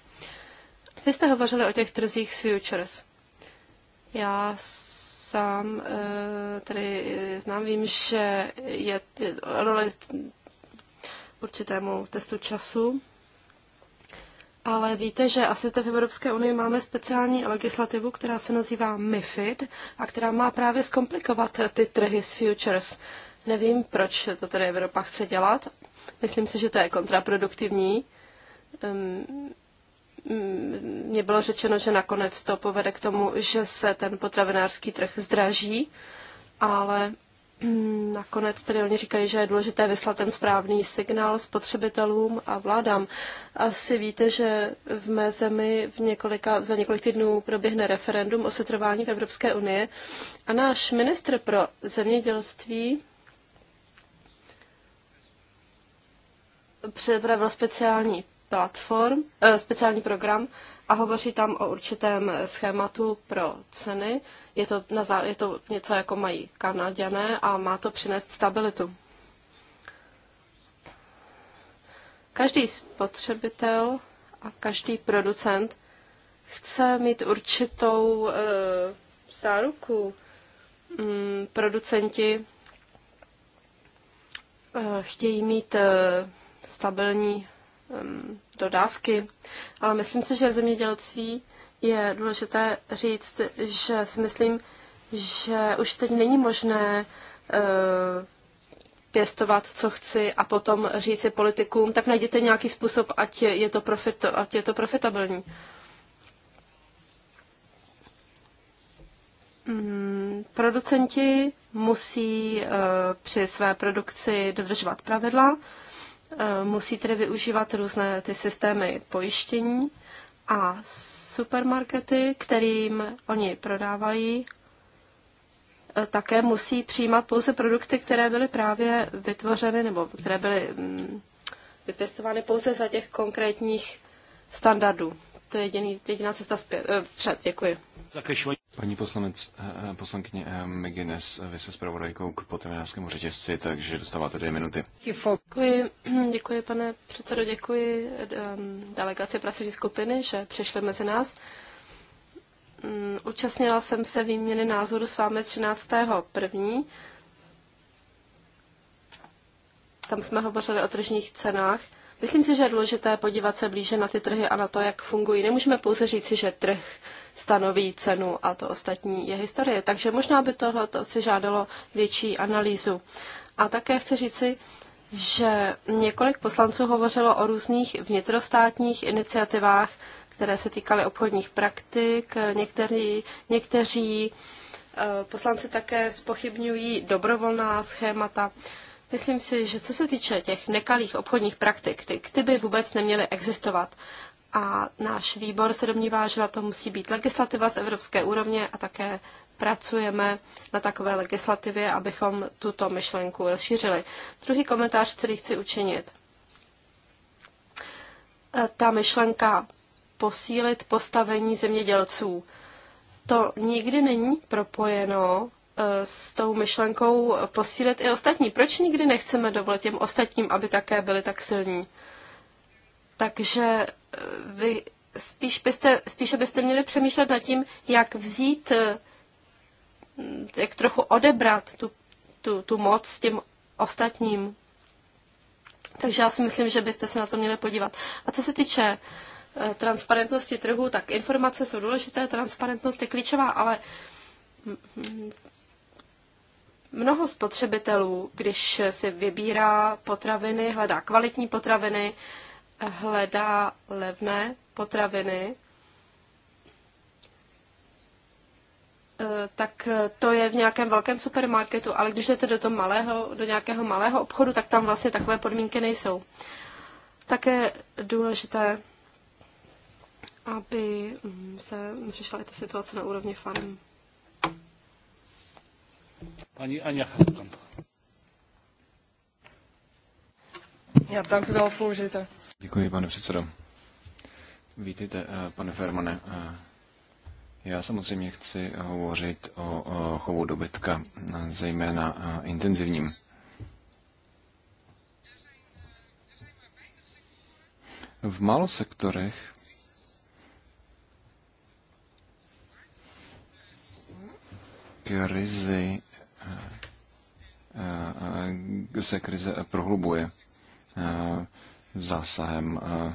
S1: Vy jste hovořili o těch trzích s futures. Já sám eh, tady eh, znám, vím, že je role určitému testu času ale víte, že asi v Evropské unii máme speciální legislativu, která se nazývá MIFID a která má právě zkomplikovat ty trhy s futures. Nevím, proč to tady Evropa chce dělat. Myslím si, že to je kontraproduktivní. Mně bylo řečeno, že nakonec to povede k tomu, že se ten potravinářský trh zdraží, ale Mm, nakonec tedy oni říkají, že je důležité vyslat ten správný signál spotřebitelům a vládám. Asi víte, že v mé zemi v několika, za několik týdnů proběhne referendum o setrvání v Evropské unie a náš ministr pro zemědělství připravil speciální platform, eh, speciální program a hovoří tam o určitém schématu pro ceny. Je to, na zá, je to něco, jako mají Kanaděné a má to přinést stabilitu. Každý spotřebitel a každý producent chce mít určitou uh, záruku. Um, producenti e, chtějí mít stabilní Um, dodávky. Ale myslím si, že v zemědělství je důležité říct, že si myslím, že už teď není možné uh, pěstovat, co chci a potom si politikům, tak najděte nějaký způsob, ať je to, profit, ať je to profitabilní. Mm, producenti musí uh, při své produkci dodržovat pravidla, Eh, musí tedy využívat různé ty systémy pojištění a supermarkety, kterým oni prodávají, eh, také musí přijímat pouze produkty, které byly právě vytvořeny nebo které byly mm, vypěstovány pouze za těch konkrétních standardů. To je jediný, jediná cesta zpět, eh, před. Děkuji.
S2: Paní poslanec, eh, eh, poslankyně eh, McGuinness, vy se zpravodajkou k potravinářskému řetězci, takže dostáváte dvě minuty.
S1: Děkuji, <clears throat> děkuji pane předsedo, děkuji delegaci pracovní skupiny, že přišli mezi nás. Mm, účastnila jsem se výměny názoru s vámi 13. první. Tam jsme hovořili o tržních cenách. Myslím si, že je důležité podívat se blíže na ty trhy a na to, jak fungují. Nemůžeme pouze říci, že trh stanoví cenu a to ostatní je historie. Takže možná by tohle si žádalo větší analýzu. A také chci říci, že několik poslanců hovořilo o různých vnitrostátních iniciativách, které se týkaly obchodních praktik. Některý, někteří eh, poslanci také spochybňují dobrovolná schémata. Myslím si, že co se týče těch nekalých obchodních praktik, ty, ty by vůbec neměly existovat a náš výbor se domnívá, že na to musí být legislativa z evropské úrovně a také pracujeme na takové legislativě, abychom tuto myšlenku rozšířili. Druhý komentář, který chci učinit. E, ta myšlenka posílit postavení zemědělců. To nikdy není propojeno e, s tou myšlenkou posílit i ostatní. Proč nikdy nechceme dovolit těm ostatním, aby také byli tak silní? Takže eh, vy spíš byste, spíše byste měli přemýšlet nad tím, jak vzít, eh, jak trochu odebrat tu, tu, tu moc těm ostatním. Takže já si myslím, že byste se na to měli podívat. A co se týče eh, transparentnosti trhu, tak informace jsou důležité, transparentnost je klíčová, ale mnoho spotřebitelů, když si vybírá potraviny, hledá kvalitní potraviny, hledá levné potraviny, eh, tak to je v nějakém velkém supermarketu, ale když jdete do, toho malého, do nějakého malého obchodu, tak tam vlastně takové podmínky nejsou. Také důležité, aby mm, se přišla i ta situace na úrovni farm. Pani Anja Hasekamp.
S3: Ja, dank u wel, voorzitter.
S2: Děkuji, pane předsedo. Vítejte, eh, pane Fermane. Eh, já samozřejmě chci hovořit o chovu dobytka, eh, zejména intenzivním. V málo sektorech krizi se krize prohlubuje zásahem eh,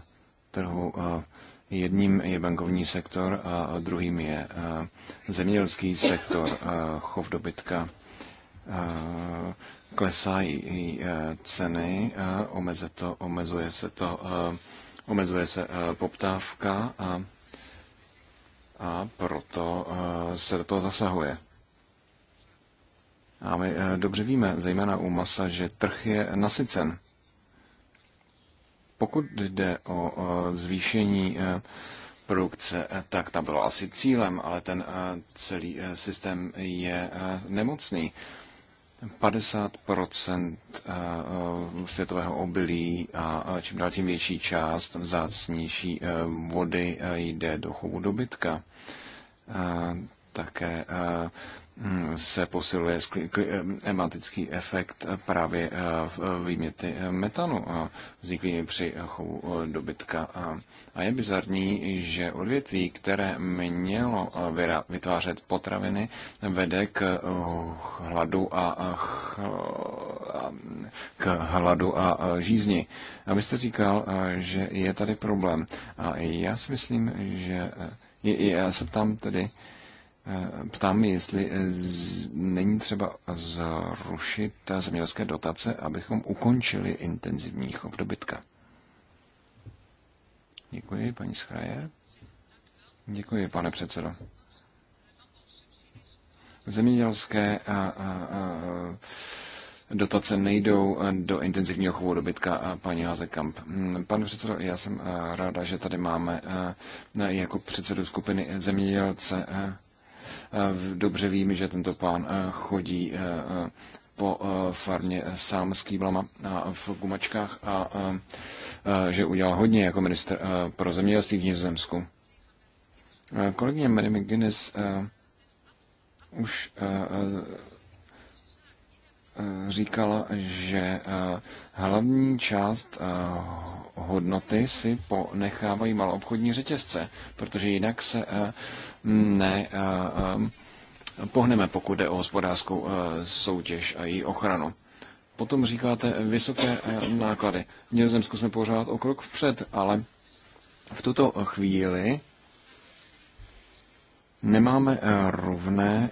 S2: trhu. Eh, jedním je bankovní sektor a druhým je eh, zemědělský sektor, chov dobytka. Klesají ceny, omeze to, omezuje se to, omezuje se poptávka a, a proto se do toho zasahuje. A my dobře víme, zejména u masa, že trh je nasycen. Pokud jde o zvýšení e, produkce, e, tak ta bylo asi cílem, ale ten e, celý systém je nemocný. 50% světového obilí a čím dál tím větší část vzácnější vody jde do chovu dobytka. Také se posiluje ematický efekt právě eh, v eh, výměty metanu eh, vzniklými při chovu dobytka. A je bizarní, že odvětví, které mělo vytvářet potraviny, vede k hladu a, k hladu a žízni. jste říkal, že je tady problém. A já si myslím, že já se ptám tedy, Eh, ptám, jestli eh, není třeba zrušit zemědělské dotace, abychom ukončili intenzivní chov dobytka. Děkuji, paní Schreier. Děkuji, pane předsedo. Zemědělské a, a, a, dotace nejdou eh, do intenzivního chovu dobytka a paní Hazekamp. Mm, pane předsedo, já jsem ráda, že tady máme jako předsedu skupiny zemědělce Eh, dobře vím, že tento pán eh, chodí eh, po farmě sám s kýblama a v gumačkách a, a, a že udělal hodně jako minister pro zemědělství v Nizozemsku. Kolegyně Mary McGuinness už a, říkala, že hlavní část hodnoty si ponechávají obchodní řetězce, protože jinak se ne pohneme, pokud jde o hospodářskou soutěž a její ochranu. Potom říkáte e, vysoké e, náklady. V Nězemsku jsme pořád o krok vpřed, ale v tuto chvíli nemáme e, rovné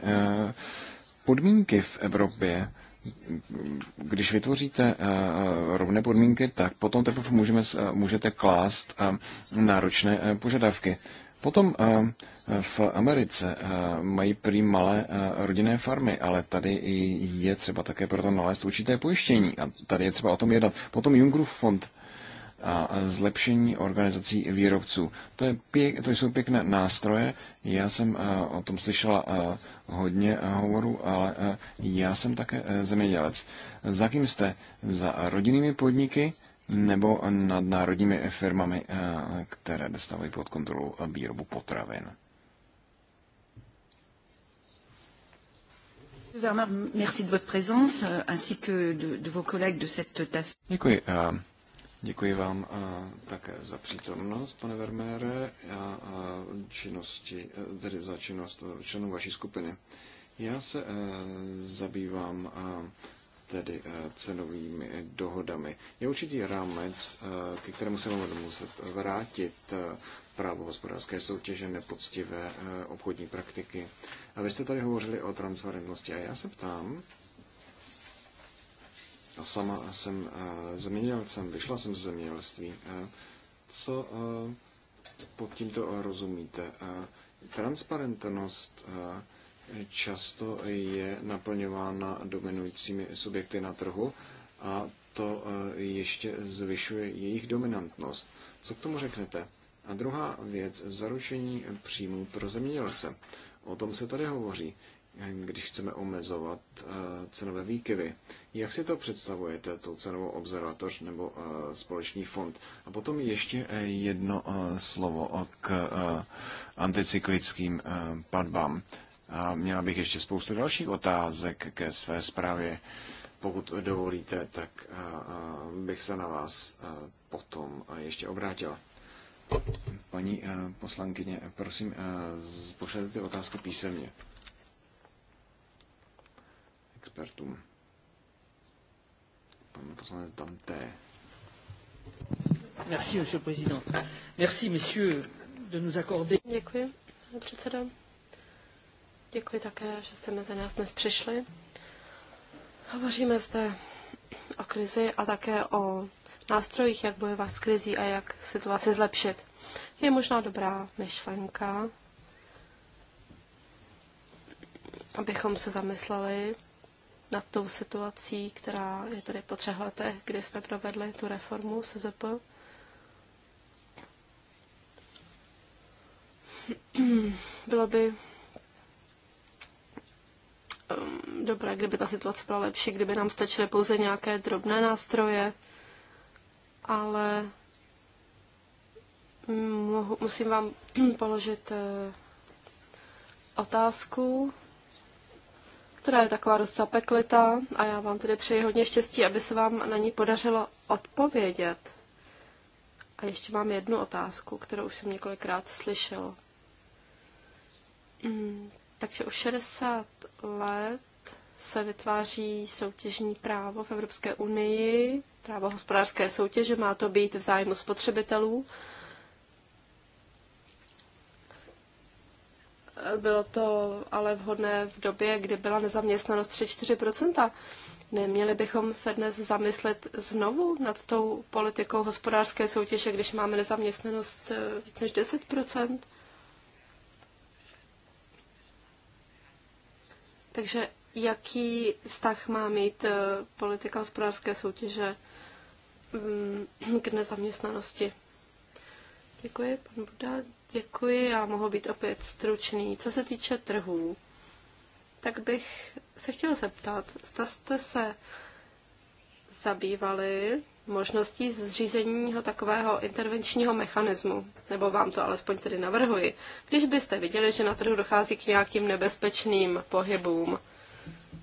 S2: podmínky v Evropě. Když vytvoříte rovné podmínky, tak potom teprve můžeme, můžete klást náročné požadavky. Potom eh, v Americe eh, mají prý malé eh, rodinné farmy, ale tady je třeba také proto nalézt určité pojištění a tady je třeba o tom jednat. Potom Jungrův fond a zlepšení organizací výrobců. To, je pěk, to jsou pěkné nástroje. Já jsem o tom slyšela hodně hovoru, ale já jsem také zemědělec. Za kým jste? Za rodinnými podniky, nebo nad národními firmami, eh, které dostávají pod kontrolu eh, výrobu potravin.
S1: Euh,
S2: děkuji. Eh, děkuji vám také za přítomnost, pane Vermeere, a činnosti, tedy za činnost členů vaší skupiny. Já se zabývám tedy eh, cenovými dohodami. Je určitý rámec, eh, ke kterému se budeme muset vrátit eh, právo hospodářské soutěže, nepoctivé obchodní praktiky. A vy jste tady hovořili o transparentnosti a já se ptám, a sama jsem zemědělcem, vyšla jsem z zemědělství, co pod tímto rozumíte? Transparentnost často je naplňována dominujícími subjekty na trhu a to eh, ještě zvyšuje jejich dominantnost. Co k tomu řeknete? A druhá věc, zaručení příjmů pro zemědělce. O tom se tady hovoří, když chceme omezovat eh, cenové výkyvy. Jak si to představujete, tu cenovou observatoř nebo eh, společný fond? A potom ještě jedno slovo k anticyklickým platbám. A měla bych ještě spoustu dalších otázek ke své zprávě. Pokud dovolíte, tak bych se na vás potom ještě obrátila. Paní poslankyně, prosím, pošlete ty otázky písemně expertům. Pan poslanec Dante.
S3: Merci, monsieur le président. Merci, messieurs, de nous accorder.
S1: Děkuji, pane předsedo. Děkuji také, že jste mezi nás dnes přišli. Hovoříme zde o krizi a také o nástrojích, jak bojovat s krizí a jak situaci zlepšit. Je možná dobrá myšlenka, abychom se zamysleli nad tou situací, která je tady po třech letech, kdy jsme provedli tu reformu SZP. Bylo by Ehm, dobré, kdyby ta situace byla lepší, kdyby nám stačily pouze nějaké drobné nástroje, ale mohu, musím vám <clears throat> položit eh, otázku, která je taková dost zapeklitá a já vám tedy přeji hodně štěstí, aby se vám na ní podařilo odpovědět. A ještě mám jednu otázku, kterou už jsem několikrát slyšel. Mm, takže už 60 let se vytváří soutěžní právo v Evropské unii, právo hospodářské soutěže, má to být v zájmu spotřebitelů. Bylo to ale vhodné v době, kdy byla nezaměstnanost 3-4 Neměli bychom se dnes zamyslet znovu nad tou politikou hospodářské soutěže, když máme nezaměstnanost eh, více než 10 Takže jaký vztah má mít eh, politika hospodářské soutěže mm, k nezaměstnanosti? Děkuji, pan Buda. Děkuji, já mohu být opět stručný. Co se týče trhů, tak bych se chtěl zeptat, zda jste se zabývali možností zřízení takového intervenčního mechanismu, nebo vám to alespoň tedy navrhuji, když byste viděli, že na trhu dochází k nějakým nebezpečným pohybům,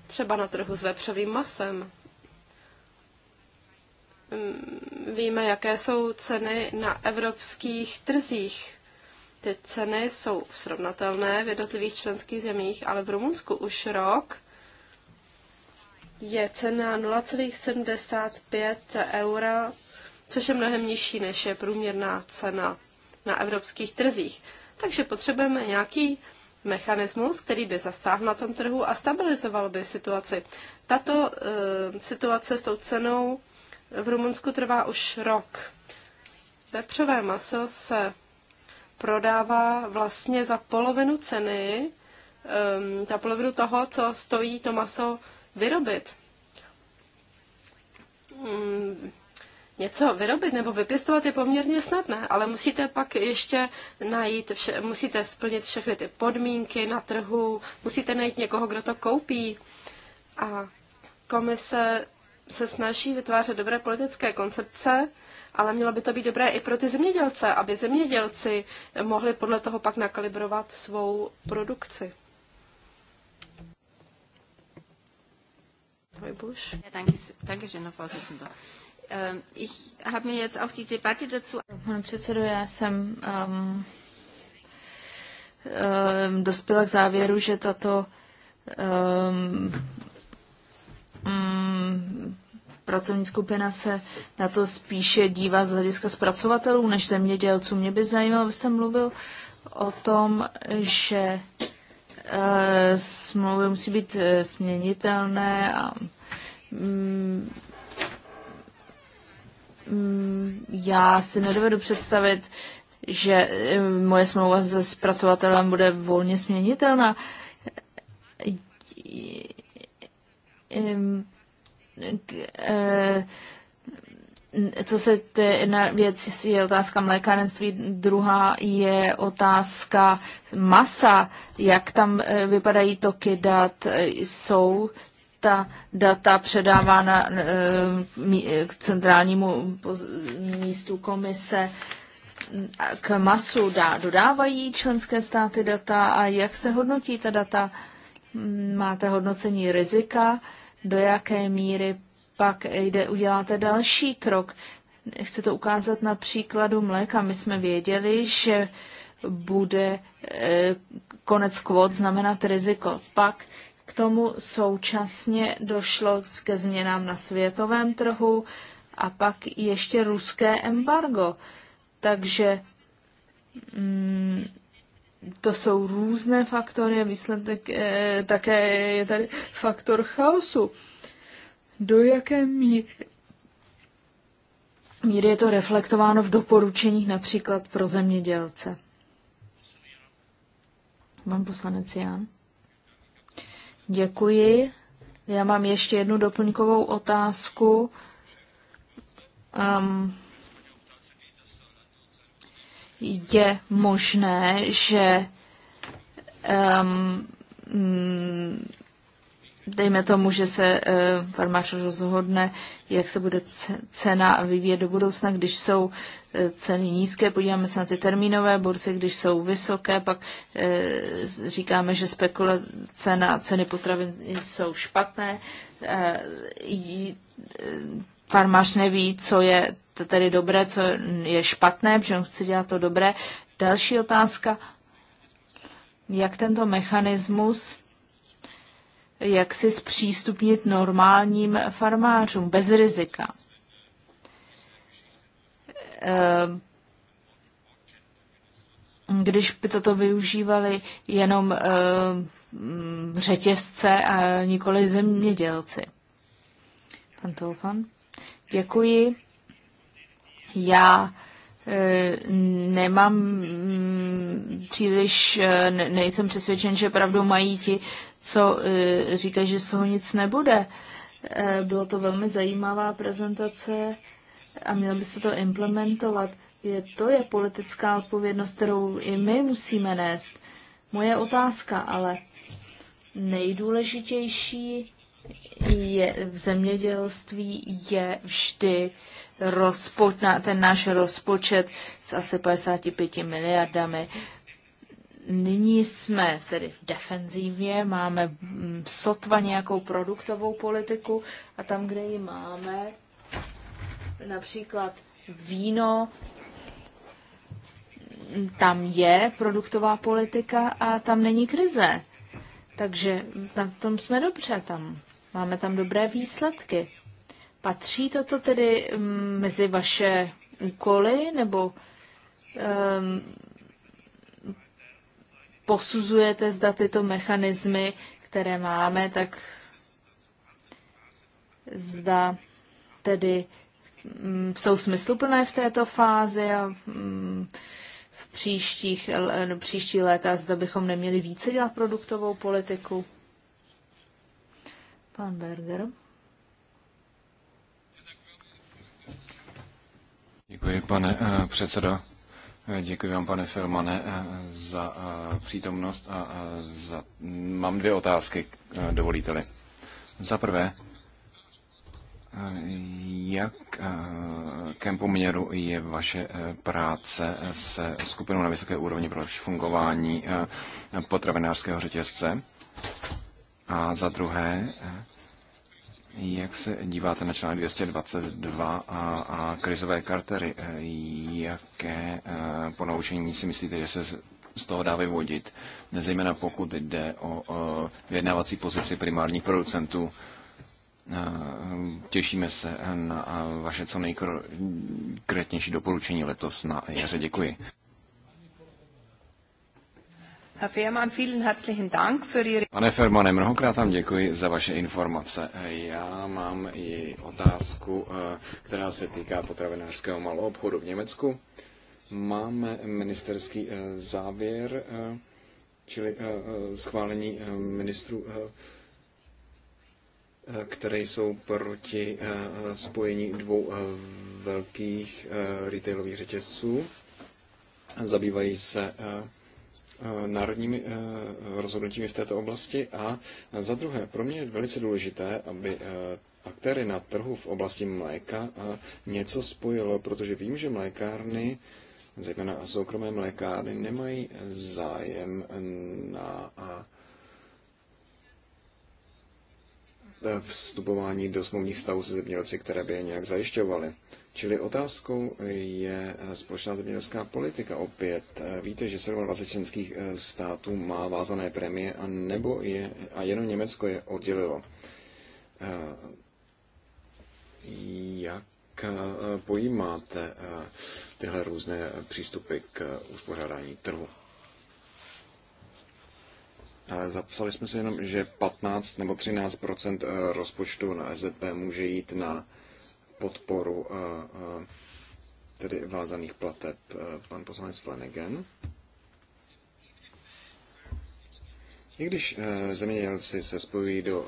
S1: třeba na trhu s vepřovým masem. Mm, víme, jaké jsou ceny na evropských trzích. Ty ceny jsou srovnatelné v jednotlivých členských zemích, ale v Rumunsku už rok je cena 0,75 eura, což je mnohem nižší, než je průměrná cena na evropských trzích. Takže potřebujeme nějaký mechanismus, který by zasáhl na tom trhu a stabilizoval by situaci. Tato e, situace s tou cenou v Rumunsku trvá už rok. Vepřové maso se prodává vlastně za polovinu ceny, e, za polovinu toho, co stojí to maso vyrobit. Hmm něco vyrobit nebo vypěstovat je poměrně snadné, ale musíte pak ještě najít, vše, musíte splnit všechny ty podmínky na trhu, musíte najít někoho, kdo to koupí. A komise se snaží vytvářet dobré politické koncepce, ale mělo by to být dobré i pro ty zemědělce, aby zemědělci mohli podle toho pak nakalibrovat svou produkci. Heubusch. Ja, danke, danke schön, Herr Vorsitzender. Ähm, ich habe mir jetzt auch die Debatte dazu...
S3: Pane předsedo, já jsem um, um, dospěla k závěru, že tato um, um, pracovní skupina se na to spíše dívá z hlediska zpracovatelů než zemědělců. Mě by zajímalo, abyste mluvil o tom, že Eh, smlouvy musí být eh, směnitelné a mm, mm, já si nedovedu představit, že eh, moje smlouva se zpracovatelem bude volně směnitelná co se ty jedna věc je otázka mlékárenství, druhá je otázka masa, jak tam eh, vypadají toky dat, eh, jsou ta data předávána eh, k centrálnímu místu komise k masu dá, dodávají členské státy data a jak se hodnotí ta data? Máte hodnocení rizika, do jaké míry pak jde, uděláte další krok. Chci to ukázat na příkladu mléka. My jsme věděli, že bude e, konec kvot znamenat riziko. Pak k tomu současně došlo ke změnám na světovém trhu a pak ještě ruské embargo. Takže mm, to jsou různé faktory, výsledek e, také je tady faktor chaosu. E, do jaké míry míry je to reflektováno v doporučeních například pro zemědělce. Pan poslanec Jan. Děkuji. Já mám ještě jednu doplňkovou otázku. Um, je možné, že um, dejme tomu, že se eh, farmář rozhodne, jak se bude cena vyvíjet do budoucna, když jsou eh, ceny nízké, podíváme se na ty termínové burzy, když jsou vysoké, pak eh, říkáme, že spekulace na ceny potravin jsou špatné. Farmář neví, co je tedy dobré, co je špatné, protože on chce dělat to dobré. Další otázka, jak tento mechanismus jak si zpřístupnit normálním farmářům bez rizika. Ehm, když by toto využívali jenom ehm, řetězce a nikoli zemědělci. Pan Toufan, děkuji. Já ehm, nemám mm, příliš, eh, nejsem přesvědčen, že pravdu mají ti, co e, říkají, že z toho nic nebude. E, Bylo to velmi zajímavá prezentace a mělo by se to implementovat. Je, to je politická odpovědnost, kterou i my musíme nést. Moje otázka ale nejdůležitější je v zemědělství je vždy rozpočet, ten náš rozpočet s asi 55 miliardami Nyní jsme tedy v defenzívě, máme mm, sotva nějakou produktovou politiku a tam, kde ji máme, například víno, mm, tam je produktová politika a tam není krize. Takže na tom jsme dobře, tam máme tam dobré výsledky. Patří toto tedy mm, mezi vaše úkoly nebo um, posuzujete, zda tyto mechanismy, které máme, tak zda tedy mm, jsou smysluplné v této fázi a mm, v příštích, no, příští léta, zda bychom neměli více dělat produktovou politiku. Pan Berger.
S2: Děkuji, pane eh, předsedo. Děkuji vám, pane Filmane, eh, za eh, přítomnost a eh, za... mám dvě otázky, dovolíte-li. Za prvé, jak jakém poměru je vaše práce se skupinou na vysoké úrovni pro fungování potravinářského řetězce? A za druhé, jak se díváte na článek 222 a, a krizové kartery? Eh, Jaké eh, ponaučení si myslíte, že se z toho dá vyvodit, Nezejména pokud jde o, o vyjednávací pozici primárních producentů? Eh, Těšíme se na vaše co nejkonkrétnější doporučení letos na jaře. Děkuji. Pane Fermane, mnohokrát vám děkuji za vaše informace. Já mám i otázku, eh, která se týká potravinářského malou obchodu v Německu. Máme ministerský eh, závěr, eh, čili schválení ministrů, které jsou proti spojení dvou velkých retailových řetězců. Zabývají se Eh, národními eh, rozhodnutími v této oblasti. A za druhé, pro mě je velice důležité, aby eh, aktéry na trhu v oblasti mléka něco spojilo, protože vím, že mlékárny zejména soukromé mlékárny, nemají zájem na vstupování do smluvních vztahů se zemědělci, které by je nějak zajišťovaly. Čili otázkou je eh, společná zemědělská politika. Opět eh, víte, že 27 členských eh, států má vázané premie a, nebo je, a jenom Německo je oddělilo. Jak pojímáte tyhle různé přístupy k uspořádání trhu? Zapsali jsme se jenom, že 15 nebo 13 rozpočtu na SZP může jít na podporu a, a tedy vázaných plateb pan poslanec Flanagan. I když e, zemědělci se spojují do e,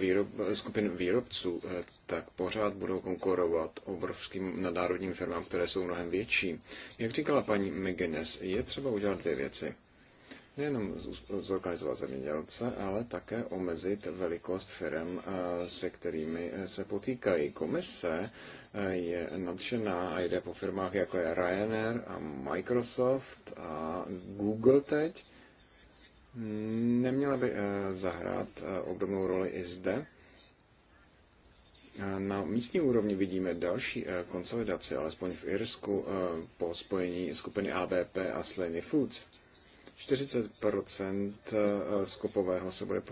S2: výrob, skupin výrobců, e, tak pořád budou konkurovat obrovským nadnárodním firmám, které jsou mnohem větší. Jak říkala paní McGuinness, je třeba udělat dvě věci nejenom zorganizovat zemědělce, ale také omezit velikost firm, eh, se kterými eh, se potýkají. Komise eh, je nadšená a jde po firmách jako je Ryanair a Microsoft a Google teď. Neměla by zahrát obdobnou roli i zde. Na místní úrovni vidíme další konsolidaci, alespoň v Irsku, po spojení skupiny ABP a Slaney Foods. 40 eh, skopového se bude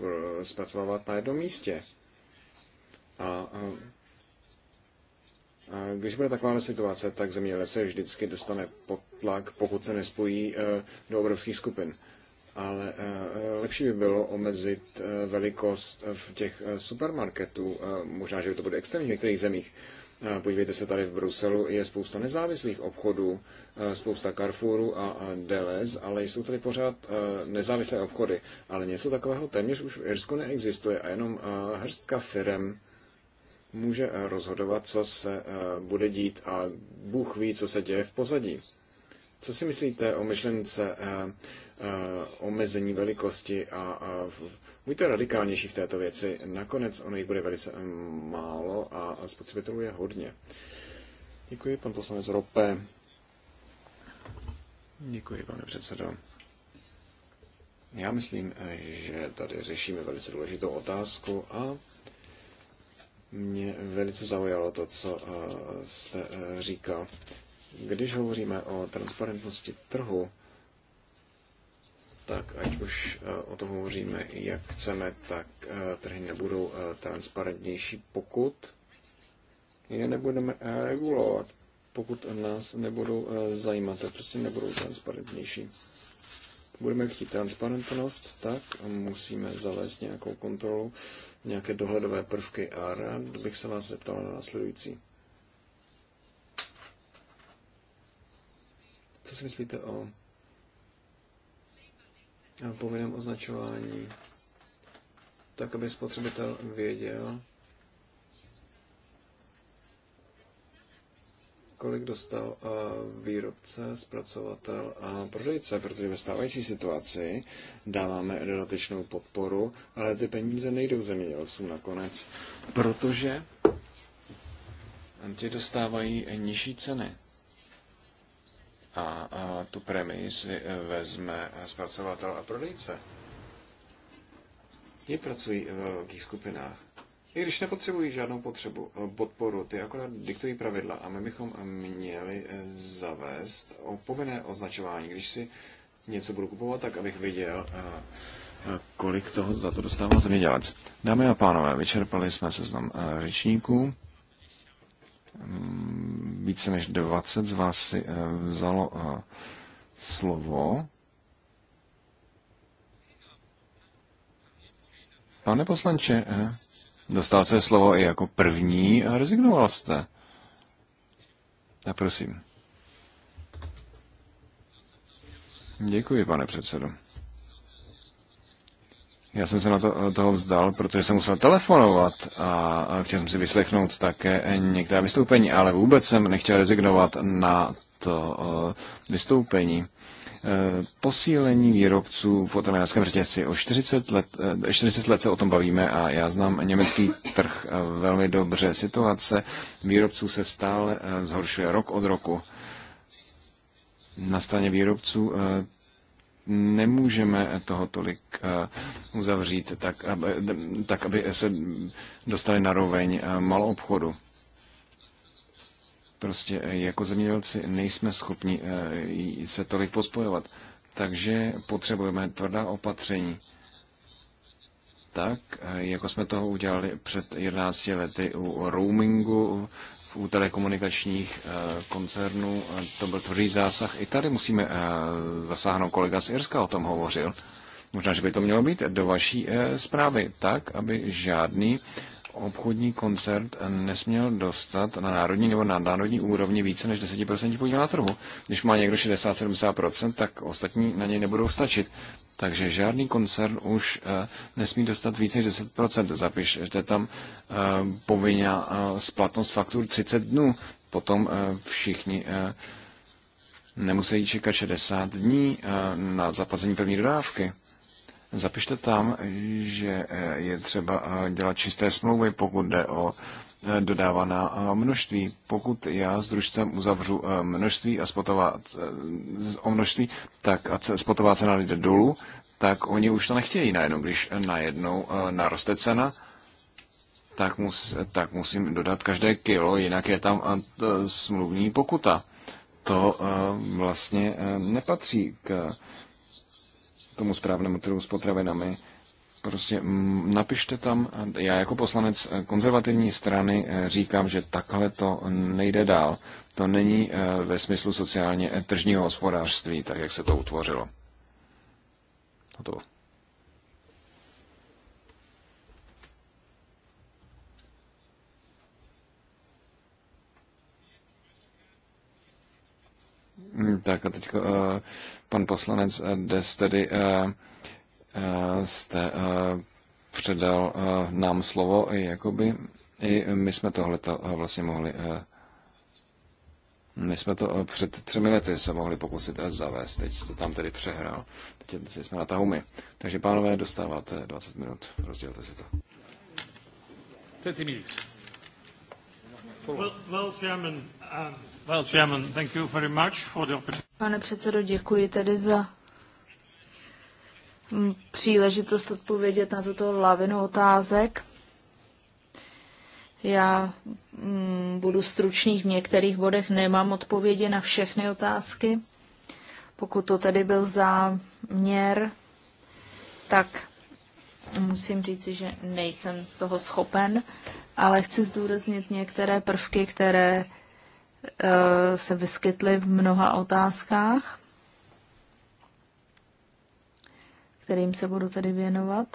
S2: zpracovávat na jednom místě. A, eh, a, když bude taková situace, tak země lese vždycky dostane pod tlak, pokud se nespojí eh, do obrovských skupin. Ale lepší by bylo omezit velikost v těch supermarketů. Možná, že by to bude extrémní v některých zemích Podívejte se, tady v Bruselu je spousta nezávislých obchodů, eh, spousta Carrefouru a Deleuze, ale jsou tady pořád eh, nezávislé obchody. Ale něco takového téměř už v Irsku neexistuje a jenom eh, hrstka firem může rozhodovat, co se bude dít a Bůh ví, co se děje v pozadí. Co si myslíte o myšlence omezení velikosti a Buďte radikálnější v této věci, nakonec ono jich bude velice málo a spotřebitelů je hodně. Děkuji, pan poslanec Rope. Děkuji, pane předsedo. Já myslím, že tady řešíme velice důležitou otázku a mě velice zaujalo to, co eh, jste eh, říkal. Když hovoříme o transparentnosti trhu, tak ať už eh, o tom hovoříme, jak chceme, tak eh, trhy nebudou eh, transparentnější, pokud je nebudeme regulovat, pokud nás nebudou zajímat, tak prostě nebudou transparentnější. Budeme chtít transparentnost, tak musíme zavést nějakou kontrolu, nějaké dohledové prvky a rád bych se vás zeptal na následující. Co si myslíte o povinném označování, tak aby spotřebitel věděl, kolik dostal výrobce, zpracovatel a prodejce, protože ve stávající situaci dáváme dodatečnou podporu, ale ty peníze nejdou zemědělcům nakonec, protože ti dostávají nižší ceny a, a tu premii si eh, vezme zpracovatel a prodejce. Ti pracují v velkých skupinách. I když nepotřebují žádnou potřebu, eh, podporu, ty akorát diktují pravidla a my bychom měli eh, zavést o povinné označování. Když si něco budu kupovat, tak abych viděl, kolik toho za to dostává zemědělec. Dámy a pánové, vyčerpali jsme seznam řečníků. Mm, více než 20 z vás si eh, vzalo eh, slovo. Pane poslanče, eh, dostal se slovo i jako první a rezignoval jste. Tak prosím. Děkuji, pane předsedo. Já jsem se na to, toho vzdal, protože jsem musel telefonovat a chtěl jsem si vyslechnout také některá vystoupení, ale vůbec jsem nechtěl rezignovat na to vystoupení. E, posílení výrobců v potravinářském řetězci. O 40 let, 40 e, let se o tom bavíme a já znám německý trh e, velmi dobře. Situace výrobců se stále zhoršuje rok od roku. Na straně výrobců nemůžeme toho tolik eh, uzavřít, tak aby, tak, aby se dostali na roveň eh, malou obchodu. Prostě eh, jako zemědělci nejsme schopni se tolik pospojovat. Takže potřebujeme tvrdá opatření. Tak, jako jsme toho udělali před 11 lety u roamingu u telekomunikačních eh, koncernů. To byl tvrdý zásah. I tady musíme eh, zasáhnout. Kolega z Irska o tom hovořil. Možná, že by to mělo být do vaší eh, zprávy tak, aby žádný obchodní koncert nesměl dostat na národní nebo na národní úrovni více než 10% podíl na trhu. Když má někdo 60-70%, tak ostatní na něj nebudou stačit. Takže žádný koncern už eh, nesmí dostat více než 10%. Zapište tam eh, povinná eh, splatnost faktur 30 dnů. Potom všichni nemusí čekat 60 dní na zaplacení první dodávky. Zapište tam, že je třeba dělat čisté smlouvy, pokud jde o Eh, dodávaná eh, množství. Pokud já s družstvem uzavřu eh, množství a spotová, o množství, tak a spotová cena jde dolů, tak oni už to nechtějí najednou, když najednou naroste cena, tak, mus, tak musím dodat každé kilo, jinak je tam smluvní pokuta. To vlastně nepatří k tomu správnému trhu s potravinami Prostě napište tam, já jako poslanec konzervativní strany eh, říkám, že takhle to nejde dál. To není eh, ve smyslu sociálně tržního hospodářství, tak jak se to utvořilo. To. Hmm, tak a teď eh, pan poslanec Des tedy Eh, jste eh, předal eh, nám slovo, i jakoby i my jsme to vlastně mohli my jsme to před třemi lety se mohli pokusit zavést, teď to tam tedy přehrál. Teď jsme na tahu my. Takže pánové, dostáváte 20 minut, rozdělte si to.
S1: Um,
S3: thank you very much for the opportunity. Pane předsedo, děkuji tedy za Mm, příležitost odpovědět na tuto lavinu otázek. Já mm, budu stručný v některých bodech, nemám odpovědi na všechny otázky. Pokud to tedy byl záměr, tak musím říci, že nejsem toho schopen, ale chci zdůraznit některé prvky, které eh, se vyskytly v mnoha otázkách. kterým se budu tady věnovat.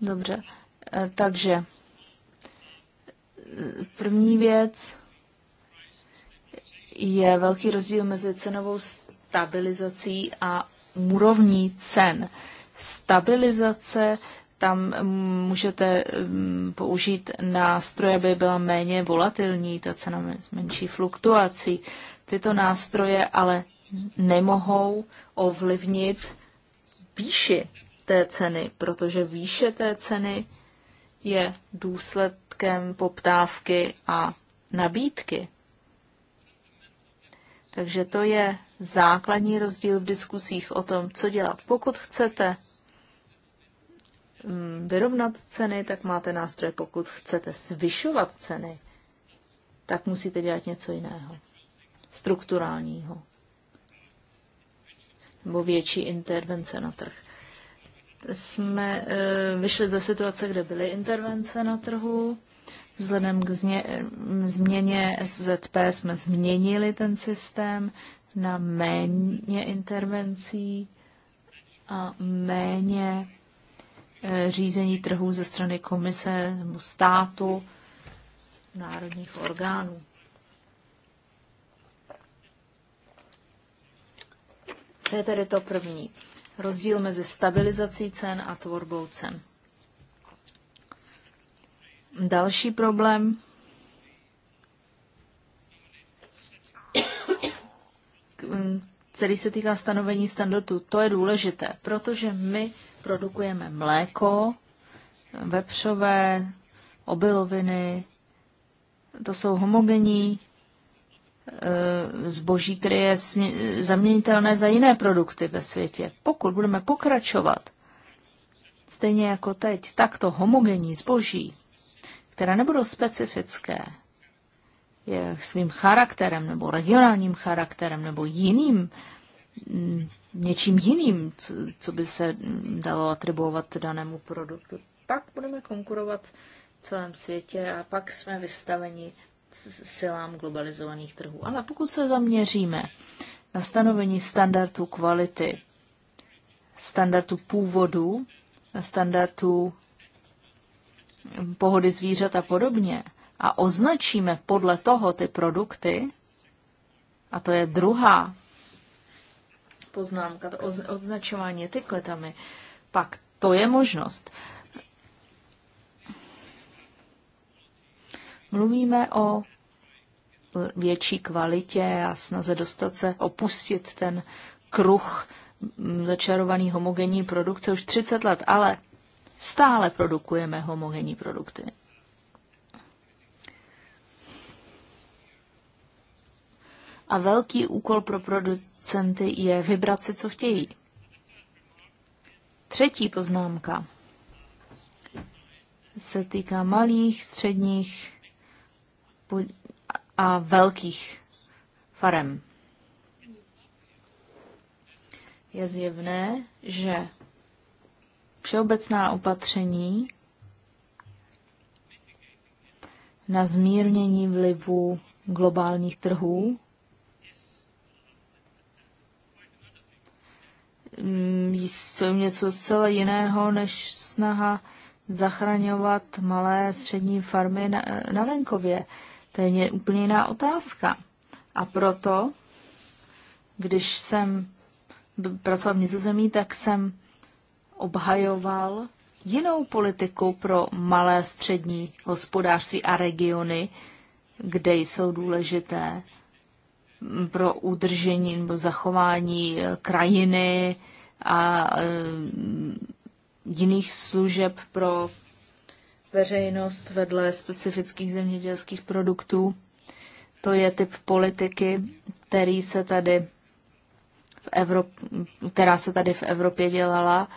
S3: Dobře, e, takže e, první věc je velký rozdíl mezi cenovou stabilizací a úrovní cen. Stabilizace tam můžete mm, použít nástroje, aby byla méně volatilní, ta cena menší fluktuací. Tyto nástroje ale nemohou ovlivnit výši té ceny, protože výše té ceny je důsledkem poptávky a nabídky. Takže to je základní rozdíl v diskusích o tom, co dělat. Pokud chcete mm, vyrovnat ceny, tak máte nástroje. Pokud chcete zvyšovat ceny, tak musíte dělat něco jiného, strukturálního nebo větší intervence na trh. Jsme eh, vyšli ze situace, kde byly intervence na trhu. Vzhledem k eh, změně SZP jsme změnili ten systém na méně intervencí a méně eh, řízení trhů ze strany komise nebo státu národních orgánů. To je tedy to první. Rozdíl mezi stabilizací cen a tvorbou cen. Další problém Celý se týká stanovení standardu. to je důležité, protože my produkujeme mléko, vepřové, obiloviny, to jsou homogenní Eh, zboží, které je zaměnitelné za jiné produkty ve světě. Pokud budeme pokračovat, stejně jako teď, takto homogenní zboží, které nebudou specifické je svým charakterem nebo regionálním charakterem nebo jiným, mm, něčím jiným, co, co by se dalo atribuovat danému produktu, pak budeme konkurovat v celém světě a pak jsme vystaveni silám globalizovaných trhů. Ale pokud se zaměříme na stanovení standardu kvality, standardu původu, standardu pohody zvířat a podobně a označíme podle toho ty produkty, a to je druhá poznámka, to označování etiketami, pak to je možnost. Mluvíme o větší kvalitě a snaze dostat se, opustit ten kruh začarovaný homogenní produkce už 30 let, ale stále produkujeme homogenní produkty. A velký úkol pro producenty je vybrat si, co chtějí. Třetí poznámka se týká malých, středních a velkých farem. Je zjevné, že všeobecná opatření na zmírnění vlivu globálních trhů jsou něco zcela jiného než snaha zachraňovat malé střední farmy na, na venkově. To je úplně jiná otázka. A proto, když jsem pracoval v Nizozemí, tak jsem obhajoval jinou politiku pro malé střední hospodářství a regiony, kde jsou důležité pro udržení nebo zachování eh, krajiny a eh, jiných služeb pro veřejnost vedle specifických zemědělských produktů. To je typ politiky, který se tady v Evrop- která se tady v Evropě dělala.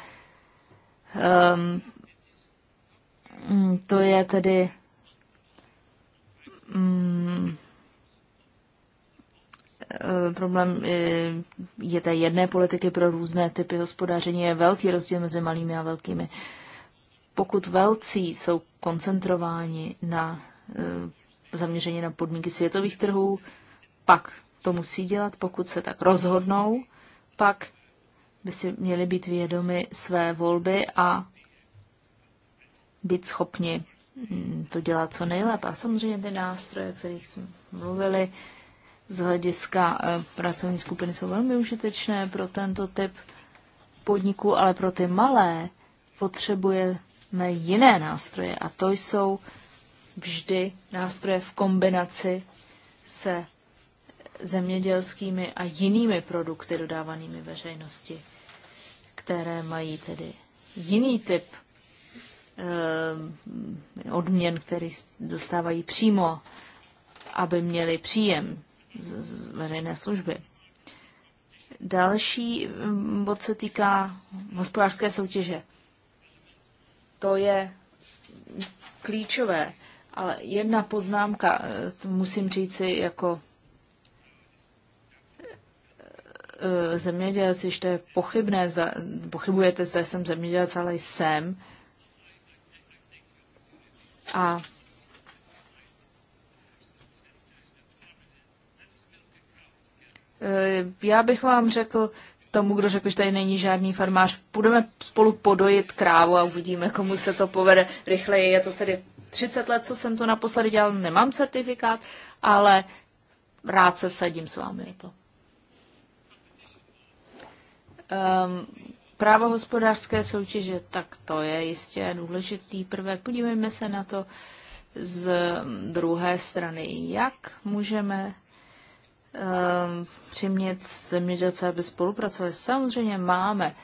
S3: Um, to je tedy um, problém eh, je té jedné politiky pro různé typy hospodáření. Je velký rozdíl mezi malými a velkými pokud velcí jsou koncentrováni na e, zaměření na podmínky světových trhů, pak to musí dělat, pokud se tak rozhodnou, pak by si měli být vědomi své volby a být schopni mm, to dělat co nejlépe. A samozřejmě ty nástroje, o kterých jsme mluvili, z hlediska e, pracovní skupiny jsou velmi užitečné pro tento typ podniku, ale pro ty malé potřebuje jiné nástroje a to jsou vždy nástroje v kombinaci se zemědělskými a jinými produkty dodávanými veřejnosti, které mají tedy jiný typ eh, odměn, který dostávají přímo, aby měli příjem z, z veřejné služby. Další mm, bod se týká hospodářské soutěže. To je klíčové. Ale jedna poznámka, eh, musím říci jako eh, zemědělec, ještě je pochybné, zda, pochybujete, zda jsem zemědělec, ale jsem. A eh, já bych vám řekl, tomu, kdo řekl, že tady není žádný farmář, budeme spolu podojit krávu a uvidíme, komu se to povede rychleji. Je to tedy 30 let, co jsem to naposledy dělal, nemám certifikát, ale rád se vsadím s vámi o to. Um, právo hospodářské soutěže, tak to je jistě důležitý prvek. Podívejme se na to z druhé strany, jak můžeme Ehm, přimět zemědělce, aby spolupracovali. Samozřejmě máme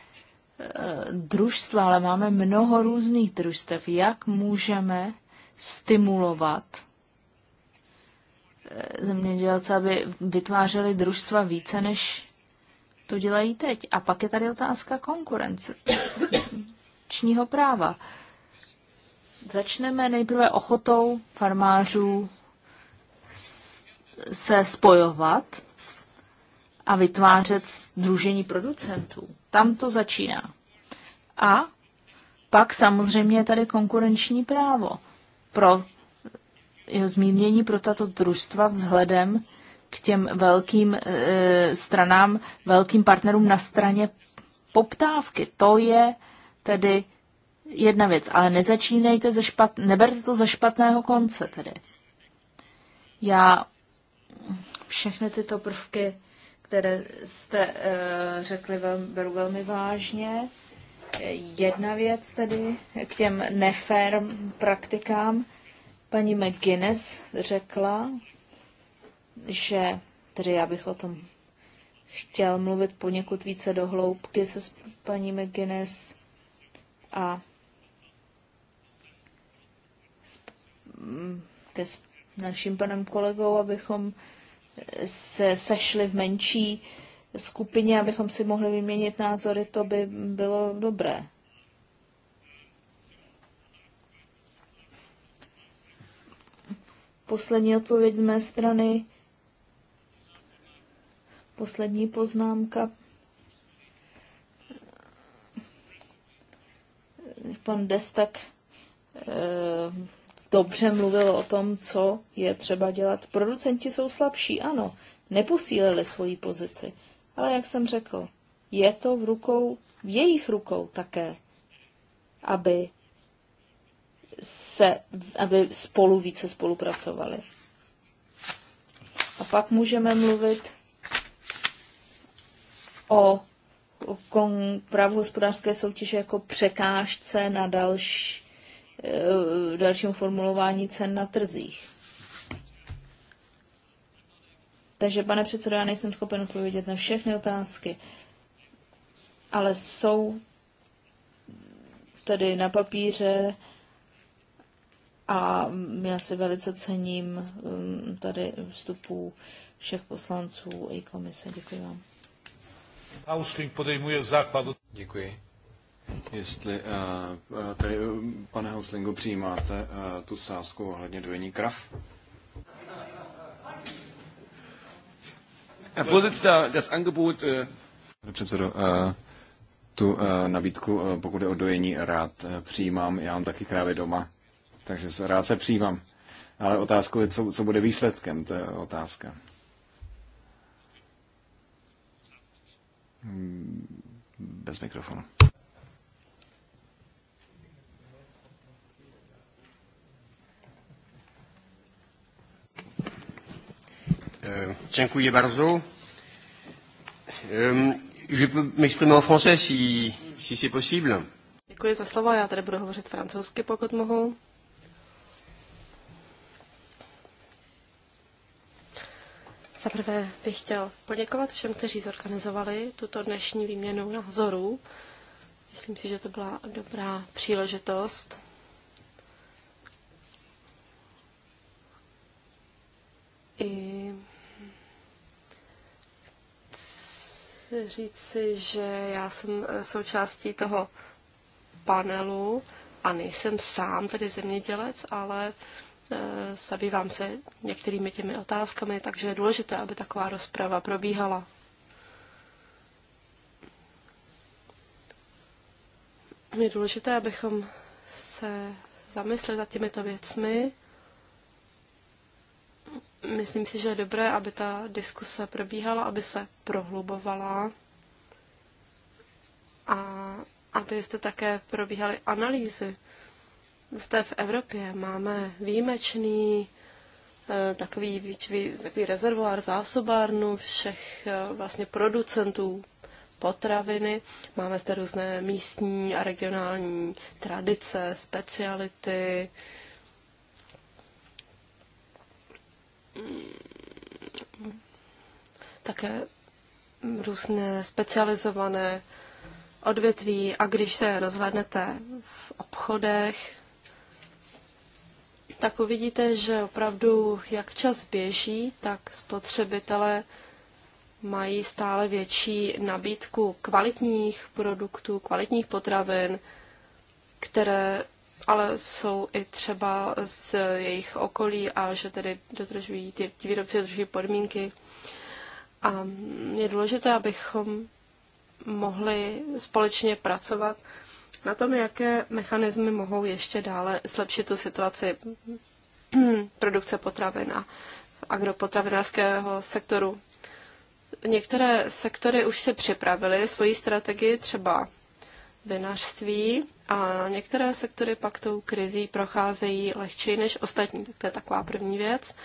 S3: eh, družstva, ale máme mnoho různých družstev. Jak můžeme stimulovat eh, zemědělce, aby vytvářeli družstva více, než to dělají teď. A pak je tady otázka konkurence čního práva. Začneme nejprve ochotou farmářů s se spojovat a vytvářet združení producentů. Tam to začíná. A pak samozřejmě je tady konkurenční právo pro jeho zmínění pro tato družstva vzhledem k těm velkým e, stranám, velkým partnerům na straně poptávky. To je tedy jedna věc, ale nezačínejte ze špat, neberte to ze špatného konce tedy. Já všechny tyto prvky, které jste eh, řekli, beru velmi vážně. Jedna věc tedy k těm nefér praktikám. Paní McGuinness řekla, že tedy já bych o tom chtěl mluvit poněkud více do hloubky se s paní McGuinness a mm, ke s naším panem kolegou, abychom se sešli v menší skupině, abychom si mohli vyměnit názory, to by bylo dobré. Poslední odpověď z mé strany. Poslední poznámka. Pan Destak eh, dobře mluvil o tom, co je třeba dělat. Producenti jsou slabší, ano, neposílili svoji pozici, ale jak jsem řekl, je to v rukou, v jejich rukou také, aby se, aby spolu více spolupracovali. A pak můžeme mluvit o, o hospodářské soutěže jako překážce na další Eh, dalším formulování cen na trzích. Takže, pane předsedo, já nejsem schopen odpovědět na všechny otázky, ale jsou tady na papíře a já si velice cením mm, tady vstupů všech poslanců i komise. Děkuji vám.
S2: Děkuji. Jestli, eh, eh, tady, eh, pane Houslingu, přijímáte tu sázku ohledně dojení krav? Herr Vorsitzender, das Angebot... Äh, pane předsedo, tu nabídku, pokud je o dojení, rád přijímám. Já mám taky krávy doma, takže se, rád se přijímám. Ale otázkou je, co, co bude výsledkem, to je otázka. Hmm, bez mikrofonu. Eh, dziękuję bardzo. Je peux
S1: m'exprimer en français
S2: si, si c'est possible.
S1: Děkuji za slovo, já tady budu hovořit francouzsky, pokud mohu. Zaprvé bych chtěl poděkovat všem, kteří zorganizovali tuto dnešní výměnu názorů. Myslím si, že to byla dobrá příležitost. I si, že já jsem eh, součástí toho panelu a nejsem sám tedy zemědělec, ale eh, zabývám se některými těmi otázkami, takže je důležité, aby taková rozprava probíhala. Je důležité, abychom se zamysleli nad těmito věcmi Myslím si, že je dobré, aby ta diskuse probíhala, aby se prohlubovala a aby zde také probíhaly analýzy. Zde v Evropě máme výjimečný eh, takový, takový rezervoár zásobárnu všech eh, vlastně producentů potraviny. Máme zde různé místní a regionální tradice, speciality, také různé specializované odvětví a když se rozhlednete v obchodech, tak uvidíte, že opravdu jak čas běží, tak spotřebitelé mají stále větší nabídku kvalitních produktů, kvalitních potravin, které ale jsou i třeba z jejich okolí a že tedy dodržují, ty ti výrobci dodržují podmínky. A je důležité, abychom mohli společně pracovat na tom, jaké mechanismy mohou ještě dále zlepšit tu situaci <clears throat> produkce potravin a agropotravinářského sektoru. Některé sektory už se připravily svoji strategii, třeba vinařství a některé sektory pak tou krizí procházejí lehčí než ostatní. Tak to je taková první věc.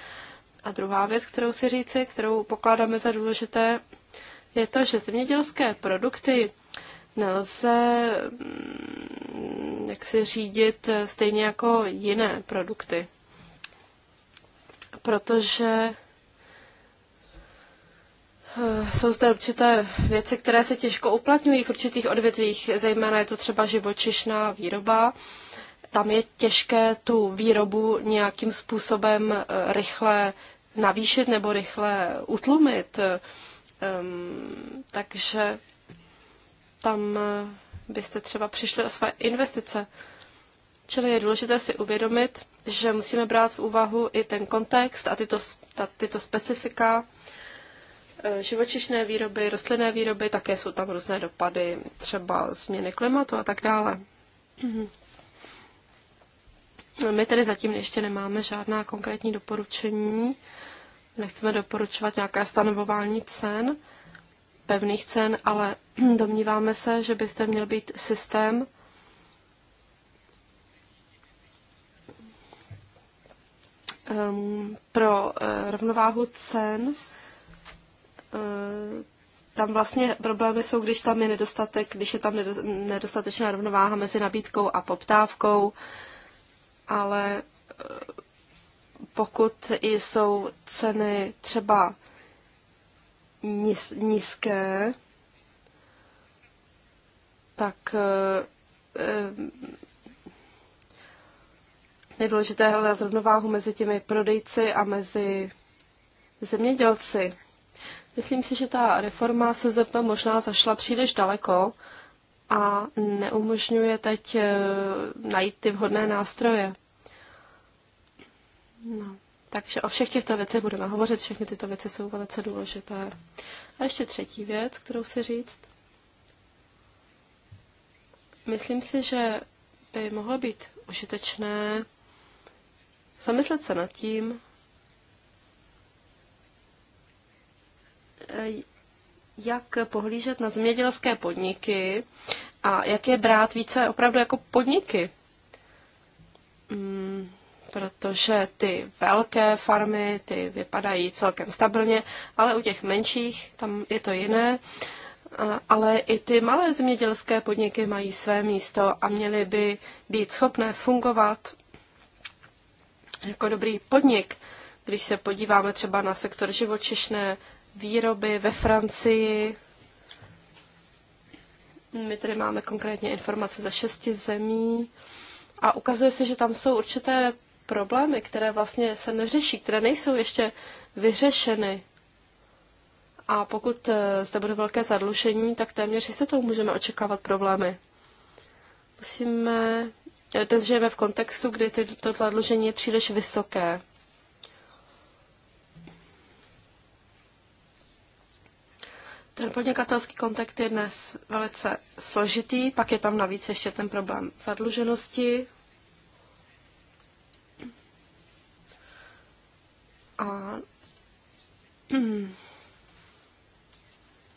S1: A druhá věc, kterou si říci, kterou pokládáme za důležité, je to, že zemědělské produkty nelze mm, jak si řídit stejně jako jiné produkty. Protože Eh, jsou zde určité věci, které se těžko uplatňují v určitých odvětvích, zejména je to třeba živočišná výroba. Tam je těžké tu výrobu nějakým způsobem eh, rychle navýšit nebo rychle utlumit. Ehm, takže tam eh, byste třeba přišli o své investice. Čili je důležité si uvědomit, že musíme brát v úvahu i ten kontext a tyto, ta, tyto specifika Eh, živočišné výroby, rostlinné výroby, také jsou tam různé dopady, třeba změny klimatu a tak dále. <clears throat> My tedy zatím ještě nemáme žádná konkrétní doporučení, nechceme doporučovat nějaké stanovování cen, pevných cen, ale <clears throat> domníváme se, že byste měl být systém, ehm, pro eh, rovnováhu cen Eh, tam vlastně problémy jsou, když tam je nedostatek, když je tam nedostatečná rovnováha mezi nabídkou a poptávkou, ale eh, pokud jsou ceny třeba nízké, tak eh, je důležité hledat rovnováhu mezi těmi prodejci a mezi zemědělci. Myslím si, že ta reforma se zepna možná zašla příliš daleko a neumožňuje teď eh, najít ty vhodné nástroje. No. Takže o všech těchto věcech budeme hovořit, všechny tyto věci jsou velice důležité. A ještě třetí věc, kterou chci říct. Myslím si, že by mohlo být užitečné zamyslet se nad tím, Eh, jak pohlížet na zemědělské podniky a jak je brát více opravdu jako podniky. Hmm, protože ty velké farmy, ty vypadají celkem stabilně, ale u těch menších tam je to jiné. Ale i ty malé zemědělské podniky mají své místo a měly by být schopné fungovat jako dobrý podnik. Když se podíváme třeba na sektor živočišné výroby ve Francii. My tady máme konkrétně informace ze šesti zemí a ukazuje se, že tam jsou určité problémy, které vlastně se neřeší, které nejsou ještě vyřešeny. A pokud eh, zde bude velké zadlužení, tak téměř jistotou můžeme očekávat problémy. Musíme, eh, dnes žijeme v kontextu, kdy to zadlužení je příliš vysoké. Ten podnikatelský kontakt je dnes velice složitý, pak je tam navíc ještě ten problém zadluženosti. A <clears throat>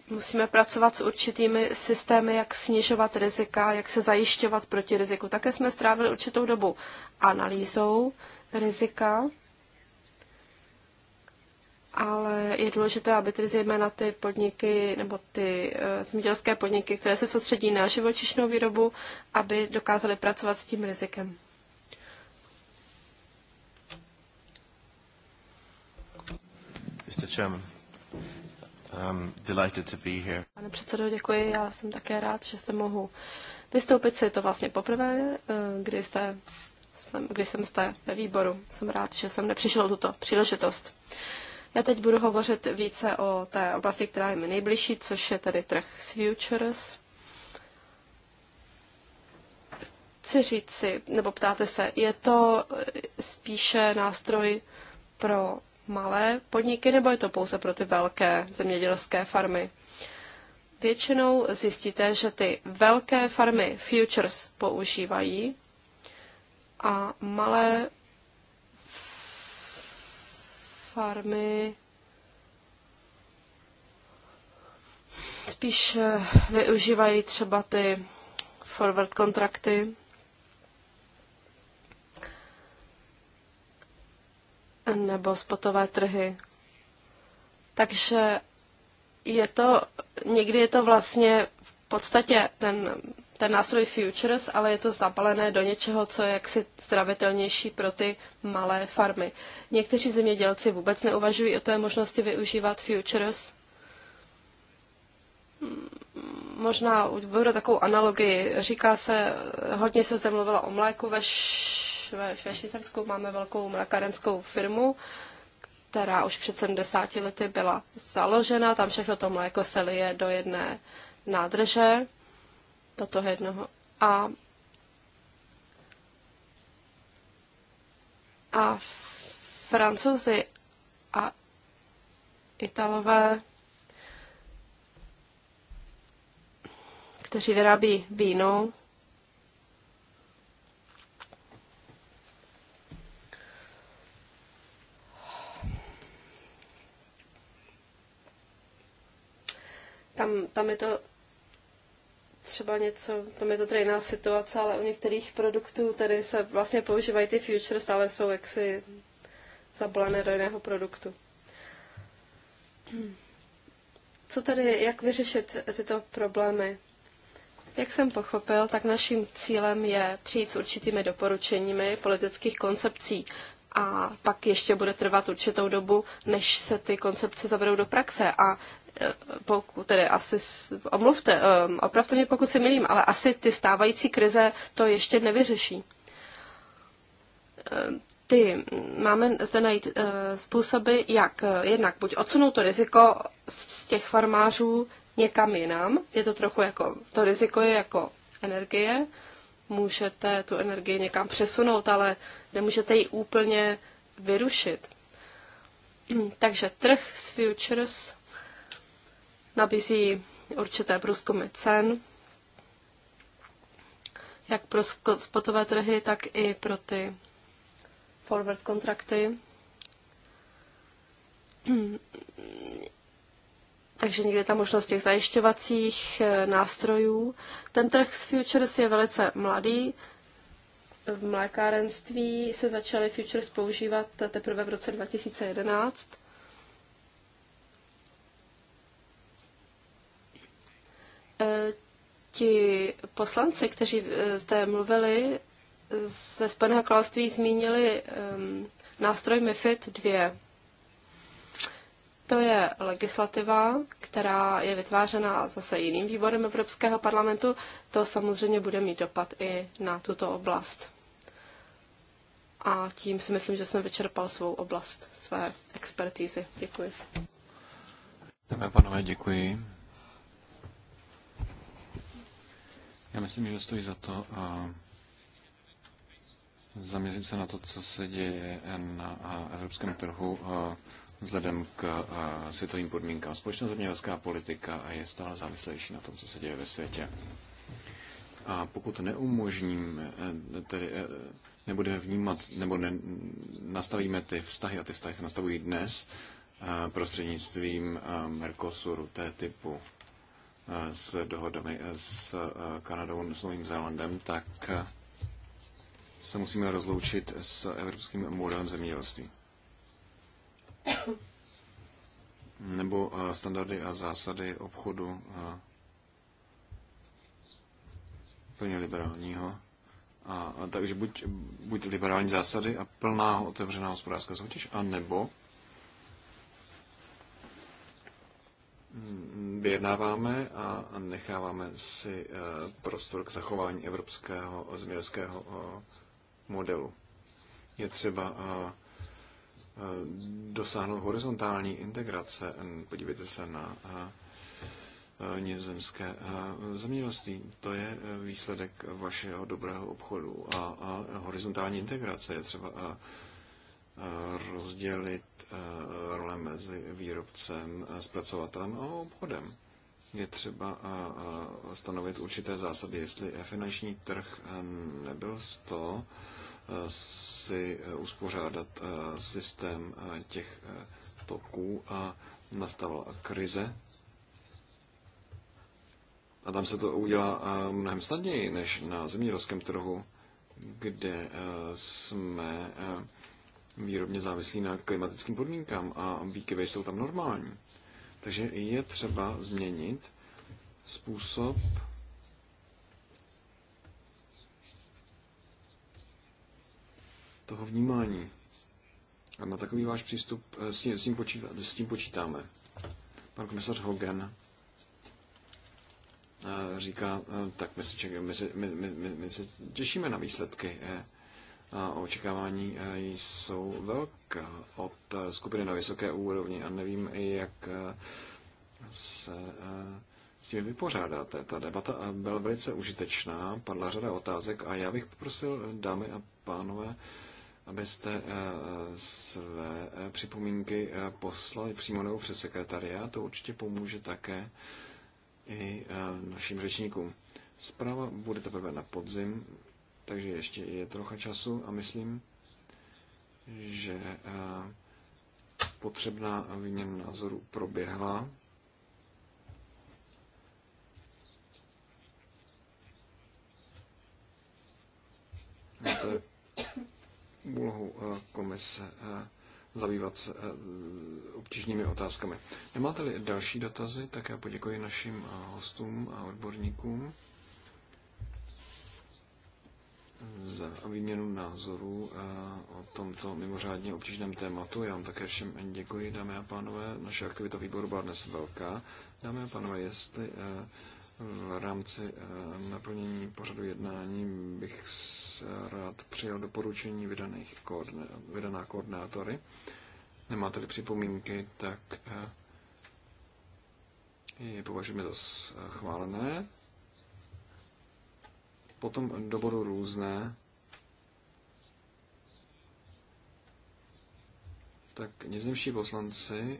S1: musíme pracovat s určitými systémy, jak snižovat rizika, jak se zajišťovat proti riziku. Také jsme strávili určitou dobu analýzou rizika ale je důležité, aby tedy zejména ty podniky nebo ty eh, zemědělské podniky, které se soustředí na živočišnou výrobu, aby dokázaly pracovat s tím rizikem.
S2: Mr. Chairman, delighted to be here.
S1: Pane předsedo, děkuji. Já jsem také rád, že se mohu vystoupit si to vlastně poprvé, eh, kdy, jste, jsem, kdy jsem jste ve výboru. Jsem rád, že jsem nepřišel tuto příležitost. Uh, já teď budu hovořit více o té oblasti, která je mi nejbližší, což je tedy trh s futures. Chci říct si, nebo ptáte se, je to spíše nástroj pro malé podniky, nebo je to pouze pro ty velké zemědělské farmy? Většinou zjistíte, že ty velké farmy futures používají a malé farmy spíš eh, využívají třeba ty forward kontrakty. nebo spotové trhy. Takže je to, někdy je to vlastně v podstatě ten ten nástroj futures, ale je to zabalené do něčeho, co je jaksi stravitelnější pro ty malé farmy. Někteří zemědělci vůbec neuvažují o té možnosti využívat futures. Hmm, možná budu takovou analogii. Říká se, hodně se zde mluvilo o mléku ve, ve, ve Švýcarsku, máme velkou mlékarenskou firmu, která už před 70 lety byla založena, tam všechno to mléko se lije do jedné nádrže do toho jednoho. A, a francouzi a italové, kteří vyrábí víno, tam, tam je to třeba něco, to je to tady jiná situace, ale u některých produktů tady se vlastně používají ty futures, ale jsou jaksi zabalené do jiného produktu. Co tady, jak vyřešit tyto problémy? Jak jsem pochopil, tak naším cílem je přijít s určitými doporučeními politických koncepcí a pak ještě bude trvat určitou dobu, než se ty koncepce zavedou do praxe a pokud, tedy asi, omluvte, opravdu mě, pokud se milím, ale asi ty stávající krize to ještě nevyřeší. Ty, máme zde najít eh, způsoby, jak eh, jednak buď odsunout to riziko z těch farmářů někam jinam, je to trochu jako, to riziko je jako energie, můžete tu energii někam přesunout, ale nemůžete ji úplně vyrušit. Hm, takže trh s futures nabízí určité průzkumy cen, jak pro spotové trhy, tak i pro ty forward kontrakty. <clears throat> Takže někde ta možnost těch zajišťovacích eh, nástrojů. Ten trh s futures je velice mladý. V mlékárenství se začaly futures používat teprve v roce 2011 Eh, ti poslanci, kteří eh, zde mluvili ze Spojeného království, zmínili ehm, nástroj MIFID 2. To je legislativa, která je vytvářena zase jiným výborem Evropského parlamentu. To samozřejmě bude mít dopad i na tuto oblast. A tím si myslím, že jsem vyčerpal svou oblast své expertízy. Děkuji.
S2: Dámy a pánové, děkuji. Já myslím, že stojí za to a zaměřit se na to, co se děje na evropském trhu vzhledem k světovým podmínkám. Společná zemědělská politika je stále závislejší na tom, co se děje ve světě. A pokud neumožníme, e, tedy e, nebudeme vnímat, nebo ne, nastavíme ty vztahy, a ty vztahy se nastavují dnes, e, prostřednictvím Mercosuru, té typu s dohodami s eh, Kanadou, s Novým Zélandem, tak eh, se musíme rozloučit s evropským modelem zemědělství. Nebo eh, standardy a zásady obchodu plně liberálního. A, a takže buď, buď liberální zásady a plná otevřená hospodářská soutěž, anebo nebo vyjednáváme a necháváme si eh, prostor k zachování evropského zemědělského eh, modelu. Je třeba eh, dosáhnout horizontální integrace. Podívejte se na nizozemské zemědělství. To je výsledek vašeho dobrého obchodu a, horizontální integrace je třeba rozdělit eh, role mezi výrobcem, zpracovatelem a obchodem. Je třeba eh, eh, stanovit určité zásady, jestli finanční trh nebyl z toho si uspořádat systém těch toků a nastala krize. A tam se to udělá mnohem snadněji než na zemědělském trhu, kde jsme výrobně závislí na klimatickým podmínkám a výkyvy jsou tam normální. Takže je třeba změnit způsob toho vnímání. A na takový váš přístup eh, s tím, s tím, počítá, s tím počítáme. Pan komisař Hogan eh, říká, eh, tak my se, my, my, my, my se těšíme na výsledky a očekávání eh, jsou velká od eh, skupiny na vysoké úrovni a nevím, jak eh, se s tím vypořádáte. Ta debata byla velice užitečná, padla řada otázek a já bych poprosil, dámy a pánové, abyste své připomínky poslali přímo nebo přes sekretariát. To určitě pomůže také i našim řečníkům. Zpráva bude teprve na podzim takže ještě je trocha času a myslím, že eh, potřebná výměna názoru proběhla. Máte úlohu eh, komise eh, zabývat se obtížnými otázkami. Nemáte-li další dotazy, tak já poděkuji našim hostům a odborníkům za výměnu názorů o tomto mimořádně obtížném tématu. Já vám také všem děkuji, dámy a pánové. Naše aktivita výboru byla dnes velká. Dámy a pánové, jestli eh, v rámci eh, naplnění pořadu jednání bych eh, rád přijal doporučení vydaných koordina, vydaná koordinátory. Nemáte-li připomínky, tak je považujeme za schválené. Potom do bodu různé. Tak nizozemští poslanci,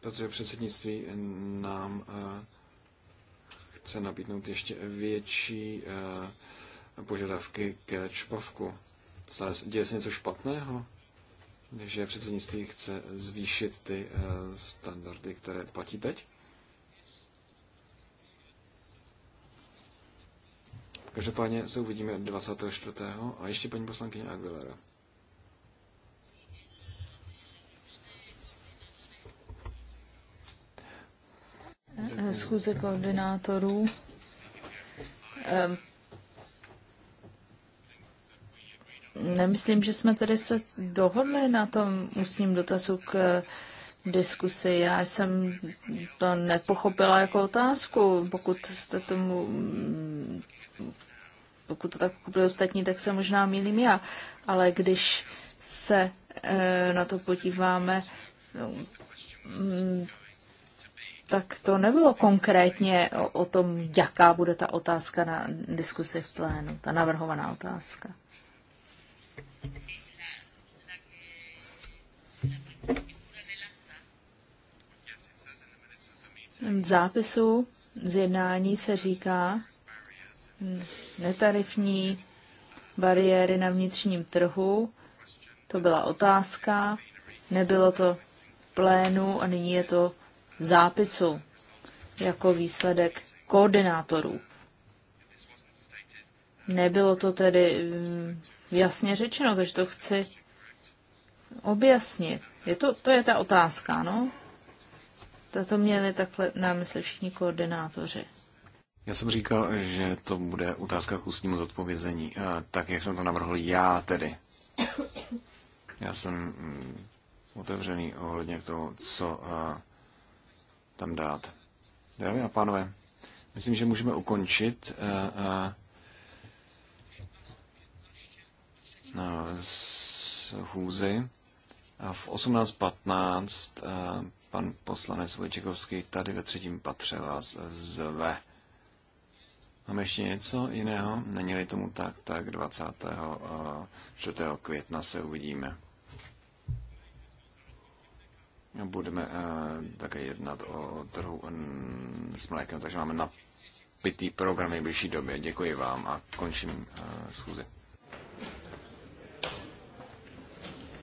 S2: protože předsednictví nám eh, chce nabídnout ještě větší eh, požadavky ke čpavku. Děje se něco špatného? že předsednictví chce zvýšit ty eh, standardy, které platí teď? Každopádně se uvidíme 24. a ještě paní poslankyně Aguilera.
S3: Eh, schůze koordinátorů ehm, Nemyslím, že jsme tady se dohodli na tom ústním dotazu k diskusi. Já jsem to nepochopila jako otázku. Pokud jste tomu pokud to tak pochopili ostatní, tak se možná mýlím já. Ale když se eh, na to podíváme, no, mm, tak to nebylo konkrétně o, o tom, jaká bude ta otázka na diskusi v plénu, ta navrhovaná otázka. V zápisu z jednání se říká, netarifní bariéry na vnitřním trhu. To byla otázka, nebylo to plénu a nyní je to v zápisu jako výsledek koordinátorů. Nebylo to tedy mm, jasně řečeno, takže to chci objasnit. Je to, to je ta otázka, no? Toto měli takhle na mysli všichni koordinátoři.
S2: Já jsem říkal, že to bude otázka k ústnímu zodpovězení, tak jak jsem to navrhl já tedy. Já jsem mm, otevřený ohledně k tomu, co tam dát. Dámy a pánové, myslím, že můžeme ukončit hůzy. A v 18.15 pan poslanec Vojčekovský tady ve třetím patře vás zve. Máme ještě něco jiného? Není-li tomu tak, tak 24. Eh, května se uvidíme. Budeme eh, také jednat o trhu s mlékem, takže máme napitý program v nejbližší době. Děkuji vám a končím eh, schůzi.